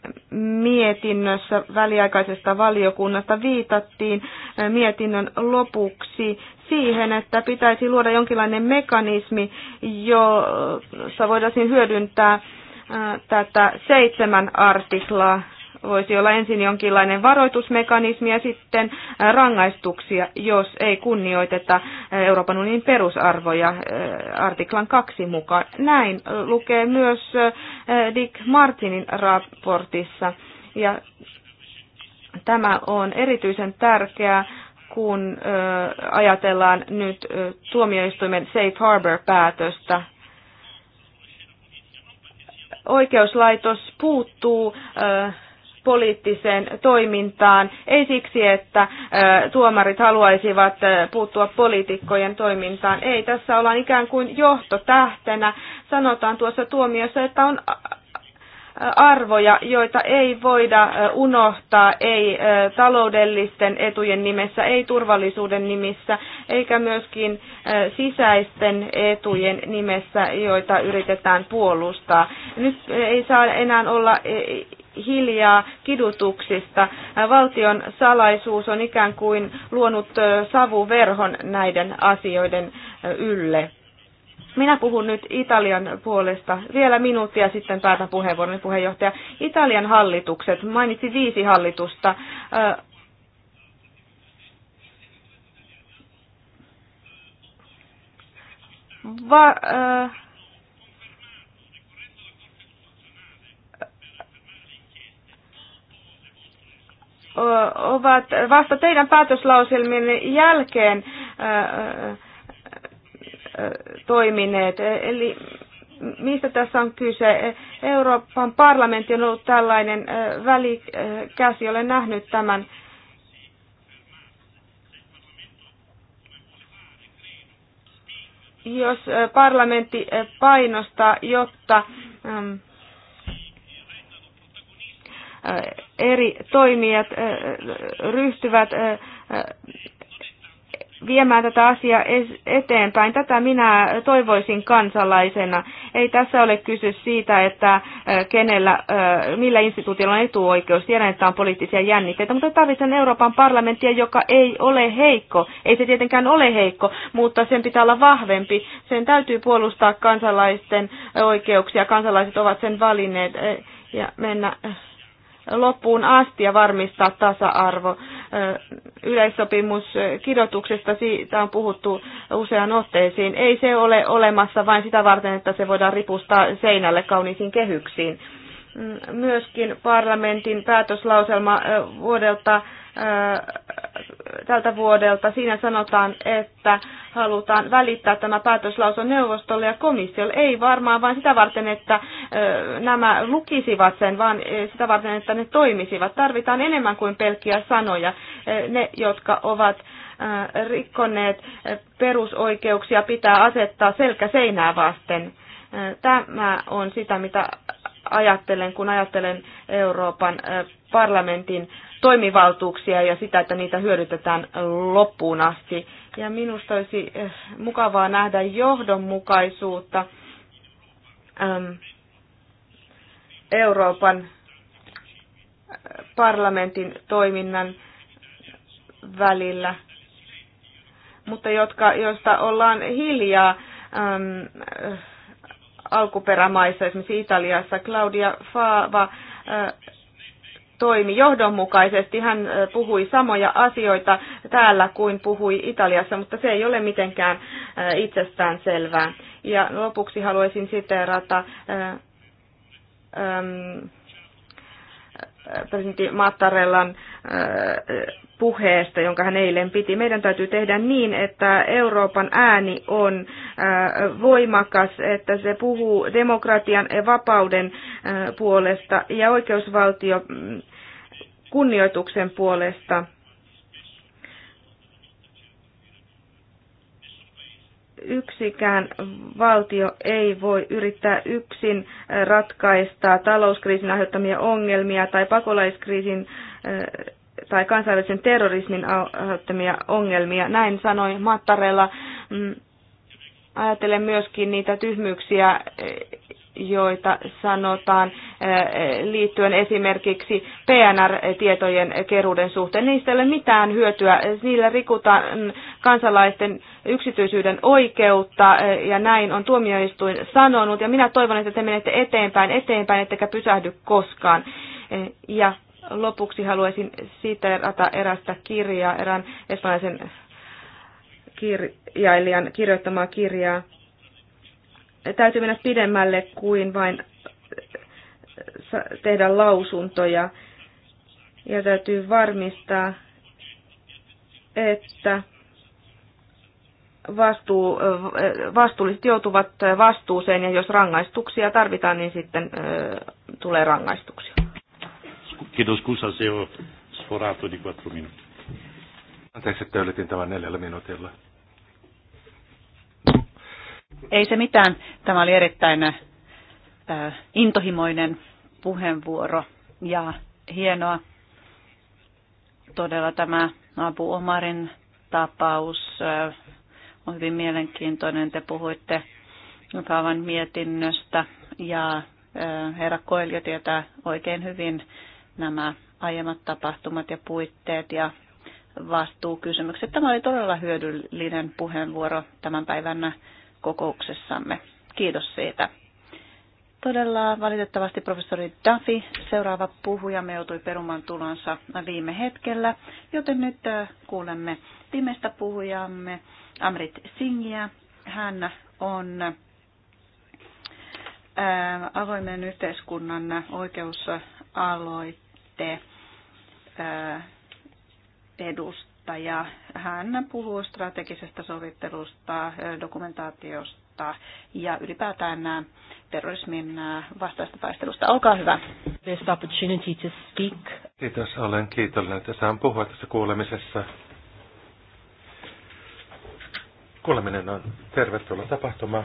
mietinnössä väliaikaisesta valiokunnasta viitattiin eh, mietinnön lopuksi siihen, että pitäisi luoda jonkinlainen mekanismi, jossa voitaisiin hyödyntää eh, tätä seitsemän artiklaa voisi olla ensin jonkinlainen varoitusmekanismi ja sitten rangaistuksia, jos ei kunnioiteta Euroopan unionin perusarvoja artiklan kaksi mukaan. Näin lukee myös Dick Martinin raportissa. Ja tämä on erityisen tärkeää, kun ajatellaan nyt tuomioistuimen Safe Harbor-päätöstä oikeuslaitos puuttuu poliittiseen toimintaan, ei siksi, että tuomarit haluaisivat puuttua poliitikkojen toimintaan. Ei, tässä ollaan ikään kuin johtotähtenä. Sanotaan tuossa tuomiossa, että on arvoja, joita ei voida unohtaa, ei taloudellisten etujen nimessä, ei turvallisuuden nimissä, eikä myöskin sisäisten etujen nimessä, joita yritetään puolustaa. Nyt ei saa enää olla e, hiljaa kidutuksista. Valtion salaisuus on ikään kuin luonut savuverhon näiden asioiden ylle. Minä puhun nyt Italian puolesta. Vielä minuuttia sitten päätän puheenvuoron, puheenjohtaja. Italian hallitukset, mainitsi viisi hallitusta. Va, äh, ovat vasta teidän päätöslauselmien jälkeen toimineet. Eli mistä tässä on kyse? Euroopan parlamentti on ollut tällainen välikäsi, olen nähnyt tämän. Jos parlamentti painostaa, jotta eri toimijat ryhtyvät viemään tätä asiaa eteenpäin. Tätä minä toivoisin kansalaisena. Ei tässä ole kyse siitä, että kenellä, millä instituutilla on etuoikeus. Tiedän, että on poliittisia jännitteitä, mutta tarvitsen Euroopan parlamenttia, joka ei ole heikko. Ei se tietenkään ole heikko, mutta sen pitää olla vahvempi. Sen täytyy puolustaa kansalaisten oikeuksia. Kansalaiset ovat sen valinneet ja mennä loppuun asti ja varmistaa tasa-arvo. Yleissopimus kidotuksesta, siitä on puhuttu usean otteisiin. Ei se ole olemassa vain sitä varten, että se voidaan ripustaa seinälle kauniisiin kehyksiin. Mm, myöskin parlamentin päätöslauselma vuodelta tältä vuodelta. Siinä sanotaan, että halutaan välittää tämä päätöslauso neuvostolle ja komissiolle. Ei varmaan vain sitä varten, että nämä lukisivat sen, vaan sitä varten, että ne toimisivat. Tarvitaan enemmän kuin pelkkiä sanoja. Ne, jotka ovat rikkoneet perusoikeuksia, pitää asettaa selkä seinää vasten. Tämä on sitä, mitä ajattelen, kun ajattelen Euroopan parlamentin toimivaltuuksia ja sitä, että niitä hyödytetään loppuun asti. Ja minusta olisi eh, mukavaa nähdä johdonmukaisuutta ehm, Euroopan eh, parlamentin toiminnan välillä, mutta jotka, joista ollaan hiljaa ähm, alkuperämaissa, esimerkiksi Italiassa. Claudia Faava äh, toimi johdonmukaisesti. Hän puhui samoja asioita täällä kuin puhui Italiassa, mutta se ei ole mitenkään itsestään selvää. Ja lopuksi haluaisin siteerata presidentti Mattarellan puheesta, jonka hän eilen piti. Meidän täytyy tehdä niin, että Euroopan ääni on äh, voimakas, että se puhuu demokratian ja vapauden äh, puolesta ja oikeusvaltio mm, kunnioituksen puolesta. yksikään valtio ei voi yrittää yksin äh, ratkaista talouskriisin aiheuttamia ongelmia tai pakolaiskriisin tai kansainvälisen terrorismin aiheuttamia ongelmia. Näin sanoi Mattarella. Mm, Ajattelen myöskin niitä tyhmyyksiä, eh, joita sanotaan eh, liittyen esimerkiksi PNR-tietojen keruuden suhteen. Niistä ei ole mitään hyötyä. Niillä rikutaan kansalaisten yksityisyyden oikeutta eh, ja näin on tuomioistuin sanonut. Ja minä toivon, että te menette eteenpäin, eteenpäin, ettekä pysähdy koskaan. Ja lopuksi haluaisin siteerata erästä kirjaa, erään espanjaisen kirjailijan kirjoittamaa kirjaa. Täytyy mennä pidemmälle kuin vain tehdä lausuntoja ja täytyy varmistaa, että vastuu, vastuulliset joutuvat vastuuseen ja jos rangaistuksia tarvitaan, niin sitten tulee rangaistuksia chiedo scusa se ho sforato di quattro minuti. Anteeksi, että ylitin tämän neljällä minuutilla. Ei se mitään. Tämä oli erittäin äh, intohimoinen puheenvuoro ja hienoa todella tämä Abu Omarin tapaus äh, on hyvin mielenkiintoinen. Te puhuitte Favan mietinnöstä ja äh, herra Koelio tietää oikein hyvin nämä aiemmat tapahtumat ja puitteet ja vastuukysymykset. Tämä oli todella hyödyllinen puheenvuoro tämän päivänä kokouksessamme. Kiitos siitä. Todella valitettavasti professori Duffy, seuraava puhuja me joutui perumaan tulonsa viime hetkellä, joten nyt äh, kuulemme viimeistä puhujamme Amrit Singia Hän on äh, avoimen yhteiskunnan oikeusaloite Kanete edustaja. Hän puhuu strategisesta sovittelusta, dokumentaatiosta ja ylipäätään terrorismin vastaista taistelusta. Olkaa hyvä. This opportunity to speak. Kiitos, olen kiitollinen, että saan puhua tässä kuulemisessa. Kuuleminen on tervetuloa tapahtuma.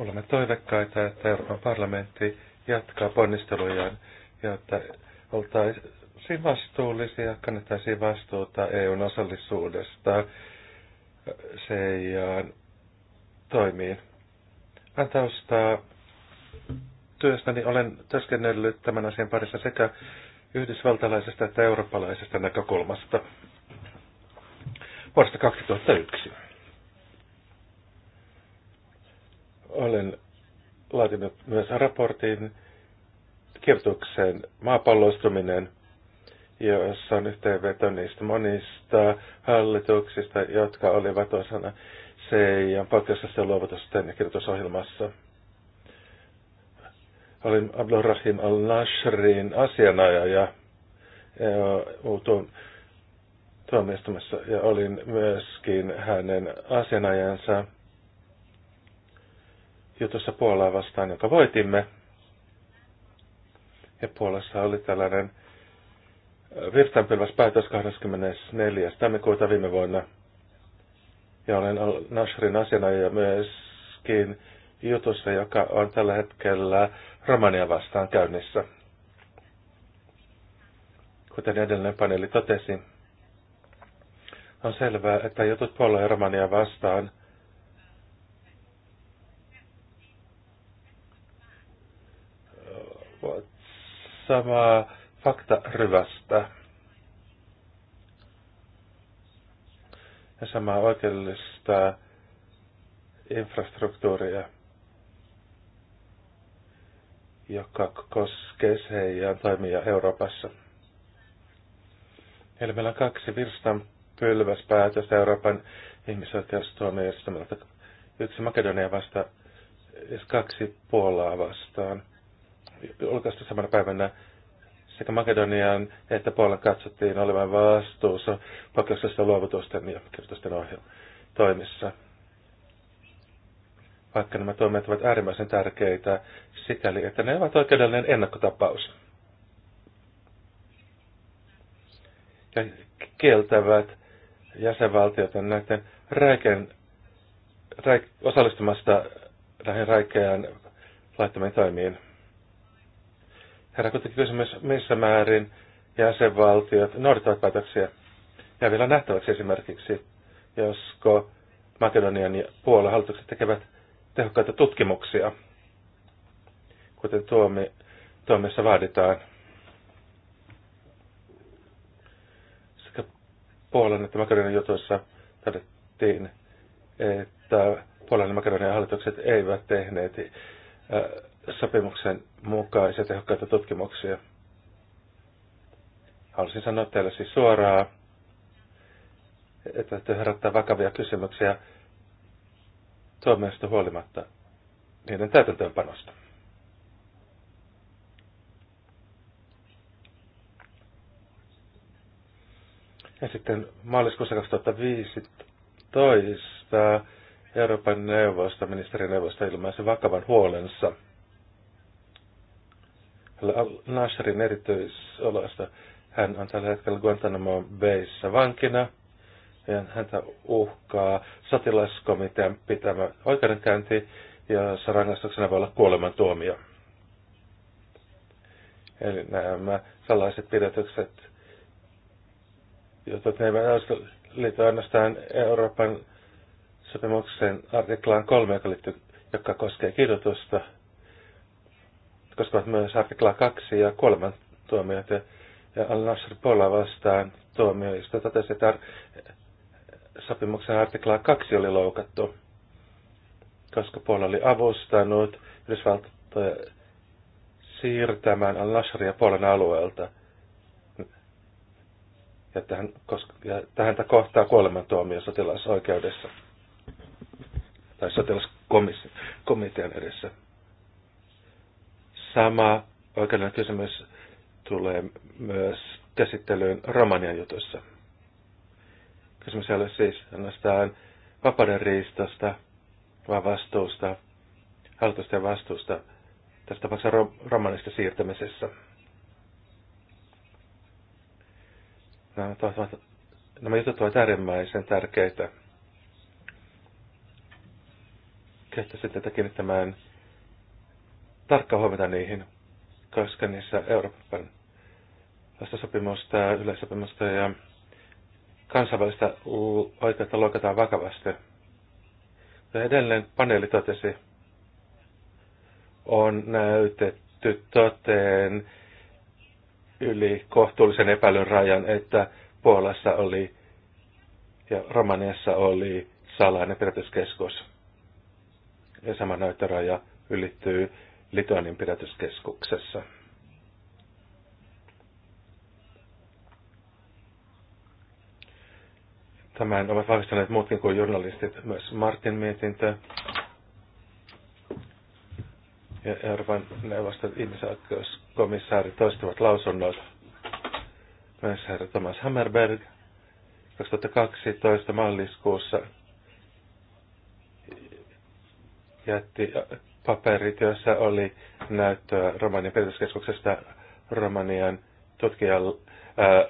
Olemme toivekkaita, että Euroopan parlamentti jatkaa ponnistelujaan ja että oltaisiin vastuullisia, kannettaisiin vastuuta EUn osallisuudesta CIAan toimiin. Mä taustaa työstäni olen työskennellyt tämän asian parissa sekä yhdysvaltalaisesta että eurooppalaisesta näkökulmasta vuodesta 2001. Olen laatinut myös raportin kertokseen maapalloistuminen, jossa on yhteenveto niistä monista hallituksista, jotka olivat osana CIAn pakkaisessa luovutusten kirjoitusohjelmassa. Olin Abdulrahim al-Nashrin asianajaja e tuomioistumassa ja olin myöskin hänen asianajansa tuossa Puolaa vastaan, jonka voitimme. Ja Puolassa oli tällainen äh, virtaanpilväs päätös 24. tammikuuta viime vuonna. Ja olen Nashrin ja myöskin jutussa, joka on tällä hetkellä Romania vastaan käynnissä. Kuten edellinen paneeli totesi, on selvää, että jutut Puolaa ja Romania vastaan – samaa faktaryvästä ja samaa oikeudellista infrastruktuuria, joka koskee ja toimia Euroopassa. Eli meillä on kaksi virstan pylväspäätöstä Euroopan ihmisoikeustuomioistuimelta. Yksi Makedonia vasta, kaksi Puolaa vastaan julkaistu samana päivänä sekä Makedonian että Puolan katsottiin olevan vastuussa pakollisesta luovutusten ja kirjoitusten toimissa. Vaikka nämä toimet ovat äärimmäisen tärkeitä sikäli, että ne ovat oikeudellinen ennakkotapaus. Ja kieltävät jäsenvaltiot näiden räikeän, räik, osallistumasta näihin räikeään laittamiin toimiin. Herra kuitenkin kysymys, missä määrin jäsenvaltiot noudattavat päätöksiä. Ja vielä nähtäväksi esimerkiksi, josko Makedonian ja Puolan hallitukset tekevät tehokkaita tutkimuksia, kuten tuomi, tuomissa vaaditaan. Sekä Puolan että Makedonian jutuissa todettiin, että Puolan ja Makedonian hallitukset eivät tehneet äh, sopimuksen mukaisia tehokkaita tutkimuksia. Haluaisin sanoa teille siis suoraan, että te herättää vakavia kysymyksiä tuomioista huolimatta niiden täytäntöönpanosta. Ja sitten maaliskuussa 2015 Euroopan neuvosto, ministerineuvosto ilmaisi vakavan huolensa – Nasserin erityisoloista. Hän on tällä hetkellä Guantanamo Bayssä vankina. Ja häntä uhkaa sotilaskomitean pitämä oikeudenkäynti, ja rangaistuksena voi olla kuolemantuomio. Eli nämä salaiset pidätykset, jotka ne eivät liity ainoastaan Euroopan sopimuksen artiklaan kolme joka, liittyy, joka koskee kidutusta – ratkaisivat myös artiklaa 2 ja 3 tuomiot Ja Al-Nasr Pola vastaan josta totesi, että sopimuksen artiklaa 2 oli loukattu, koska Pola oli avustanut Yhdysvaltoja siirtämään Al-Nashria Polan alueelta. Ja tähän, koska, ja tähän kohtaa tuomio sotilasoikeudessa tai sotilaskomitean edessä. Sama oikeudellinen kysymys tulee myös käsittelyyn Romanian jutussa. Kysymys ei ole siis ainoastaan vapauden riistosta, vaan vastuusta, hallitusten vastuusta tässä tapauksessa romanista siirtämisessä. Nämä, ovat, nämä jutut ovat äärimmäisen tärkeitä. Kehtäisin tätä kiinnittämään tarkka huomata niihin, koska niissä Euroopan vastasopimusta, yleissopimusta ja kansainvälistä oikeutta loikataan vakavasti. Ja edelleen paneeli totesi, on näytetty toteen yli kohtuullisen epäilyn rajan, että Puolassa oli ja Romaniassa oli salainen pidätyskeskus. Ja sama näyttöraja ylittyy Litoanin pidätyskeskuksessa. Tämän ovat vahvistaneet muutkin kuin journalistit, myös Martin mietintö ja Euroopan neuvoston ihmisoikeuskomissaari toistuvat lausunnot. Myös herra Thomas Hammerberg 2012 maaliskuussa jätti paperit, joissa oli näyttöä Romanian perintöskeskuksesta Romanian tutkijalle, ää, äh,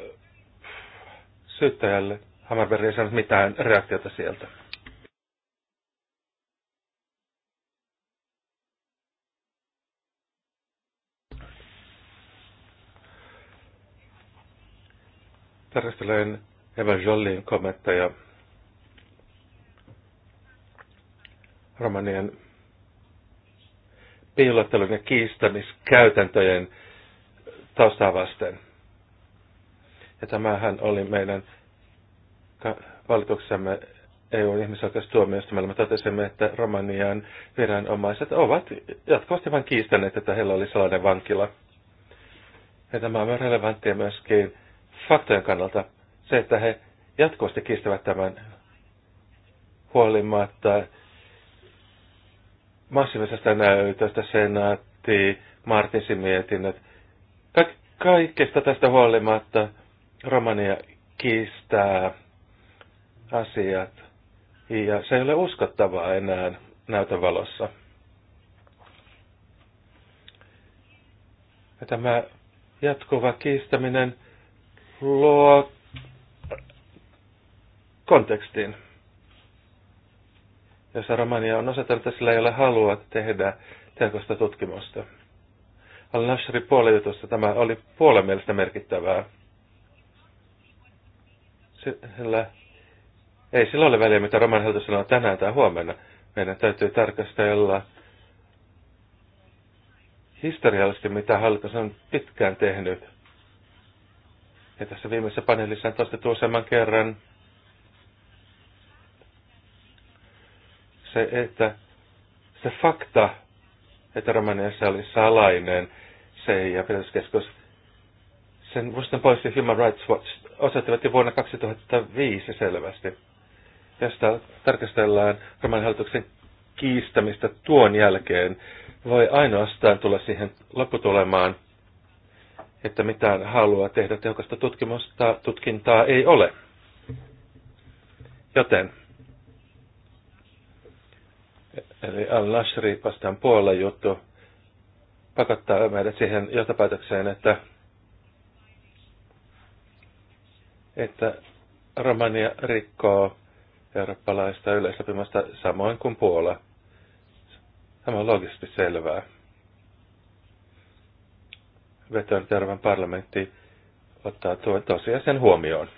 syyttäjälle. Hammerberg ei saanut mitään reaktiota sieltä. tarkastelen Eva Jollin kommentteja Romanian piilottelun ja kiistämiskäytäntöjen taustaa vasten. Ja tämähän oli meidän valituksemme EUn ihmisoikeustuomioistuimella. Me totesimme, että Romanian viranomaiset ovat jatkuvasti vain kiistäneet, että heillä oli sellainen vankila. Ja tämä on relevanttia myöskin faktojen kannalta. Se, että he jatkuvasti kiistävät tämän huolimatta massiivisesta näytöstä, senaatti, Martinsin mietinnöt. Ka- kaikesta tästä huolimatta Romania kiistää asiat ja se ei ole uskottavaa enää näytön valossa. Ja tämä jatkuva kiistäminen luo kontekstin. Jos Romania on osa että sillä ei ole halua tehdä tehokasta tutkimusta. Al-Nashri puolijutussa tämä oli puolen mielestä merkittävää. Sillä ei sillä ole väliä, mitä Roman hallitus sanoo tänään tai huomenna. Meidän täytyy tarkastella historiallisesti, mitä hallitus on pitkään tehnyt. Ja tässä viimeisessä paneelissa on toistettu useamman kerran se, että se fakta, että Romaniassa oli salainen se ja pitäiskeskus, sen Washington Policy ja Human Rights Watch osoittivat jo vuonna 2005 selvästi. Josta tarkastellaan Romanian hallituksen kiistämistä tuon jälkeen, voi ainoastaan tulla siihen lopputulemaan, että mitään halua tehdä tehokasta tutkimusta, tutkintaa ei ole. Joten Eli Al-Nashri vastaan puolella juttu pakottaa meidät siihen johtopäätökseen, että, että Romania rikkoo eurooppalaista yleissopimusta samoin kuin Puola. Tämä on loogisesti selvää. Vetoan Tervan parlamentti ottaa tosiaan sen huomioon.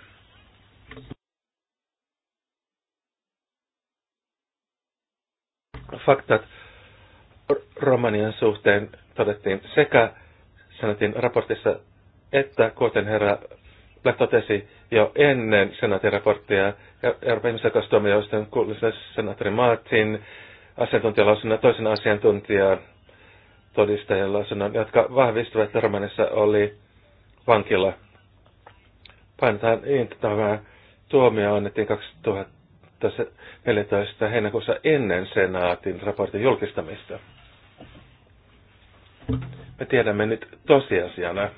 faktat Romanian suhteen todettiin sekä senaatin raportissa että kuten herra Black totesi jo ennen senaatin raporttia Euroopan ihmisoikeustuomioistuin kuulisena senaattori Martin asiantuntijalausunnon toisen asiantuntijan todistajan lausunnon, jotka vahvistuivat, että Romanissa oli vankila. Painetaan niin, että tämä tuomio annettiin 2000 14. heinäkuussa ennen senaatin raportin julkistamista. Me tiedämme nyt tosiasiana,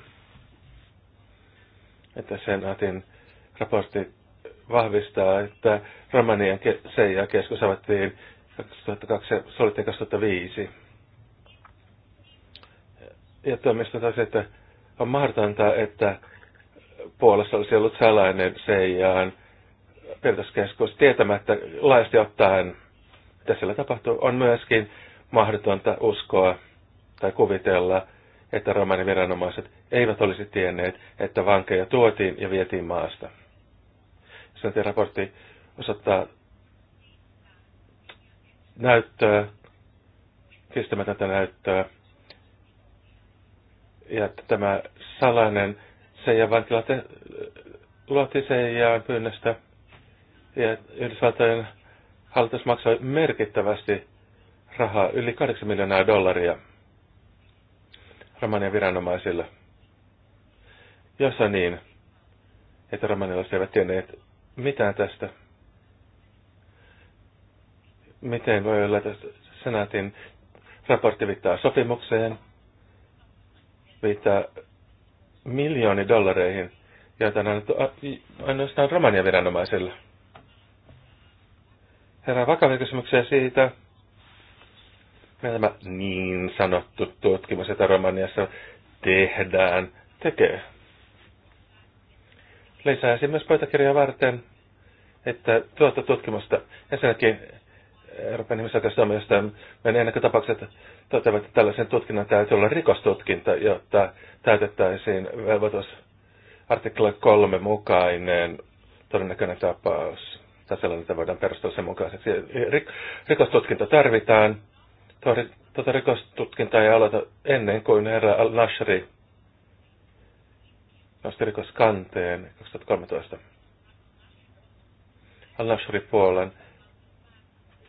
että senaatin raportti vahvistaa, että Romanian seija keskus avattiin 2002 ja solittiin 2005. Ja tuomista taas, että on mahdotonta, että Puolassa olisi ollut salainen seijaan terveyskeskus tietämättä laajasti ottaen, mitä siellä tapahtuu, on myöskin mahdotonta uskoa tai kuvitella, että romaniviranomaiset eivät olisi tienneet, että vankeja tuotiin ja vietiin maasta. Sen raportti osoittaa näyttöä, kistämätöntä näyttöä, ja tämä salainen Seijan vankila luotti Seijan pyynnöstä – ja Yhdysvaltain hallitus maksoi merkittävästi rahaa, yli 8 miljoonaa dollaria Romanian viranomaisille. Jossa niin, että romanilaiset eivät tienneet mitään tästä. Miten voi olla, että senaatin raportti viittaa sopimukseen, viittaa miljooni dollareihin, joita on annettu ainoastaan romanian viranomaisille herää vakavia kysymyksiä siitä, mitä tämä niin sanottu tutkimus, jota Romaniassa tehdään, tekee. Lisäisin myös pöytäkirjaa varten, että tuota tutkimusta ensinnäkin Euroopan ihmisoikeustuomioistuin meidän ennakkotapaukset toteavat, että tällaisen tutkinnan täytyy olla rikostutkinta, jotta täytettäisiin velvoitus artikla 3 mukainen todennäköinen tapaus tai sellainen, että voidaan perustua sen mukaiseksi. Rikostutkinta tarvitaan. Tuota rikostutkintaa ei aloita ennen kuin herra Al-Nashri nosti rikoskanteen 2013. Al-Nashri puolen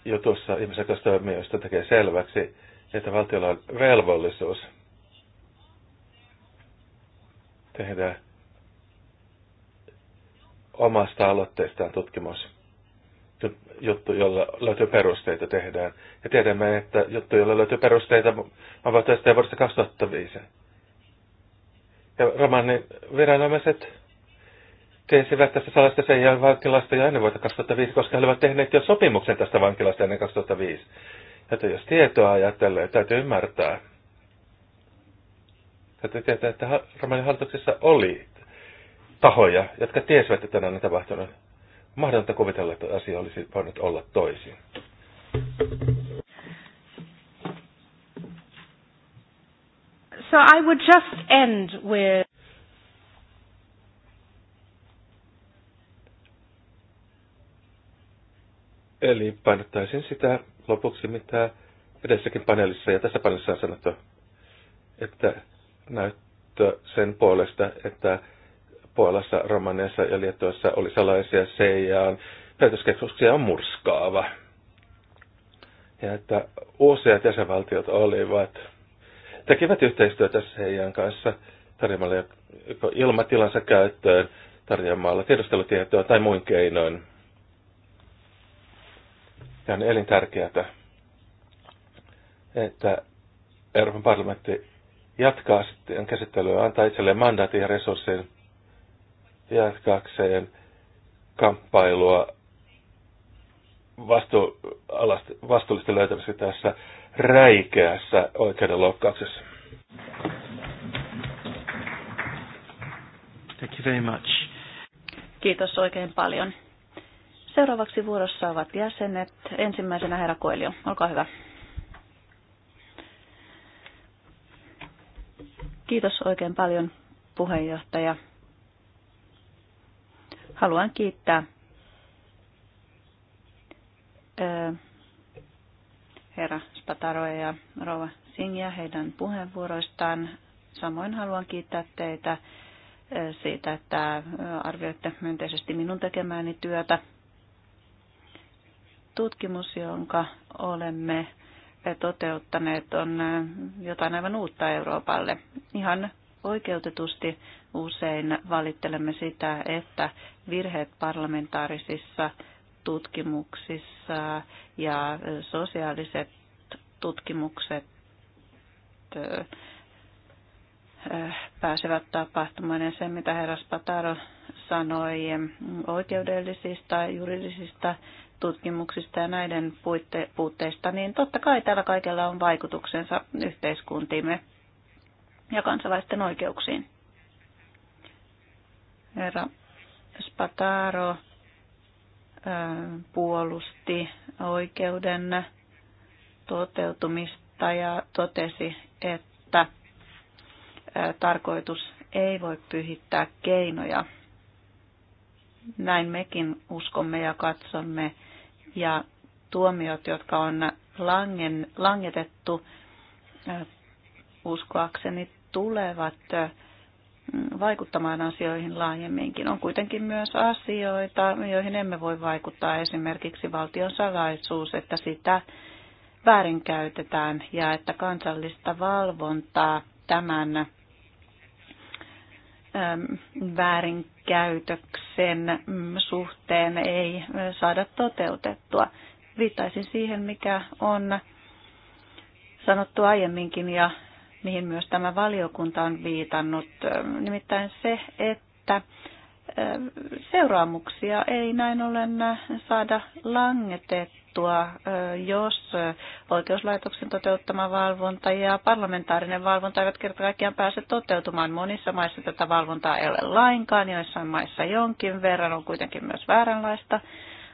jo tuossa ihmisoikeustoimijoista tekee selväksi, että valtiolla on velvollisuus tehdä omasta aloitteestaan tutkimus juttu, jolla löytyy perusteita tehdään. Ja tiedämme, että juttu, jolla löytyy perusteita, avataan tästä vuodesta 2005. Ja romanin viranomaiset tiesivät tästä salasta sen jälkeen vankilasta jo ennen vuotta 2005, koska he olivat tehneet jo sopimuksen tästä vankilasta ennen 2005. Joten jos tietoa ajattelee, täytyy ymmärtää. Täytyy tietää, että Romanin hallituksessa oli tahoja, jotka tiesivät, että tänään on tapahtunut mahdollista kuvitella, että asia olisi voinut olla toisin. So I would just end with Eli painottaisin sitä lopuksi, mitä edessäkin paneelissa ja tässä paneelissa on sanottu, että näyttö sen puolesta, että Puolassa, Romaniassa ja Liettuassa oli salaisia seijaan. päätöskeskuksia on murskaava. Ja että useat jäsenvaltiot olivat, tekivät yhteistyötä CIAn kanssa tarjoamalla ilmatilansa käyttöön, tarjoamalla tiedustelutietoa tai muin keinoin. Ja on elintärkeää, että Euroopan parlamentti jatkaa sitten käsittelyä, antaa itselleen mandaatin ja resurssin jatkaakseen kamppailua vastu, vastuullisten löytämiseksi tässä räikeässä oikeudenloukkauksessa. Thank you very much. Kiitos oikein paljon. Seuraavaksi vuorossa ovat jäsenet. Ensimmäisenä herra Koelio, olkaa hyvä. Kiitos oikein paljon puheenjohtaja. Haluan kiittää herra Spataro ja rouva Singia heidän puheenvuoroistaan. Samoin haluan kiittää teitä siitä, että arvioitte myönteisesti minun tekemääni työtä. Tutkimus, jonka olemme toteuttaneet, on jotain aivan uutta Euroopalle. Ihan oikeutetusti usein valittelemme sitä, että virheet parlamentaarisissa tutkimuksissa ja sosiaaliset tutkimukset äh, pääsevät tapahtumaan. Ja se, mitä herra Spataro sanoi oikeudellisista, juridisista tutkimuksista ja näiden puutteista, niin totta kai täällä kaikella on vaikutuksensa yhteiskuntiimme ja kansalaisten oikeuksiin. Herra Spataro puolusti oikeuden toteutumista ja totesi, että tarkoitus ei voi pyhittää keinoja. Näin mekin uskomme ja katsomme. Ja tuomiot, jotka on langen, langetettu, uskoakseni tulevat mm, vaikuttamaan asioihin laajemminkin. On kuitenkin myös asioita, joihin emme voi vaikuttaa, esimerkiksi valtion salaisuus, että sitä väärinkäytetään ja että kansallista valvontaa tämän väärinkäytöksen suhteen ei saada toteutettua. Viittaisin siihen, mikä on sanottu aiemminkin ja mihin myös tämä valiokunta on viitannut, ähm, nimittäin se, että ähm, seuraamuksia ei näin ollen äh, saada langetettua, äh, jos äh, oikeuslaitoksen toteuttama valvonta ja parlamentaarinen valvonta eivät kerta kaikkiaan pääse toteutumaan. Monissa maissa tätä valvontaa ei ole lainkaan, joissain maissa jonkin verran on kuitenkin myös vääränlaista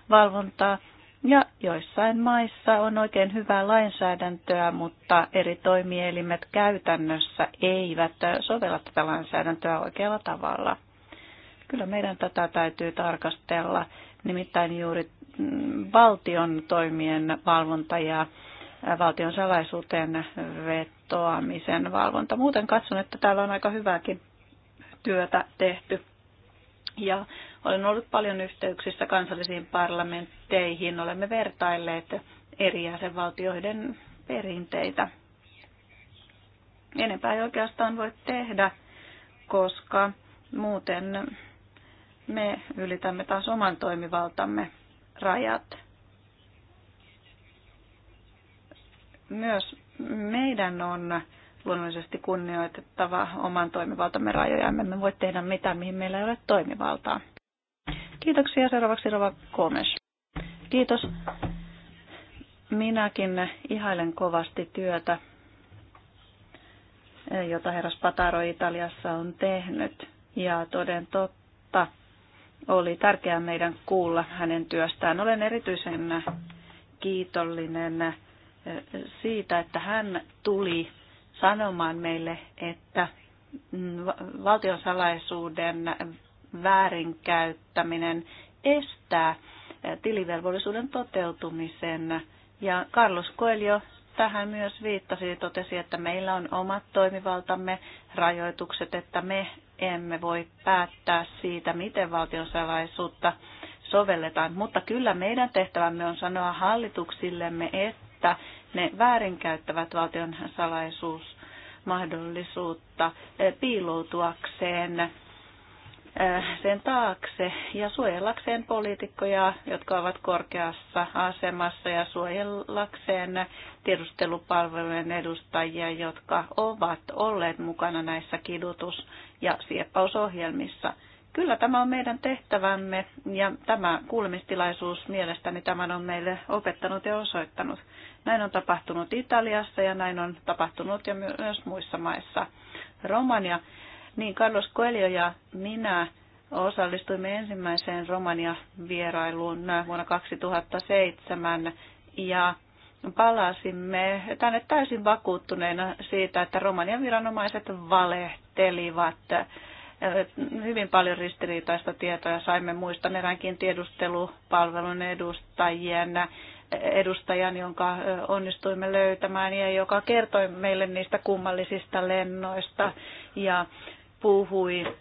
valvontaa. Ja joissain maissa on oikein hyvää lainsäädäntöä, mutta eri toimielimet käytännössä eivät sovella tätä lainsäädäntöä oikealla tavalla. Kyllä meidän tätä täytyy tarkastella, nimittäin juuri mm, valtion toimien valvonta ja valtion salaisuuteen vetoamisen valvonta. Muuten katson, että täällä on aika hyvääkin työtä tehty. Ja olen ollut paljon yhteyksissä kansallisiin parlamentteihin. Olemme vertailleet eri jäsenvaltioiden perinteitä. Enempää ei oikeastaan voi tehdä, koska muuten me ylitämme taas oman toimivaltamme rajat. Myös meidän on luonnollisesti kunnioitettava oman toimivaltamme rajoja. Me voi tehdä mitään, mihin meillä ei ole toimivaltaa. Kiitoksia. Seuraavaksi Rova Komes. Kiitos. Minäkin ihailen kovasti työtä, jota herras Pataro Italiassa on tehnyt. Ja toden totta, oli tärkeää meidän kuulla hänen työstään. Olen erityisen kiitollinen siitä, että hän tuli sanomaan meille, että mm, valtion salaisuuden väärinkäyttäminen estää tilivelvollisuuden toteutumisen. Ja Carlos Coelho tähän myös viittasi ja totesi, että meillä on omat toimivaltamme rajoitukset, että me emme voi päättää siitä, miten valtion salaisuutta sovelletaan. Mutta kyllä meidän tehtävämme on sanoa hallituksillemme, että ne väärinkäyttävät valtion salaisuus mahdollisuutta eh, piiloutuakseen eh, sen taakse ja suojellakseen poliitikkoja, jotka ovat korkeassa asemassa ja suojellakseen tiedustelupalvelujen edustajia, jotka ovat olleet mukana näissä kidutus- ja sieppausohjelmissa. Kyllä tämä on meidän tehtävämme ja tämä kuulemistilaisuus mielestäni tämän on meille opettanut ja osoittanut. Näin on tapahtunut Italiassa ja näin on tapahtunut ja myös muissa maissa. Romania, niin Carlos Coelho ja minä osallistuimme ensimmäiseen Romania-vierailuun vuonna 2007 ja palasimme tänne täysin vakuuttuneena siitä, että Romanian viranomaiset valehtelivat hyvin paljon ristiriitaista tietoa. ja Saimme muistan eräänkin tiedustelupalvelun edustajien edustajan, jonka onnistuimme löytämään ja joka kertoi meille niistä kummallisista lennoista ja puhui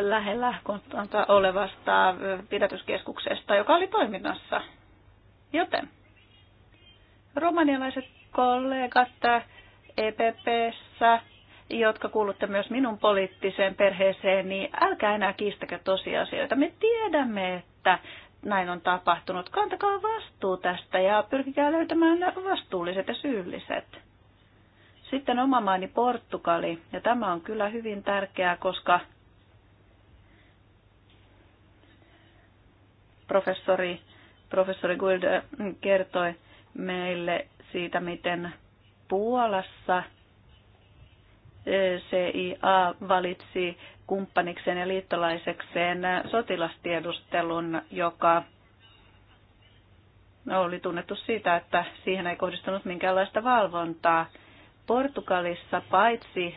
lähellä olevasta pidätyskeskuksesta, joka oli toiminnassa. Joten romanialaiset kollegat EPPssä jotka kuulutte myös minun poliittiseen perheeseen, niin älkää enää kiistäkö tosiasioita. Me tiedämme, että näin on tapahtunut. Kantakaa vastuu tästä ja pyrkikää löytämään vastuulliset ja syylliset. Sitten oma maani Portugali, ja tämä on kyllä hyvin tärkeää, koska professori, professori Guild kertoi meille siitä, miten Puolassa – CIA valitsi kumppanikseen ja liittolaisekseen sotilastiedustelun, joka oli tunnettu siitä, että siihen ei kohdistunut minkäänlaista valvontaa. Portugalissa paitsi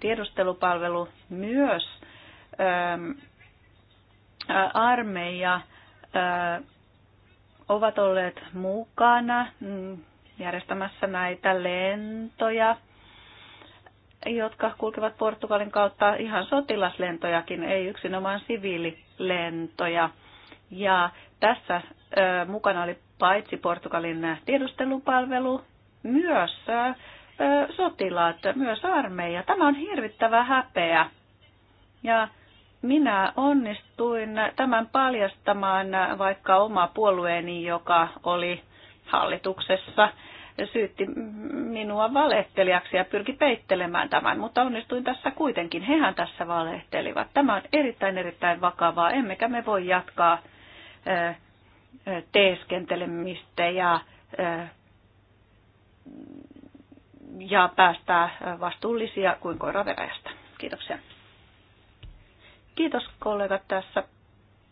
tiedustelupalvelu myös armeija ovat olleet mukana mm, järjestämässä näitä lentoja jotka kulkevat Portugalin kautta ihan sotilaslentojakin, ei yksinomaan siviililentoja. Ja tässä mukana oli paitsi Portugalin tiedustelupalvelu, myös sotilaat, myös armeija. Tämä on hirvittävä häpeä. Ja minä onnistuin tämän paljastamaan, vaikka oma puolueeni, joka oli hallituksessa, syytti minua valehtelijaksi ja pyrki peittelemään tämän, mutta onnistuin tässä kuitenkin. Hehän tässä valehtelivat. Tämä on erittäin erittäin vakavaa, emmekä me voi jatkaa teeskentelemistä ja, ja päästää vastuullisia kuin koira veräjästä. Kiitoksia. Kiitos kollegat tässä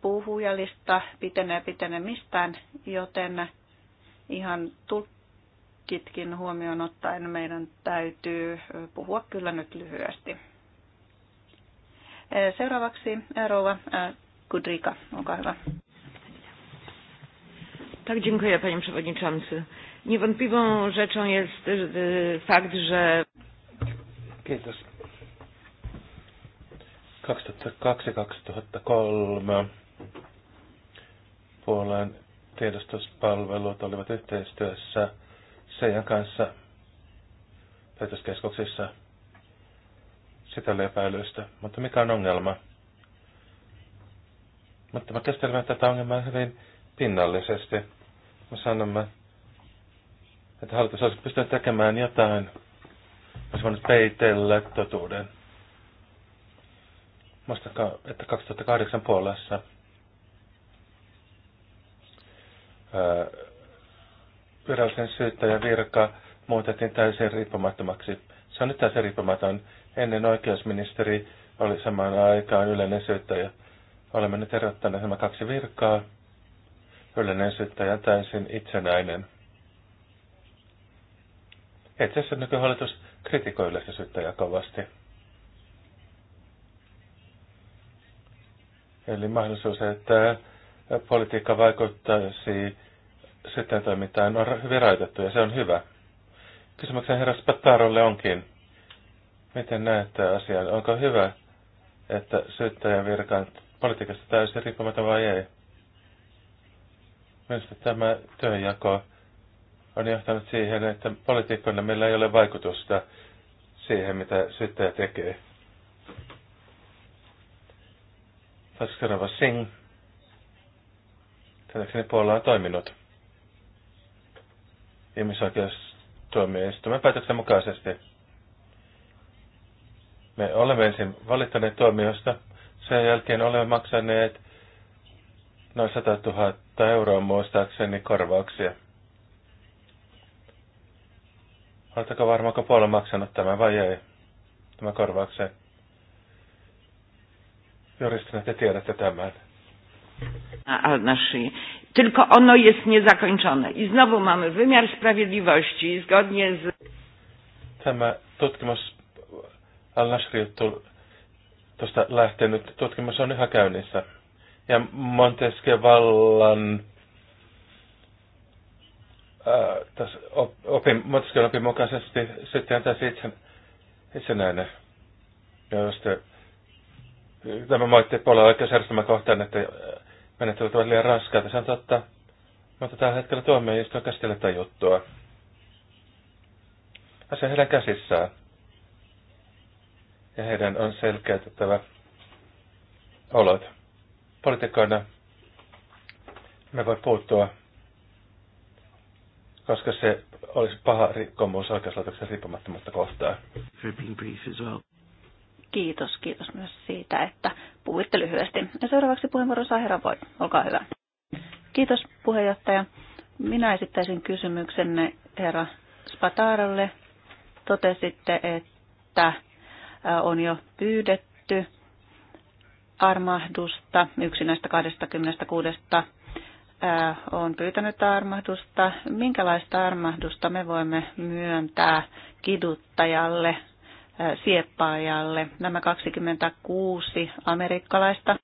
puhujalista pitenee pitenee mistään, joten ihan tulkki riskitkin huomioon ottaen meidän täytyy puhua kyllä nyt lyhyesti. Eh, seuraavaksi eh, Rouva eh, Kudrika, olkaa hyvä. Tak, dziękuję panie przewodniczący. Niewątpliwą rzeczą jest e, fakt, że... Kiitos. 2002-2003 puolen tiedostuspalvelut olivat yhteistyössä Seijan kanssa päätöskeskuksissa. Sitä oli epäilystä, mutta mikä on ongelma? Mutta mä käsittelemme tätä ongelmaa hyvin pinnallisesti. Mä sanomme, että hallitus olisi pystynyt tekemään jotain, olisi voinut peitellä totuuden. Muistakaa, että 2008 puolessa ää, virallisen syyttäjän virka muutettiin täysin riippumattomaksi. Se on nyt täysin riippumaton. Ennen oikeusministeri oli samaan aikaan yleinen syyttäjä. Olemme nyt erottaneet nämä kaksi virkaa. Yleinen syyttäjä on täysin itsenäinen. Itse asiassa nykyhallitus kritikoi yleistä syyttäjää kovasti. Eli mahdollisuus, että politiikka vaikuttaisi sitten toimintaa on hyvin rajoitettu ja se on hyvä. Kysymyksen herra Spataarolle onkin, miten näette asian? Onko hyvä, että syyttäjän virkaan politiikasta täysin riippumaton vai ei? Minusta tämä työnjako on johtanut siihen, että politiikkoina meillä ei ole vaikutusta siihen, mitä syyttäjä tekee. seuraava Singh. Tätäkseni Puola on toiminut ihmisoikeustuomioistuimen päätöksen mukaisesti. Me olemme ensin valittaneet tuomiosta, sen jälkeen olemme maksaneet noin 100 000 euroa muistaakseni korvauksia. Oletteko varma, onko puolue maksanut tämä vai ei? Tämä korvauksen. Juristina te tiedätte tämän. Alnaszy. Tylko ono jest niezakończone. I znowu mamy wymiar sprawiedliwości zgodnie z... Tämä tutkimus Al-Nashri tuosta lähtenyt. Tutkimus on yhä käynnissä. Ja Monteskevallan äh, opin, Monteskevan opin mukaisesti sitten tässä itse, itsenäinen. Ja jos te, tämä moitti puolella oikeusjärjestelmän kohtaan, että menettelyt ovat liian raskaita. Se on totta, mutta tällä hetkellä tuomioistuin käsittelee tätä juttua. Asia heidän käsissään. Ja heidän on selkeytettävä olot. Poliitikkoina me voi puuttua, koska se olisi paha rikkomus oikeuslaitoksen riippumattomuutta kohtaan. Kiitos, kiitos myös siitä, että puhuitte lyhyesti. Ja seuraavaksi puheenvuoro saa herra voi. Olkaa hyvä. Kiitos puheenjohtaja. Minä esittäisin kysymyksenne herra Spatarolle. Totesitte, että on jo pyydetty armahdusta. Yksi näistä 26 on pyytänyt armahdusta. Minkälaista armahdusta me voimme myöntää kiduttajalle sieppaajalle. Nämä 26 amerikkalaista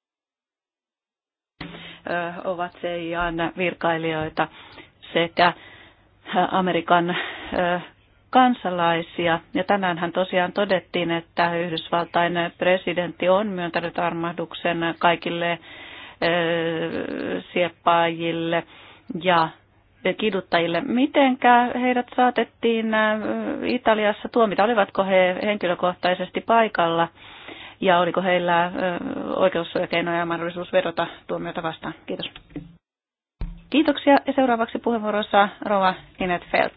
ovat CIAn virkailijoita sekä Amerikan kansalaisia. Ja tänäänhän tosiaan todettiin, että Yhdysvaltain presidentti on myöntänyt armahduksen kaikille sieppaajille ja kiduttajille. Mitenkä heidät saatettiin äh, Italiassa tuomita? Olivatko he henkilökohtaisesti paikalla ja oliko heillä äh, oikeussuojakeinoja ja mahdollisuus vedota tuomiota vastaan? Kiitos. Kiitoksia ja seuraavaksi puheenvuorossa Rova Inet Felt.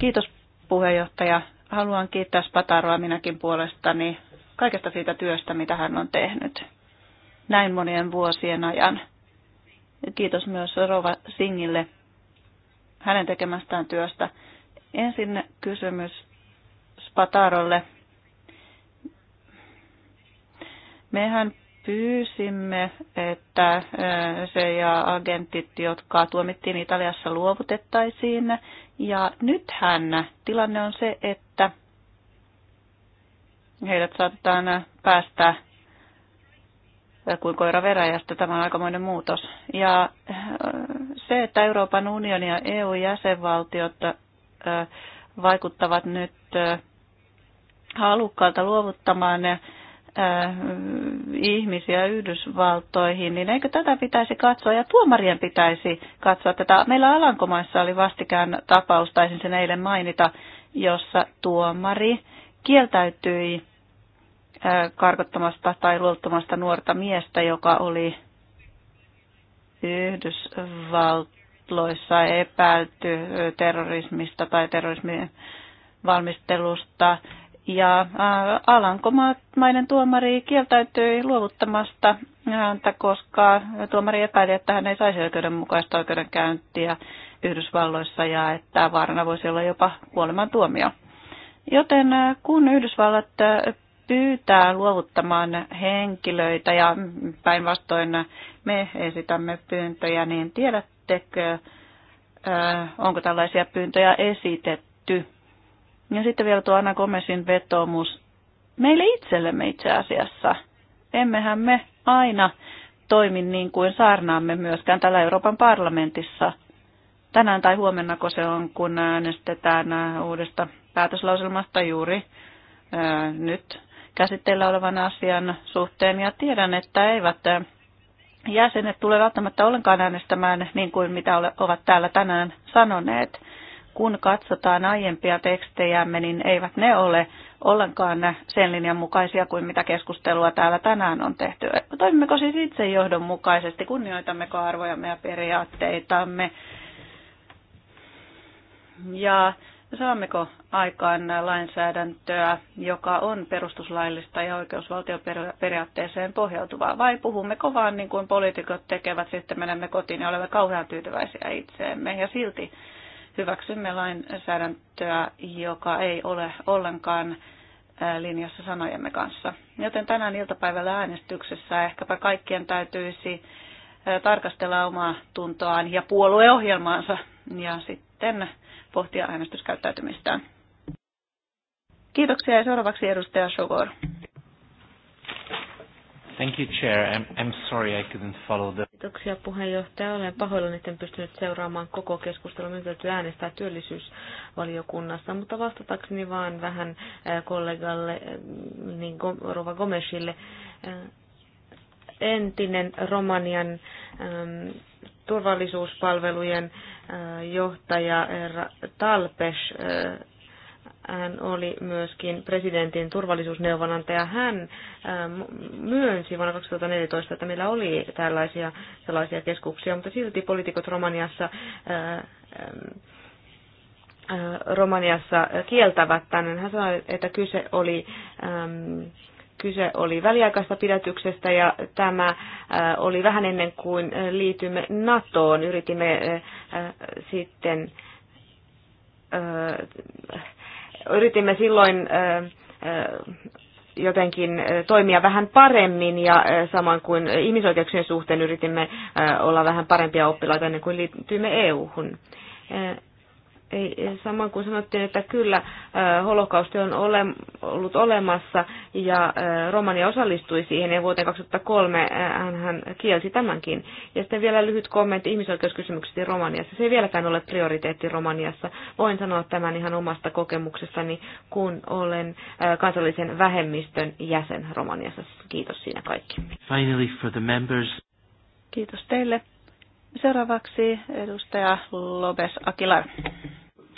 Kiitos puheenjohtaja. Haluan kiittää Spataroa minäkin puolestani kaikesta siitä työstä, mitä hän on tehnyt näin monien vuosien ajan. Kiitos myös Rova Singille hänen tekemästään työstä. Ensin kysymys Spatarolle. Mehän pyysimme, että se ja agentit, jotka tuomittiin Italiassa, luovutettaisiin. Ja nythän tilanne on se, että heidät saatetaan päästä kuin koira veräjästä. Tämä on aikamoinen muutos. Ja äh, se, että Euroopan unioni ja EU-jäsenvaltiot äh, vaikuttavat nyt äh, halukkaalta luovuttamaan ne ihmisiä Yhdysvaltoihin, niin eikö tätä pitäisi katsoa ja tuomarien pitäisi katsoa tätä. Meillä Alankomaissa oli vastikään tapaus, taisin sen eilen mainita, jossa tuomari kieltäytyi karkottamasta tai luottamasta nuorta miestä, joka oli Yhdysvalloissa epäilty terrorismista tai terrorismin valmistelusta. Ja Alankomainen tuomari kieltäytyi luovuttamasta häntä, koska tuomari epäili, että hän ei saisi oikeudenmukaista oikeudenkäyntiä Yhdysvalloissa ja että vaarana voisi olla jopa kuolemantuomio. Joten kun Yhdysvallat pyytää luovuttamaan henkilöitä ja päinvastoin me esitämme pyyntöjä, niin tiedättekö, onko tällaisia pyyntöjä esitetty? Ja sitten vielä tuo Anna Gomesin vetoomus meille itsellemme itse asiassa. Emmehän me aina toimi niin kuin saarnaamme myöskään täällä Euroopan parlamentissa. Tänään tai kun se on, kun äänestetään uudesta päätöslauselmasta juuri nyt käsitteillä olevan asian suhteen ja tiedän, että eivät jäsenet tule välttämättä ollenkaan äänestämään niin kuin mitä ovat täällä tänään sanoneet. Kun katsotaan aiempia tekstejämme, niin eivät ne ole ollenkaan sen linjan mukaisia kuin mitä keskustelua täällä tänään on tehty. Toimimmeko siis itse johdonmukaisesti, kunnioitammeko arvojamme ja periaatteitamme? Ja saammeko aikaan lainsäädäntöä, joka on perustuslaillista ja oikeusvaltioperiaatteeseen pohjautuvaa, vai puhummeko vaan niin kuin poliitikot tekevät, sitten menemme kotiin ja olemme kauhean tyytyväisiä itseemme ja silti hyväksymme lainsäädäntöä, joka ei ole ollenkaan linjassa sanojemme kanssa. Joten tänään iltapäivällä äänestyksessä ehkäpä kaikkien täytyisi tarkastella omaa tuntoaan ja puolueohjelmaansa ja sitten pohtia äänestyskäyttäytymistään. Kiitoksia ja seuraavaksi edustaja Sogor. Thank you, Chair. I'm, I'm sorry I couldn't follow the... Kiitoksia puheenjohtaja. Olen pahoillani, että en pystynyt seuraamaan koko keskustelua. Minun täytyy äänestää työllisyysvaliokunnassa, mutta vastatakseni vaan vähän eh, kollegalle eh, niin Rova Gomesille. Eh, entinen Romanian ehm, turvallisuuspalvelujen johtaja Talpes. Hän oli myöskin presidentin turvallisuusneuvonantaja. Hän myönsi vuonna 2014, että meillä oli tällaisia sellaisia keskuksia, mutta silti poliitikot Romaniassa Romaniassa kieltävät tänne. Hän sanoi, että kyse oli Kyse oli väliaikaista pidätyksestä ja tämä äh, oli vähän ennen kuin äh, liitymme NATOon. Yritimme äh, sitten yritimme silloin jotenkin toimia vähän paremmin ja samoin kuin ihmisoikeuksien suhteen yritimme olla vähän parempia oppilaita ennen kuin liittyimme EU-hun ei, samoin kuin sanottiin, että kyllä äh, holokausti on ole, ollut olemassa ja äh, Romania osallistui siihen ja vuoteen 2003 äh, hän, hän kielsi tämänkin. Ja sitten vielä lyhyt kommentti ihmisoikeuskysymyksistä Romaniassa. Se ei vieläkään ole prioriteetti Romaniassa. Voin sanoa tämän ihan omasta kokemuksestani, kun olen kansallisen vähemmistön jäsen Romaniassa. Kiitos siinä kaikki. Finally for the members. Kiitos teille. Seuraavaksi edustaja Lopes Akilar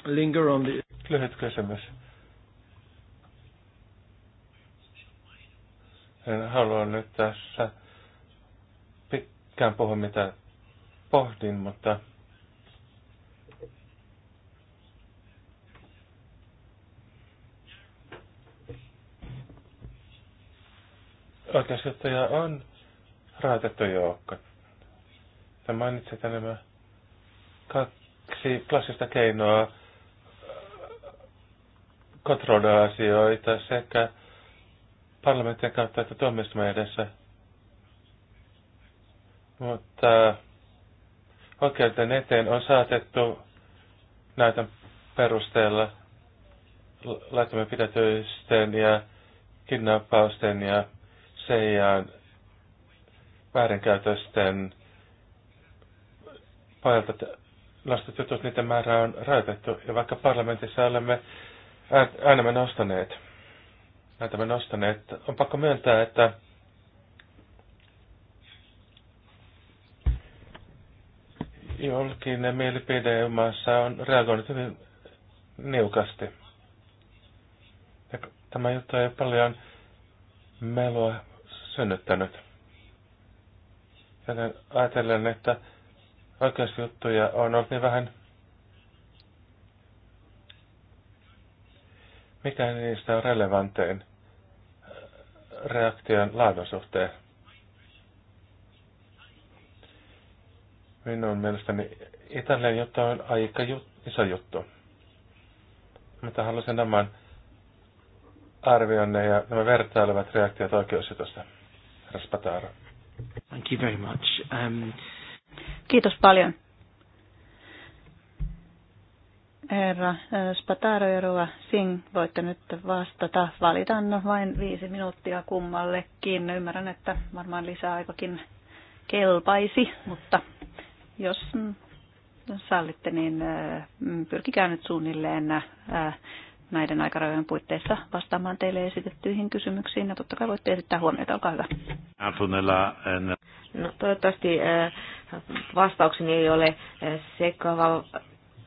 linger on the... Lyhyt kysymys. En halua nyt tässä pitkään puhua mitä pohdin, mutta oikeusjuttuja on raatettu joukko. Tämä mainitset nämä kaksi klassista keinoa kontrolloida asioita sekä parlamentin kautta että tuomioistuimen edessä. Mutta oikeuden eteen on saatettu näytön perusteella laittomien pidätysten ja kidnappausten ja seijaan väärinkäytösten pohjalta nostetut jutut, niiden määrä on rajoitettu. Ja vaikka parlamentissa olemme äänemme nostaneet. me nostaneet. On pakko myöntää, että julkinen mielipide maassa on reagoinut hyvin niukasti. Ja tämä juttu ei paljon melua synnyttänyt. Joten ajatellen, että oikeusjuttuja on ollut niin vähän mikä niistä on relevantein reaktion laadun suhteen? Minun mielestäni Italian juttu on aika jut, iso juttu. Mutta haluaisin tämän arvionne ja nämä vertailevat reaktiot oikeusjutusta. Raspataro. Thank you very much. Um... Kiitos paljon. Herra eh, Spataro ja Rova Singh, voitte nyt vastata. Valitan vain viisi minuuttia kummallekin. Ymmärrän, että varmaan lisää aikakin kelpaisi, mutta jos sallitte, niin eh, pyrkikää nyt suunnilleen eh, näiden aikarajojen puitteissa vastaamaan teille esitettyihin kysymyksiin. Ja totta kai voitte esittää huomiota, olkaa hyvä. No, toivottavasti vastaukseni ei ole sekava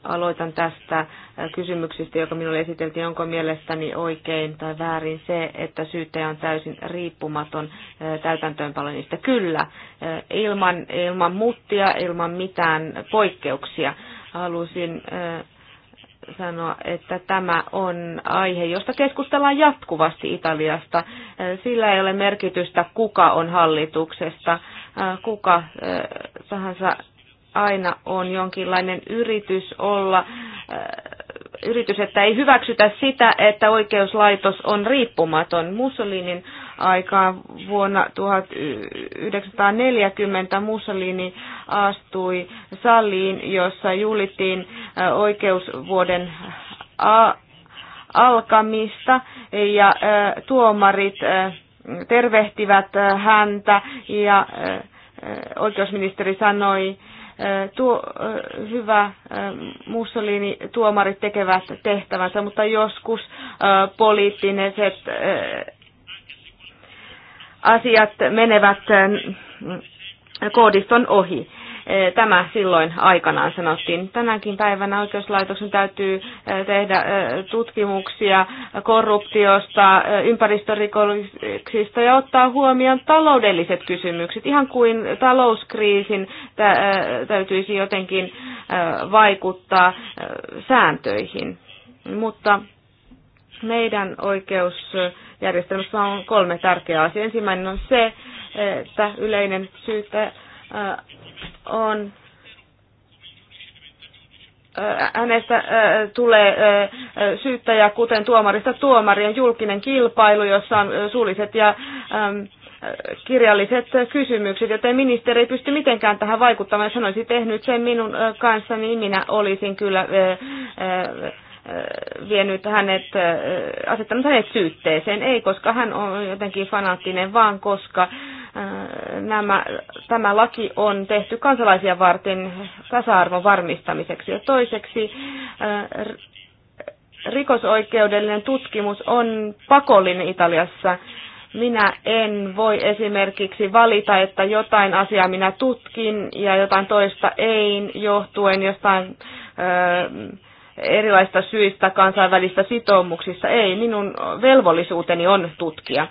Aloitan tästä äh, kysymyksistä, joka minulle esiteltiin, onko mielestäni oikein tai väärin se, että syyttäjä on täysin riippumaton äh, täytäntöönpanoista. Kyllä, äh, ilman, ilman muttia, ilman mitään poikkeuksia. Halusin sanoa, että tämä on aihe, josta keskustellaan jatkuvasti Italiasta. Sillä ei ole merkitystä, kuka on hallituksesta, kuka tahansa aina on jonkinlainen yritys olla äh, yritys, että ei hyväksytä sitä, että oikeuslaitos on riippumaton. Mussolinin aikaan vuonna 1940 Mussolini astui saliin, jossa julittiin äh, oikeusvuoden äh, alkamista ja tuomarit tervehtivät häntä ja oikeusministeri sanoi, tuo, hyvä Mussolini tuomarit tekevät tehtävänsä, mutta joskus poliittiset asiat menevät koodiston ohi. Eh, tämä silloin aikanaan sanottiin. Tänäänkin päivänä oikeuslaitoksen täytyy eh, tehdä eh, tutkimuksia korruptiosta, ympäristörikoksista ja ottaa huomioon taloudelliset kysymykset, ihan kuin talouskriisin täytyisi jotenkin vaikuttaa sääntöihin. Mutta meidän oikeusjärjestelmässä on kolme tärkeää asiaa. Ensimmäinen on se, että yleinen syyttäjä on hänestä tulee syyttäjä, kuten tuomarista tuomarien julkinen kilpailu, jossa on suulliset ja kirjalliset kysymykset, joten ministeri ei pysty mitenkään tähän vaikuttamaan. olisi tehnyt sen minun kanssa, niin minä olisin kyllä Äh, vienyt hänet, äh, asettanut hänet syytteeseen. Ei, koska hän on jotenkin fanaattinen, vaan koska äh, nämä, tämä laki on tehty kansalaisia varten tasa-arvon varmistamiseksi. Ja toiseksi rikosoikeudellinen tutkimus on pakollinen Italiassa. Minä en voi esimerkiksi valita, että jotain asiaa minä tutkin ja jotain toista ei, johtuen jostain ää, erilaista syistä kansainvälistä sitoumuksista. Ei, minun velvollisuuteni on tutkia.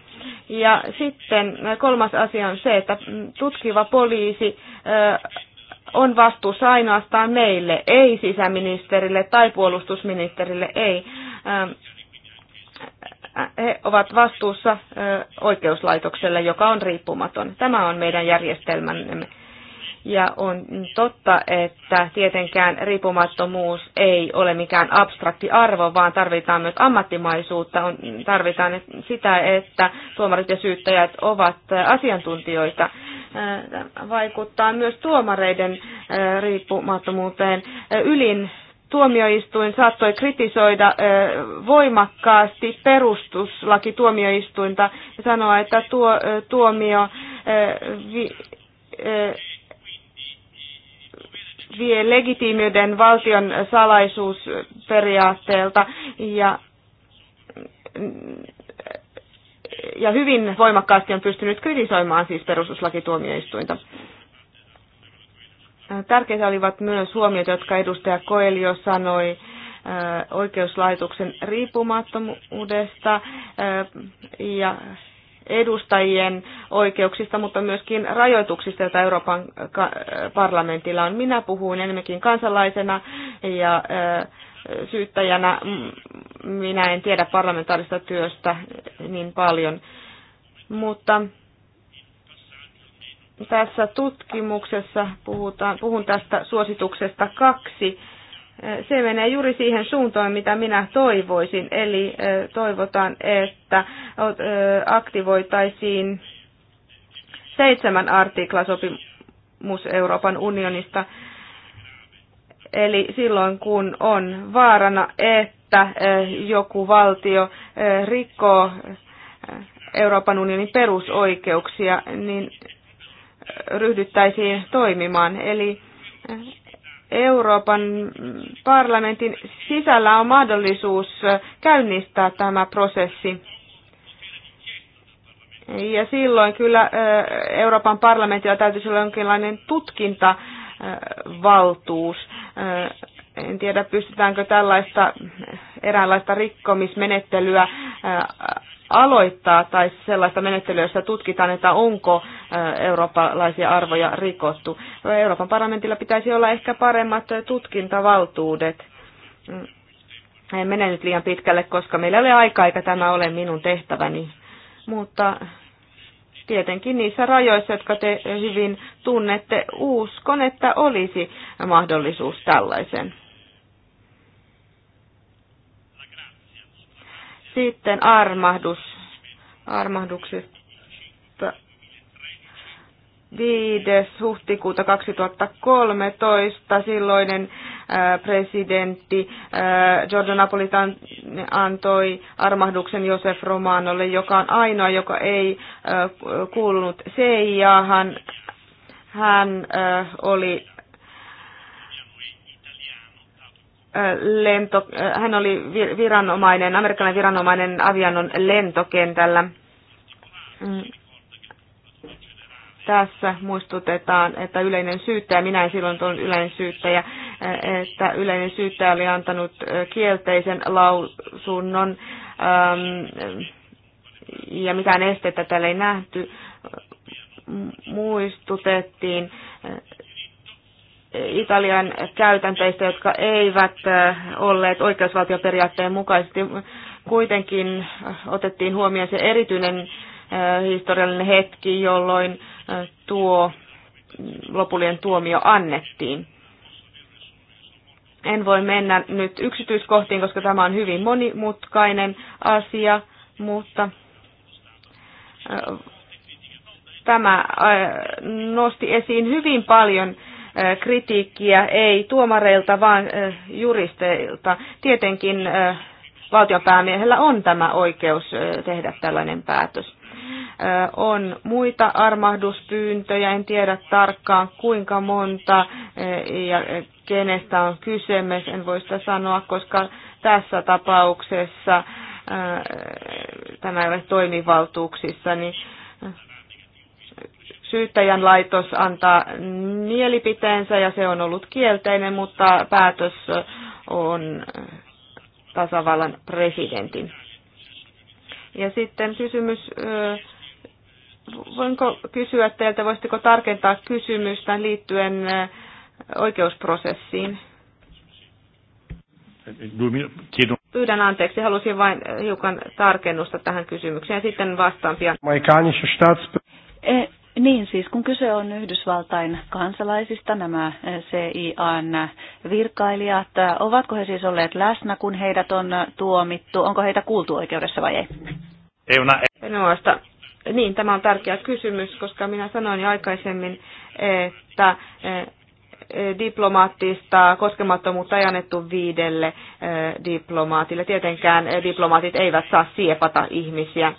Ja sitten kolmas asia on se, että mm, tutkiva poliisi on vastuussa ainoastaan meille, ei sisäministerille tai puolustusministerille, ei. Ähm, he ovat vastuussa oikeuslaitokselle, joka on riippumaton. Tämä on meidän järjestelmämme. Ja on totta, että tietenkään riippumattomuus ei ole mikään abstrakti arvo, vaan tarvitaan myös ammattimaisuutta, on, tarvitaan sitä, että tuomarit ja syyttäjät ovat asiantuntijoita. Äh, vaikuttaa myös tuomareiden äh, riippumattomuuteen. Äh, ylin tuomioistuin saattoi kritisoida voimakkaasti tuomioistuinta ja sanoa, että tuo tuomio vie legitiimiyden valtion salaisuusperiaatteelta ja, ja hyvin voimakkaasti on pystynyt kritisoimaan siis perustuslakituomioistuinta. Tärkeitä olivat myös huomiot, jotka edustaja Koelio sanoi oikeuslaitoksen riippumattomuudesta ja edustajien oikeuksista, mutta myöskin rajoituksista, joita Euroopan parlamentilla on. Minä puhuin enemmänkin kansalaisena ja äh, syyttäjänä. Minä en tiedä parlamentaarista työstä niin paljon, mutta tässä tutkimuksessa puhutaan, puhun tästä suosituksesta kaksi se menee juuri siihen suuntaan, mitä minä toivoisin. Eli toivotan, että aktivoitaisiin seitsemän artiklasopimus Euroopan unionista. Eli silloin, kun on vaarana, että joku valtio rikkoo Euroopan unionin perusoikeuksia, niin ryhdyttäisiin toimimaan. Eli Euroopan parlamentin sisällä on mahdollisuus käynnistää tämä prosessi. Ja silloin kyllä Euroopan parlamentilla täytyisi olla jonkinlainen tutkintavaltuus. En tiedä, pystytäänkö tällaista eräänlaista rikkomismenettelyä aloittaa tai sellaista menettelyä, jossa tutkitaan, että onko eurooppalaisia arvoja rikottu. Euroopan parlamentilla pitäisi olla ehkä paremmat tutkintavaltuudet. Mm. En mene nyt liian pitkälle, koska meillä ei ole aika, eikä tämä ole minun tehtäväni. Mutta tietenkin niissä rajoissa, jotka te hyvin tunnette, uskon, että olisi mahdollisuus tällaisen. Sitten armahdus. Armahduksesta 5. huhtikuuta 2013 silloinen äh, presidentti äh, Giorgio Napolitan antoi armahduksen Josef Romanolle, joka on ainoa, joka ei äh, kuulunut Seijaan. Hän oli lento, hän oli viranomainen, amerikkalainen viranomainen Avianon lentokentällä. Mm. Tässä muistutetaan, että yleinen syyttäjä, minä en silloin tuon yleinen syyttäjä, että yleinen syyttäjä oli antanut kielteisen lausunnon ja mitään estettä täällä ei nähty. Muistutettiin Italian käytänteistä, jotka eivät olleet oikeusvaltioperiaatteen mukaisesti. Kuitenkin otettiin huomioon se erityinen historiallinen hetki, jolloin tuo lopullinen tuomio annettiin. En voi mennä nyt yksityiskohtiin, koska tämä on hyvin monimutkainen asia, mutta tämä nosti esiin hyvin paljon kritiikkiä ei tuomareilta, vaan juristeilta. Tietenkin valtionpäämiehellä on tämä oikeus tehdä tällainen päätös. On muita armahduspyyntöjä, en tiedä tarkkaan kuinka monta ja kenestä on kyse, en voi sitä sanoa, koska tässä tapauksessa tämä ei ole toimivaltuuksissa, niin syyttäjän laitos antaa mielipiteensä ja se on ollut kielteinen, mutta päätös on tasavallan presidentin. Ja sitten kysymys, voinko kysyä teiltä, voisitteko tarkentaa kysymystä liittyen oikeusprosessiin? Pyydän anteeksi, halusin vain hiukan tarkennusta tähän kysymykseen ja sitten vastaan pian. Niin siis, kun kyse on Yhdysvaltain kansalaisista, nämä cia virkailijat, ovatko he siis olleet läsnä, kun heidät on tuomittu? Onko heitä kuultu oikeudessa vai ei? Euna. Minusta, e- niin, tämä on tärkeä kysymys, koska minä sanoin jo aikaisemmin, että e, e, diplomaattista koskemattomuutta ei annettu viidelle diplomaatille. Tietenkään diplomaatit eivät saa siepata ihmisiä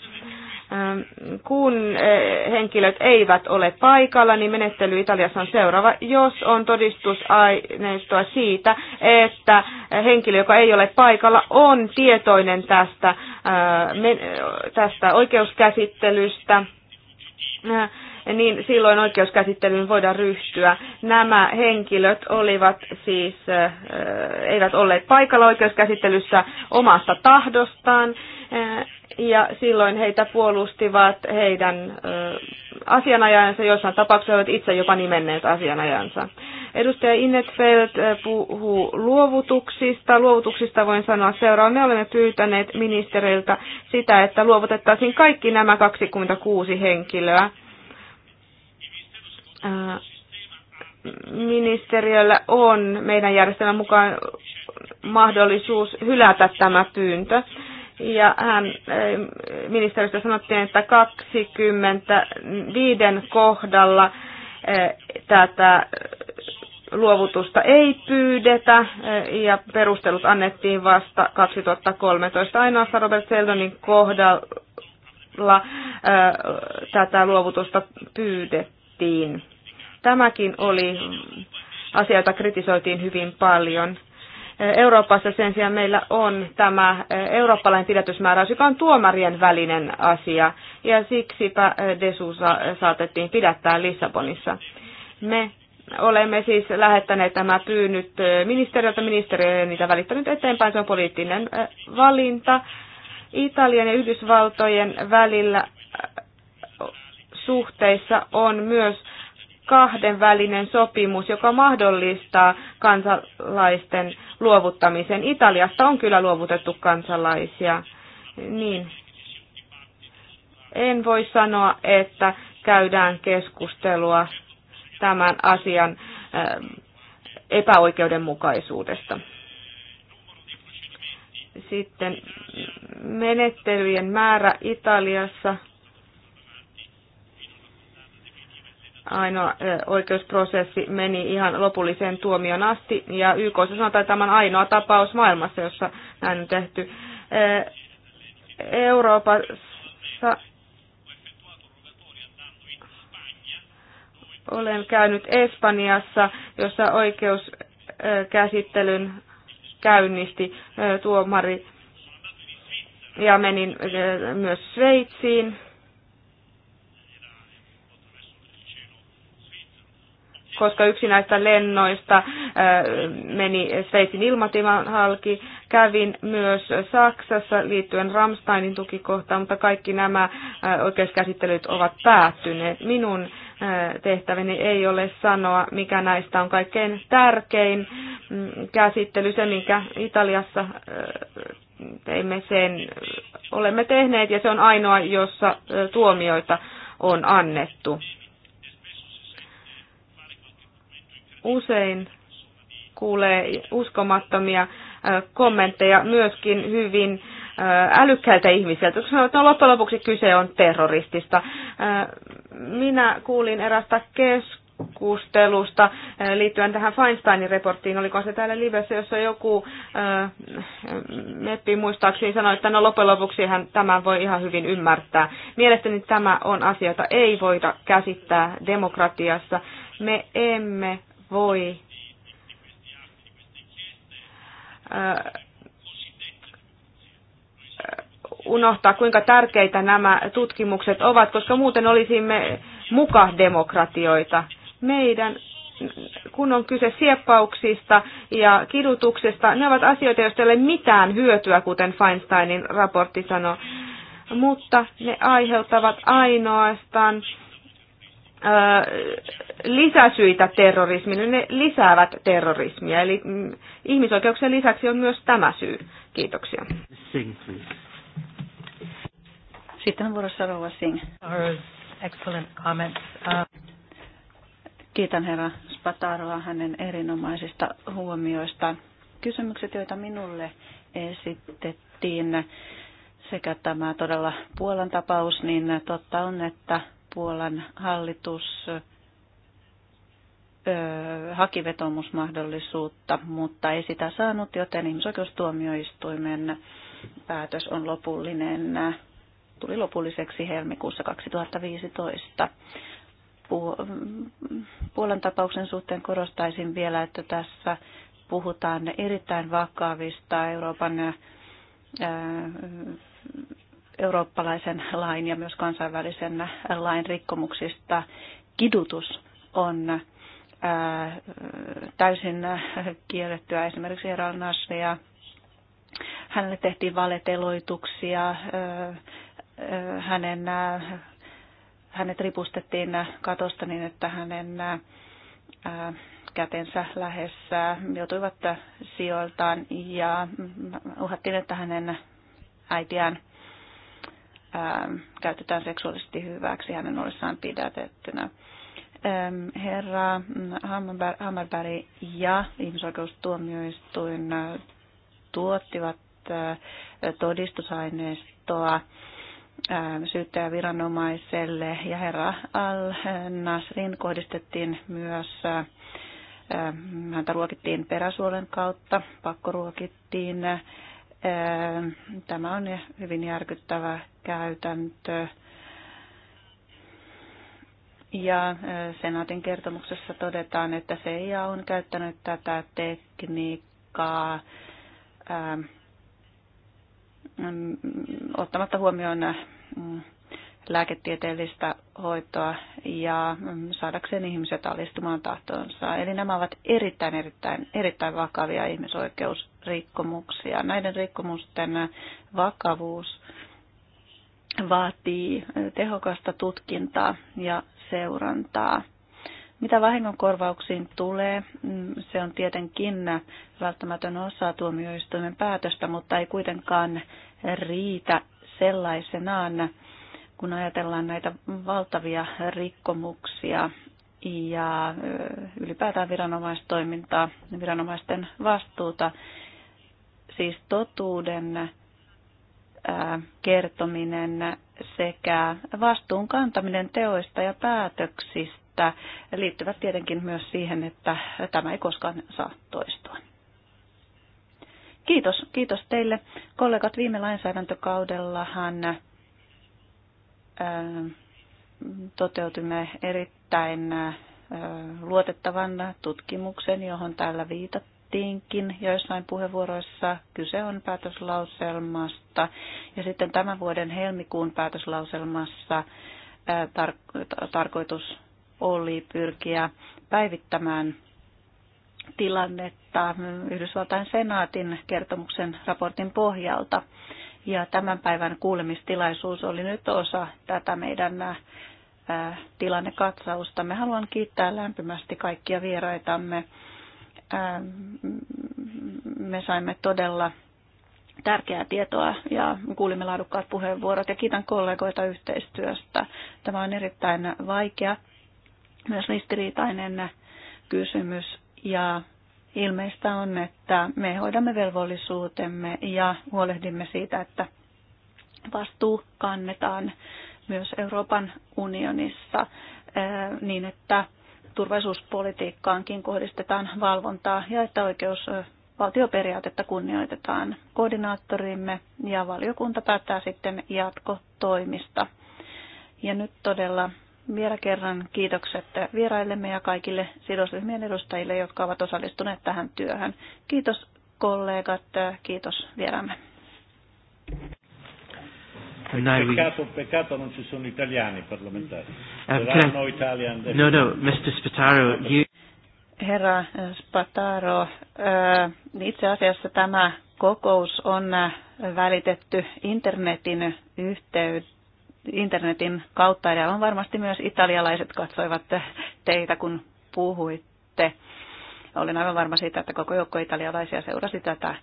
Ähm, kun eh, henkilöt eivät ole paikalla, niin menettely Italiassa on seuraava. Jos on todistusaineistoa siitä, että henkilö, joka ei ole paikalla, on tietoinen tästä, äh, tästä oikeuskäsittelystä, äh, niin silloin oikeuskäsittelyyn voidaan ryhtyä. Nämä henkilöt olivat siis, äh, eivät olleet paikalla oikeuskäsittelyssä omasta tahdostaan ja silloin heitä puolustivat heidän asianajansa, jossain tapauksessa ovat itse jopa nimenneet asianajansa. Edustaja Innetfeld puhuu luovutuksista. Luovutuksista voin sanoa seuraavaa. Me olemme pyytäneet ministeriltä sitä, että luovutettaisiin kaikki nämä 26 henkilöä. Ministeriöllä on meidän järjestelmän mukaan mahdollisuus hylätä tämä pyyntö. Ja hän, ähm, äh, ministeriöstä sanottiin, että 25 kohdalla äh, tätä äh, luovutusta ei pyydetä ja perustelut annettiin vasta 2013. Ainoastaan Robert Seldonin kohdalla tätä luovutusta pyydettiin. Tämäkin oli asia, jota kritisoitiin hyvin paljon. Euroopassa sen sijaan meillä on tämä eurooppalainen pidätysmääräys, joka on tuomarien välinen asia, ja siksipä eh, desusa eh, saatettiin pidättää Lissabonissa. Me olemme siis lähettäneet tämä pyynnyt eh, ministeriöltä, ministeriö ei niitä välittänyt eteenpäin, se on poliittinen valinta. Italian ja Yhdysvaltojen välillä suhteissa on myös kahdenvälinen sopimus, joka mahdollistaa kansalaisten luovuttamisen. Italiasta on kyllä luovutettu kansalaisia. Niin. En voi sanoa, että käydään keskustelua tämän asian ähm, epäoikeudenmukaisuudesta. Sitten menettelyjen määrä Italiassa – ainoa oikeusprosessi meni ihan lopulliseen tuomion asti. Ja YK sanotaan, että tämä on ainoa tapaus maailmassa, jossa näin on tehty. Euroopassa olen käynyt Espanjassa, jossa oikeuskäsittelyn käynnisti tuomari ja menin myös Sveitsiin koska yksi näistä lennoista äh, meni Sveitsin ilmatilan halki. Kävin myös Saksassa liittyen Ramsteinin tukikohtaan, mutta kaikki nämä äh, oikeuskäsittelyt ovat päättyneet. Minun äh, tehtäväni ei ole sanoa, mikä näistä on kaikkein tärkein mm, käsittely, se minkä Italiassa teimme sen, olemme tehneet ja se on ainoa, jossa tuomioita on annettu. usein kuulee uskomattomia kommentteja myöskin hyvin älykkäiltä ihmisiltä, koska sanoo, että no, loppujen lopuksi kyse on terroristista. Minä kuulin erästä keskustelusta liittyen tähän Feinsteinin reporttiin, oliko se täällä livessä, jossa joku meppi muistaakseni sanoi, että no loppujen lopuksi hän tämän voi ihan hyvin ymmärtää. Mielestäni tämä on asia, jota ei voida käsittää demokratiassa. Me emme voi äh, unohtaa, kuinka tärkeitä nämä tutkimukset ovat, koska muuten olisimme muka-demokratioita. Meidän kun on kyse sieppauksista ja kidutuksesta, ne ovat asioita, joista ei ole mitään hyötyä, kuten Feinsteinin raportti sanoi, mutta ne aiheuttavat ainoastaan lisäsyitä terrorismille, niin ne lisäävät terrorismia. Eli mm, ihmisoikeuksien lisäksi on myös tämä syy. Kiitoksia. Sitten on vuorossa Rova Singh. Excellent comments. Uh, Kiitän herra Spataroa hänen erinomaisista huomioistaan. Kysymykset, joita minulle esitettiin, sekä tämä todella Puolan tapaus, niin totta on, että Puolan hallitus haki vetomusmahdollisuutta, mutta ei sitä saanut, joten ihmisoikeustuomioistuimen päätös on lopullinen, tuli lopulliseksi helmikuussa 2015. Puolan tapauksen suhteen korostaisin vielä, että tässä puhutaan erittäin vakavista Euroopan eurooppalaisen lain ja myös kansainvälisen lain rikkomuksista kidutus on ää, äh, täysin kiellettyä. Esimerkiksi Heral Nasria, hänelle tehtiin valeteloituksia, ää, äh, äh, hänen, hänet ripustettiin katosta niin, että hänen ää, kätensä lähes joutuivat sijoiltaan ja uhattiin, että hänen äitiään Ähm, käytetään seksuaalisesti hyväksi hänen ollessaan pidätettynä. Ähm, herra mm, Hammerberg ja ihmisoikeustuomioistuin äh, tuottivat äh, todistusaineistoa ähm, syyttäjäviranomaiselle ja herra Al-Nasrin kohdistettiin myös, äh, häntä ruokittiin peräsuolen kautta, pakkoruokittiin Tämä on hyvin järkyttävä käytäntö. Ja senaatin kertomuksessa todetaan, että CIA on käyttänyt tätä tekniikkaa mm, ottamatta huomioon mm, lääketieteellistä hoitoa ja mm, saadakseen ihmiset alistumaan tahtoonsa. Eli nämä ovat erittäin, erittäin, erittäin vakavia ihmisoikeus rikkomuksia. Näiden rikkomusten vakavuus vaatii tehokasta tutkintaa ja seurantaa. Mitä vahingonkorvauksiin tulee, se on tietenkin välttämätön osa tuomioistuimen päätöstä, mutta ei kuitenkaan riitä sellaisenaan, kun ajatellaan näitä valtavia rikkomuksia ja ylipäätään viranomaistoimintaa, viranomaisten vastuuta, siis totuuden kertominen sekä vastuun kantaminen teoista ja päätöksistä liittyvät tietenkin myös siihen, että tämä ei koskaan saa toistua. Kiitos, kiitos teille. Kollegat, viime lainsäädäntökaudellahan toteutimme erittäin luotettavan tutkimuksen, johon täällä viitattiin mainittiinkin joissain puheenvuoroissa. Kyse on päätöslauselmasta. Ja sitten tämän vuoden helmikuun päätöslauselmassa tar- tarkoitus oli pyrkiä päivittämään tilannetta Yhdysvaltain senaatin kertomuksen raportin pohjalta. Ja tämän päivän kuulemistilaisuus oli nyt osa tätä meidän tilannekatsausta. Me haluan kiittää lämpimästi kaikkia vieraitamme Ähm, me saimme todella tärkeää tietoa ja kuulimme laadukkaat puheenvuorot ja kiitän kollegoita yhteistyöstä. Tämä on erittäin vaikea, myös ristiriitainen kysymys ja ilmeistä on, että me hoidamme velvollisuutemme ja huolehdimme siitä, että vastuu kannetaan myös Euroopan unionissa äh, niin, että turvallisuuspolitiikkaankin kohdistetaan valvontaa ja että valtioperiaatetta kunnioitetaan. Koordinaattorimme ja valiokunta päättää sitten jatkotoimista. Ja nyt todella vielä kerran kiitokset vieraillemme ja kaikille sidosryhmien edustajille, jotka ovat osallistuneet tähän työhön. Kiitos kollegat, kiitos vieraamme. Now peccato, we... peccato non ci sono italiani parlamentari. Uh, I... no Italian no, no, Mr. Spataro, you... Herra eh, Spataro, uh, itse asiassa tämä kokous on eh, välitetty internetin yhteyteen internetin kautta ja on varmasti myös italialaiset katsoivat teitä, kun puhuitte. Olin aivan varma siitä, että koko joukko italialaisia seurasi tätä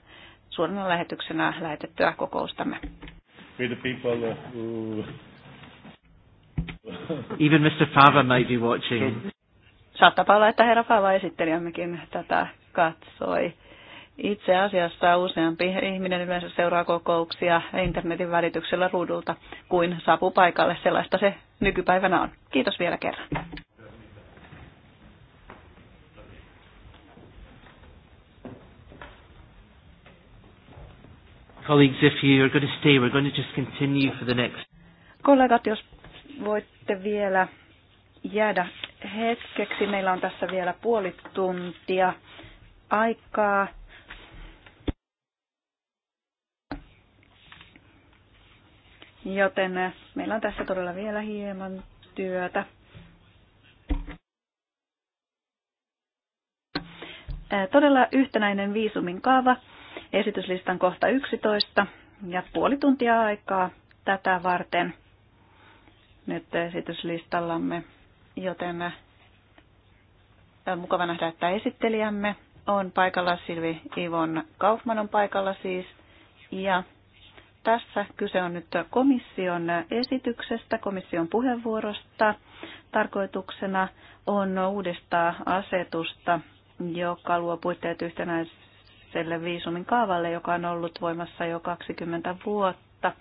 suorana lähetyksenä lähetettyä kokoustamme we're the people who... Uh, Even Mr. Fava might be watching. Saattaa olla, että herra Fava esittelijämmekin tätä katsoi. Itse asiassa useampi ihminen yleensä seuraa kokouksia internetin välityksellä ruudulta kuin saapuu paikalle. Sellaista se nykypäivänä on. Kiitos vielä kerran. Colleagues, if you are going to stay, we're going to just continue for the next. Kollegat, jos voitte vielä jäädä hetkeksi, meillä on tässä vielä puoli tuntia aikaa. Joten eh, meillä on tässä todella vielä hieman työtä. Eh, todella yhtenäinen viisumin kaava esityslistan kohta 11 ja puoli tuntia aikaa tätä varten nyt esityslistallamme, joten mukava nähdä, että esittelijämme on paikalla, Silvi Ivon Kaufman on paikalla siis, ja tässä kyse on nyt komission esityksestä, komission puheenvuorosta. Tarkoituksena on uudistaa asetusta, joka luo puitteet yhtenäis tällaiselle viisumin kaavalle, joka on ollut voimassa jo 20 vuotta.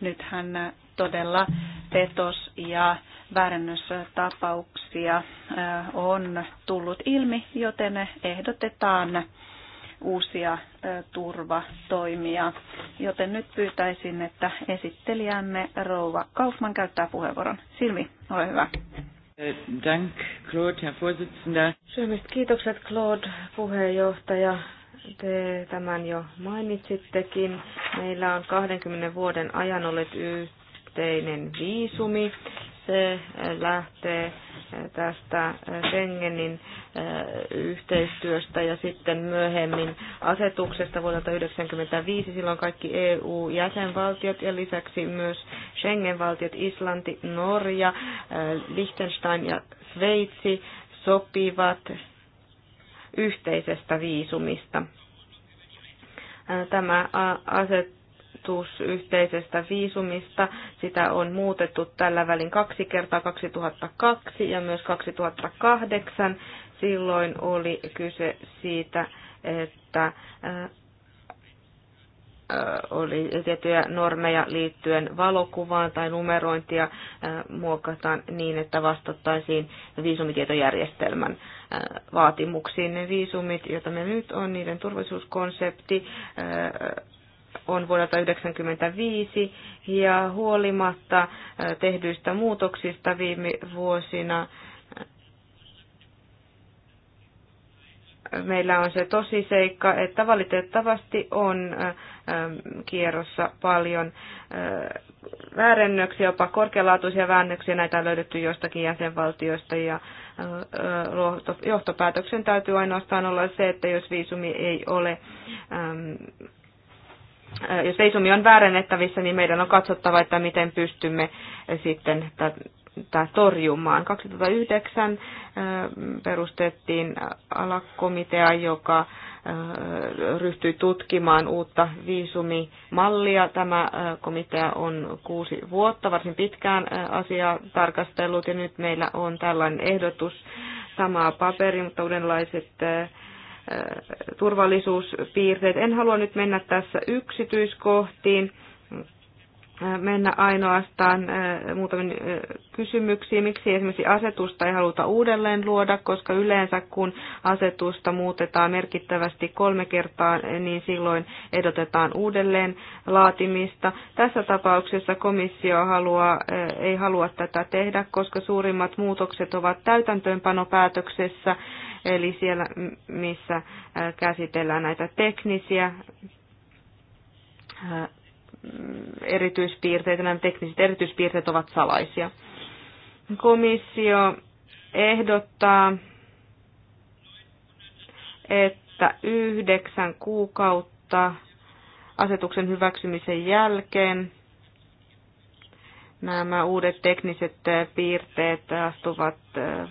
Nythän todella petos- ja väärennöstapauksia äh, on tullut ilmi, joten ehdotetaan uusia äh, turvatoimia. Joten nyt pyytäisin, että esittelijämme Rouva Kaufman käyttää puheenvuoron. Silmi, ole hyvä. Äh, dank, Claude, Herr Vorsitzender. kiitokset, Claude, puheenjohtaja. Te tämän jo mainitsittekin. Meillä on 20 vuoden ajan ollut yhteinen viisumi. Se eh, lähtee eh, tästä eh, Schengenin yhteistyöstä ja sitten myöhemmin asetuksesta vuodelta 1995. Silloin kaikki EU-jäsenvaltiot ja lisäksi myös Schengen-valtiot Islanti, Norja, Liechtenstein ja Sveitsi sopivat yhteisestä viisumista. Tämä asetus yhteisestä viisumista, sitä on muutettu tällä välin kaksi kertaa 2002 ja myös 2008. Silloin oli kyse siitä, että oli tiettyjä normeja liittyen valokuvaan tai numerointia muokataan niin, että vastattaisiin viisumitietojärjestelmän Äh, vaatimuksiin. Ne viisumit, joita me nyt on, niiden turvallisuuskonsepti äh, on vuodelta 1995 ja huolimatta äh, tehdyistä muutoksista viime vuosina meillä on se tosi seikka, että valitettavasti on ähm, kierrossa paljon väärennöksiä, jopa korkealaatuisia väännöksiä. Näitä on löydetty jostakin jäsenvaltioista ja johtopäätöksen täytyy ainoastaan olla se, että jos viisumi ei ole jos viisumi on väärennettävissä, niin meidän on katsottava, että miten pystymme sitten tai torjumaan. 2009 perustettiin alakomitea, joka ryhtyi tutkimaan uutta viisumimallia. Tämä komitea on kuusi vuotta, varsin pitkään asiaa tarkastellut ja nyt meillä on tällainen ehdotus, samaa paperi, mutta uudenlaiset turvallisuuspiirteet. En halua nyt mennä tässä yksityiskohtiin Äh, mennä ainoastaan äh, muutamiin äh, kysymyksiin. Miksi esimerkiksi asetusta ei haluta uudelleen luoda, koska yleensä kun asetusta muutetaan merkittävästi kolme kertaa, niin silloin edotetaan uudelleen laatimista. Tässä tapauksessa komissio haluaa, ei halua tätä tehdä, koska suurimmat muutokset ovat täytäntöönpanopäätöksessä, eli siellä missä käsitellään näitä teknisiä erityispiirteitä, nämä tekniset erityispiirteet ovat salaisia. Komissio ehdottaa, että yhdeksän kuukautta asetuksen hyväksymisen jälkeen nämä uudet tekniset piirteet astuvat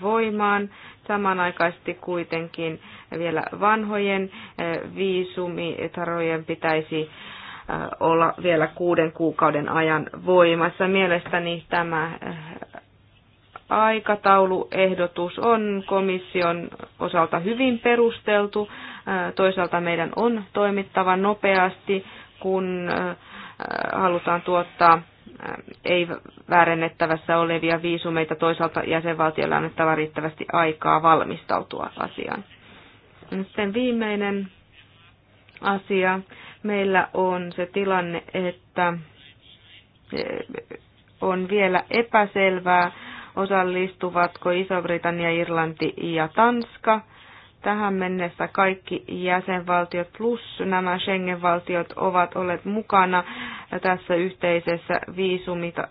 voimaan. Samanaikaisesti kuitenkin vielä vanhojen viisumitarojen pitäisi Äh, olla vielä kuuden kuukauden ajan voimassa. Mielestäni tämä äh, aikatauluehdotus on komission osalta hyvin perusteltu. Äh, toisaalta meidän on toimittava nopeasti, kun halutaan tuottaa ei väärennettävässä olevia viisumeita, toisaalta jäsenvaltiolle annettava riittävästi aikaa valmistautua asiaan. Sitten viimeinen asia. Meillä on se tilanne, että eh, on vielä epäselvää, osallistuvatko Iso-Britannia, Irlanti ja Tanska – Tähän mennessä kaikki jäsenvaltiot plus nämä Schengen-valtiot ovat olleet mukana tässä yhteisessä viisumissa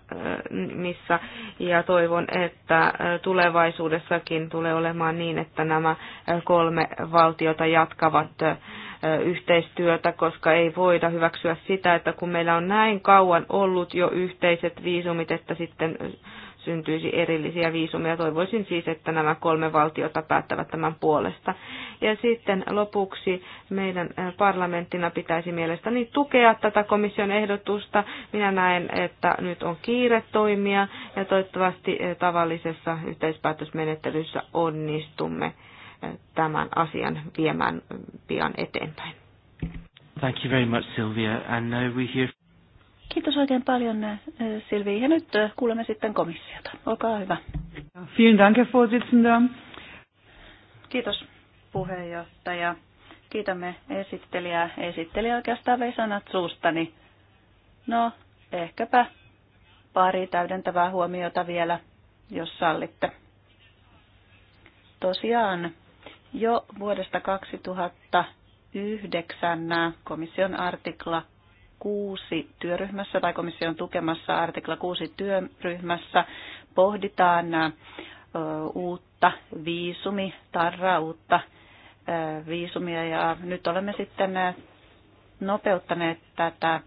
äh, ja toivon, että äh, tulevaisuudessakin tulee olemaan niin, että nämä äh, kolme valtiota jatkavat yhteistyötä, koska ei voida hyväksyä sitä, että kun meillä on näin kauan ollut jo yhteiset viisumit, että sitten syntyisi erillisiä viisumia. Toivoisin siis, että nämä kolme valtiota päättävät tämän puolesta. Ja sitten lopuksi meidän eh, parlamenttina pitäisi mielestäni tukea tätä komission ehdotusta. Minä näen, että nyt on kiire toimia ja toivottavasti eh, tavallisessa yhteispäätösmenettelyssä onnistumme eh, tämän asian viemään pian eteenpäin. Thank you very much, Sylvia. And now uh, we hear... Kiitos oikein paljon äh, Silvi. Ja nyt äh, kuulemme sitten komissiota. Olkaa hyvä. Vielen Dank, Herr Vorsitzender. Kiitos puheenjohtaja. Kiitämme esittelijää. Esittelijä oikeastaan vei sanat suustani. No, ehkäpä pari täydentävää huomiota vielä, jos sallitte. Tosiaan, jo vuodesta 2009 komission artikla 6 työryhmässä tai komission tukemassa artikla 6 työryhmässä pohditaan uutta viisumitarraa, uutta viisumia ja nyt olemme sitten nopeuttaneet tätä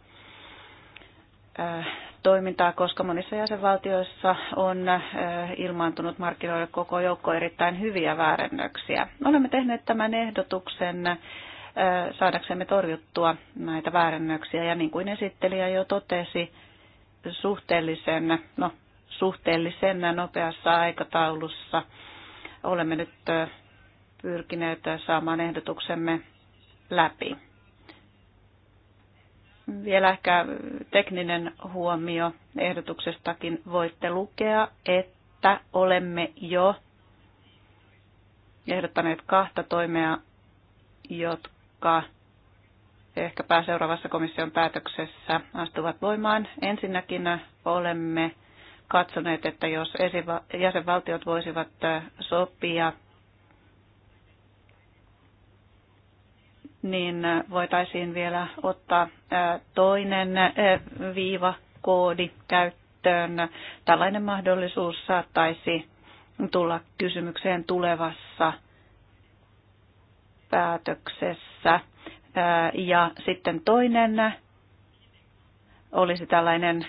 toimintaa, koska monissa jäsenvaltioissa on ilmaantunut markkinoille koko joukko erittäin hyviä väärennöksiä. Olemme tehneet tämän ehdotuksen saadaksemme torjuttua näitä väärännöksiä. Ja niin kuin esittelijä jo totesi, suhteellisen, no, suhteellisen nopeassa aikataulussa olemme nyt pyrkineet saamaan ehdotuksemme läpi. Vielä ehkä tekninen huomio ehdotuksestakin voitte lukea, että olemme jo ehdottaneet kahta toimea, jotka jotka ehkäpä seuraavassa komission päätöksessä astuvat voimaan. Ensinnäkin olemme katsoneet, että jos jäsenvaltiot voisivat sopia, niin voitaisiin vielä ottaa toinen viivakoodi käyttöön. Tällainen mahdollisuus saattaisi tulla kysymykseen tulevassa päätöksessä. Ja sitten toinen olisi tällainen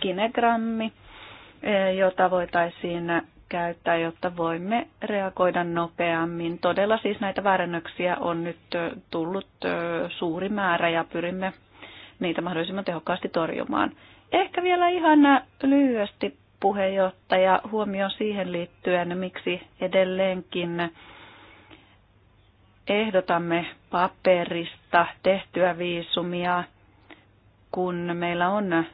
kinegrammi, jota voitaisiin käyttää, jotta voimme reagoida nopeammin. Todella siis näitä väärännöksiä on nyt tullut suuri määrä ja pyrimme niitä mahdollisimman tehokkaasti torjumaan. Ehkä vielä ihan lyhyesti puheenjohtaja huomio siihen liittyen, miksi edelleenkin ehdotamme paperista tehtyä viisumia, kun meillä on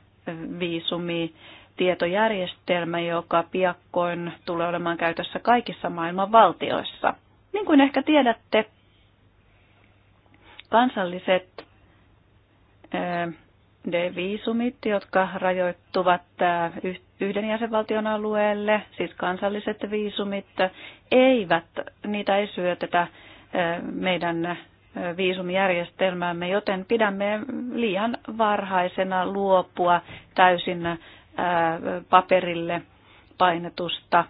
viisumi tietojärjestelmä, joka piakkoin tulee olemaan käytössä kaikissa maailman valtioissa. Niin kuin ehkä tiedätte, kansalliset D-viisumit, jotka rajoittuvat yhden jäsenvaltion alueelle, siis kansalliset viisumit, eivät, niitä ei syötetä meidän viisumijärjestelmäämme, joten pidämme liian varhaisena luopua täysin paperille painetusta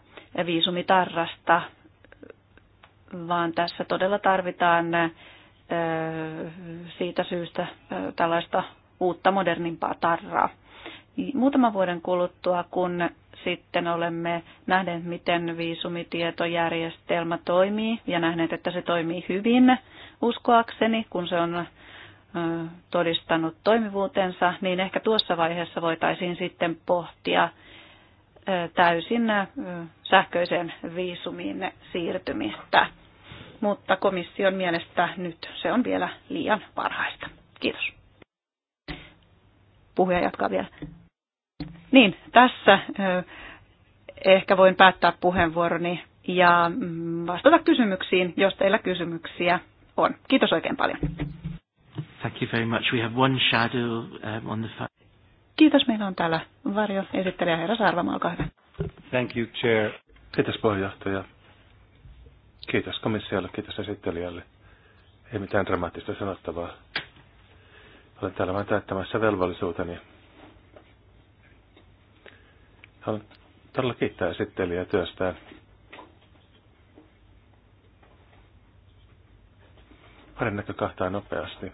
viisumitarrasta, vaan tässä todella tarvitaan siitä syystä tällaista uutta modernimpaa tarraa muutaman vuoden kuluttua, kun sitten olemme nähneet, miten viisumitietojärjestelmä toimii ja nähneet, että se toimii hyvin uskoakseni, kun se on todistanut toimivuutensa, niin ehkä tuossa vaiheessa voitaisiin sitten pohtia täysin sähköisen viisumiin siirtymistä. Mutta komission mielestä nyt se on vielä liian varhaista. Kiitos. Puhuja jatkaa vielä. Niin, tässä ehkä voin päättää puheenvuoroni ja mm, vastata kysymyksiin, jos teillä kysymyksiä on. Kiitos oikein paljon. Thank you very much. We have one shadow um, on the Kiitos. Meillä on täällä varjo esittelijä herra Sarvama, olkaa hyvä. Thank you, Chair. Kiitos puheenjohtaja. Kiitos komissiolle, kiitos esittelijälle. Ei mitään dramaattista sanottavaa. Olen täällä vain täyttämässä velvollisuuteni. Haluan todella kiittää esittelijä työstään. Pari näkökahtaa nopeasti.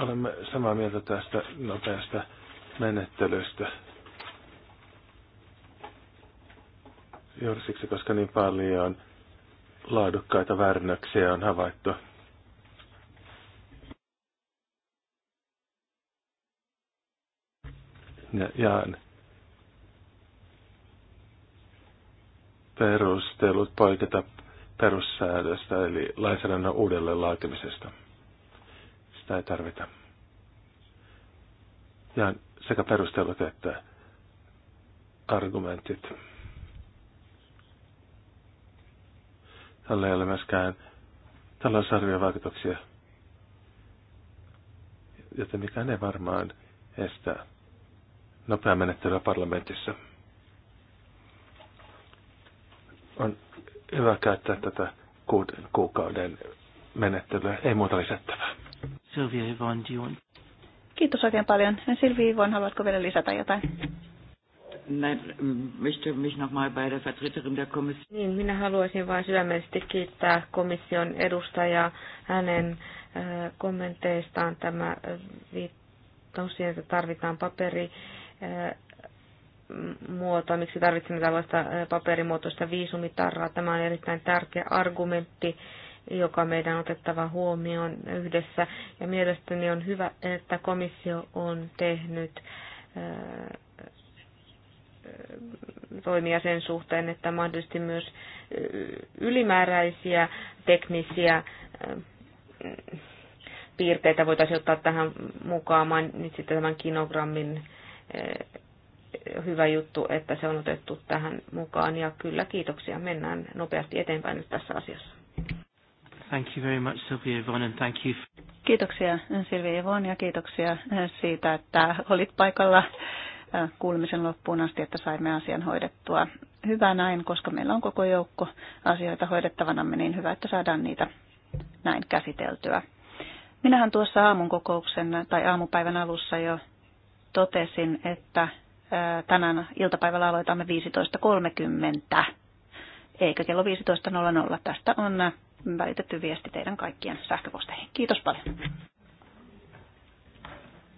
Olemme samaa mieltä tästä nopeasta menettelystä. Juuri siksi, koska niin paljon laadukkaita värnöksiä on havaittu ja jaan perustelut poiketa perussäädöstä eli lainsäädännön uudelleen laatimisesta. Sitä ei tarvita. Ja sekä perustelut että argumentit. Tällä ei ole myöskään talousarviovaikutuksia, joten mikään ei varmaan estää nopea menettelyä parlamentissa. On hyvä käyttää tätä kuukauden menettelyä. Ei muuta lisättävää. Sylvia Yvonne, do Kiitos oikein paljon. Sylvia Ivon, haluatko vielä lisätä jotain? Nein, möchte mich nochmal bei der Vertreterin der Kommission. Niin, minä haluaisin vain sydämellisesti kiittää komission edustajaa hänen äh, kommenteistaan. Tämä äh, viittaus siihen, että tarvitaan paperi muotoa, miksi tarvitsemme tällaista paperimuotoista viisumitarraa. Tämä on erittäin tärkeä argumentti, joka meidän on otettava huomioon yhdessä. Ja mielestäni on hyvä, että komissio on tehnyt toimia sen suhteen, että mahdollisesti myös ylimääräisiä teknisiä piirteitä voitaisiin ottaa tähän mukaan. sitten tämän kinogrammin Eh, hyvä juttu, että se on otettu tähän mukaan. Ja kyllä, kiitoksia. Mennään nopeasti eteenpäin nyt tässä asiassa. Thank you very much, Sylvia Yvonne, and thank you. Kiitoksia Sylvia Yvonne ja kiitoksia eh, siitä, että olit paikalla eh, kuulemisen loppuun asti, että saimme asian hoidettua. Hyvä näin, koska meillä on koko joukko asioita hoidettavanamme, niin hyvä, että saadaan niitä näin käsiteltyä. Minähän tuossa aamun kokouksen tai aamupäivän alussa jo totesin, että tänään iltapäivällä aloitamme 15.30. Eikä kello 15.00 tästä on välitetty viesti teidän kaikkien sähköposteihin. Kiitos paljon.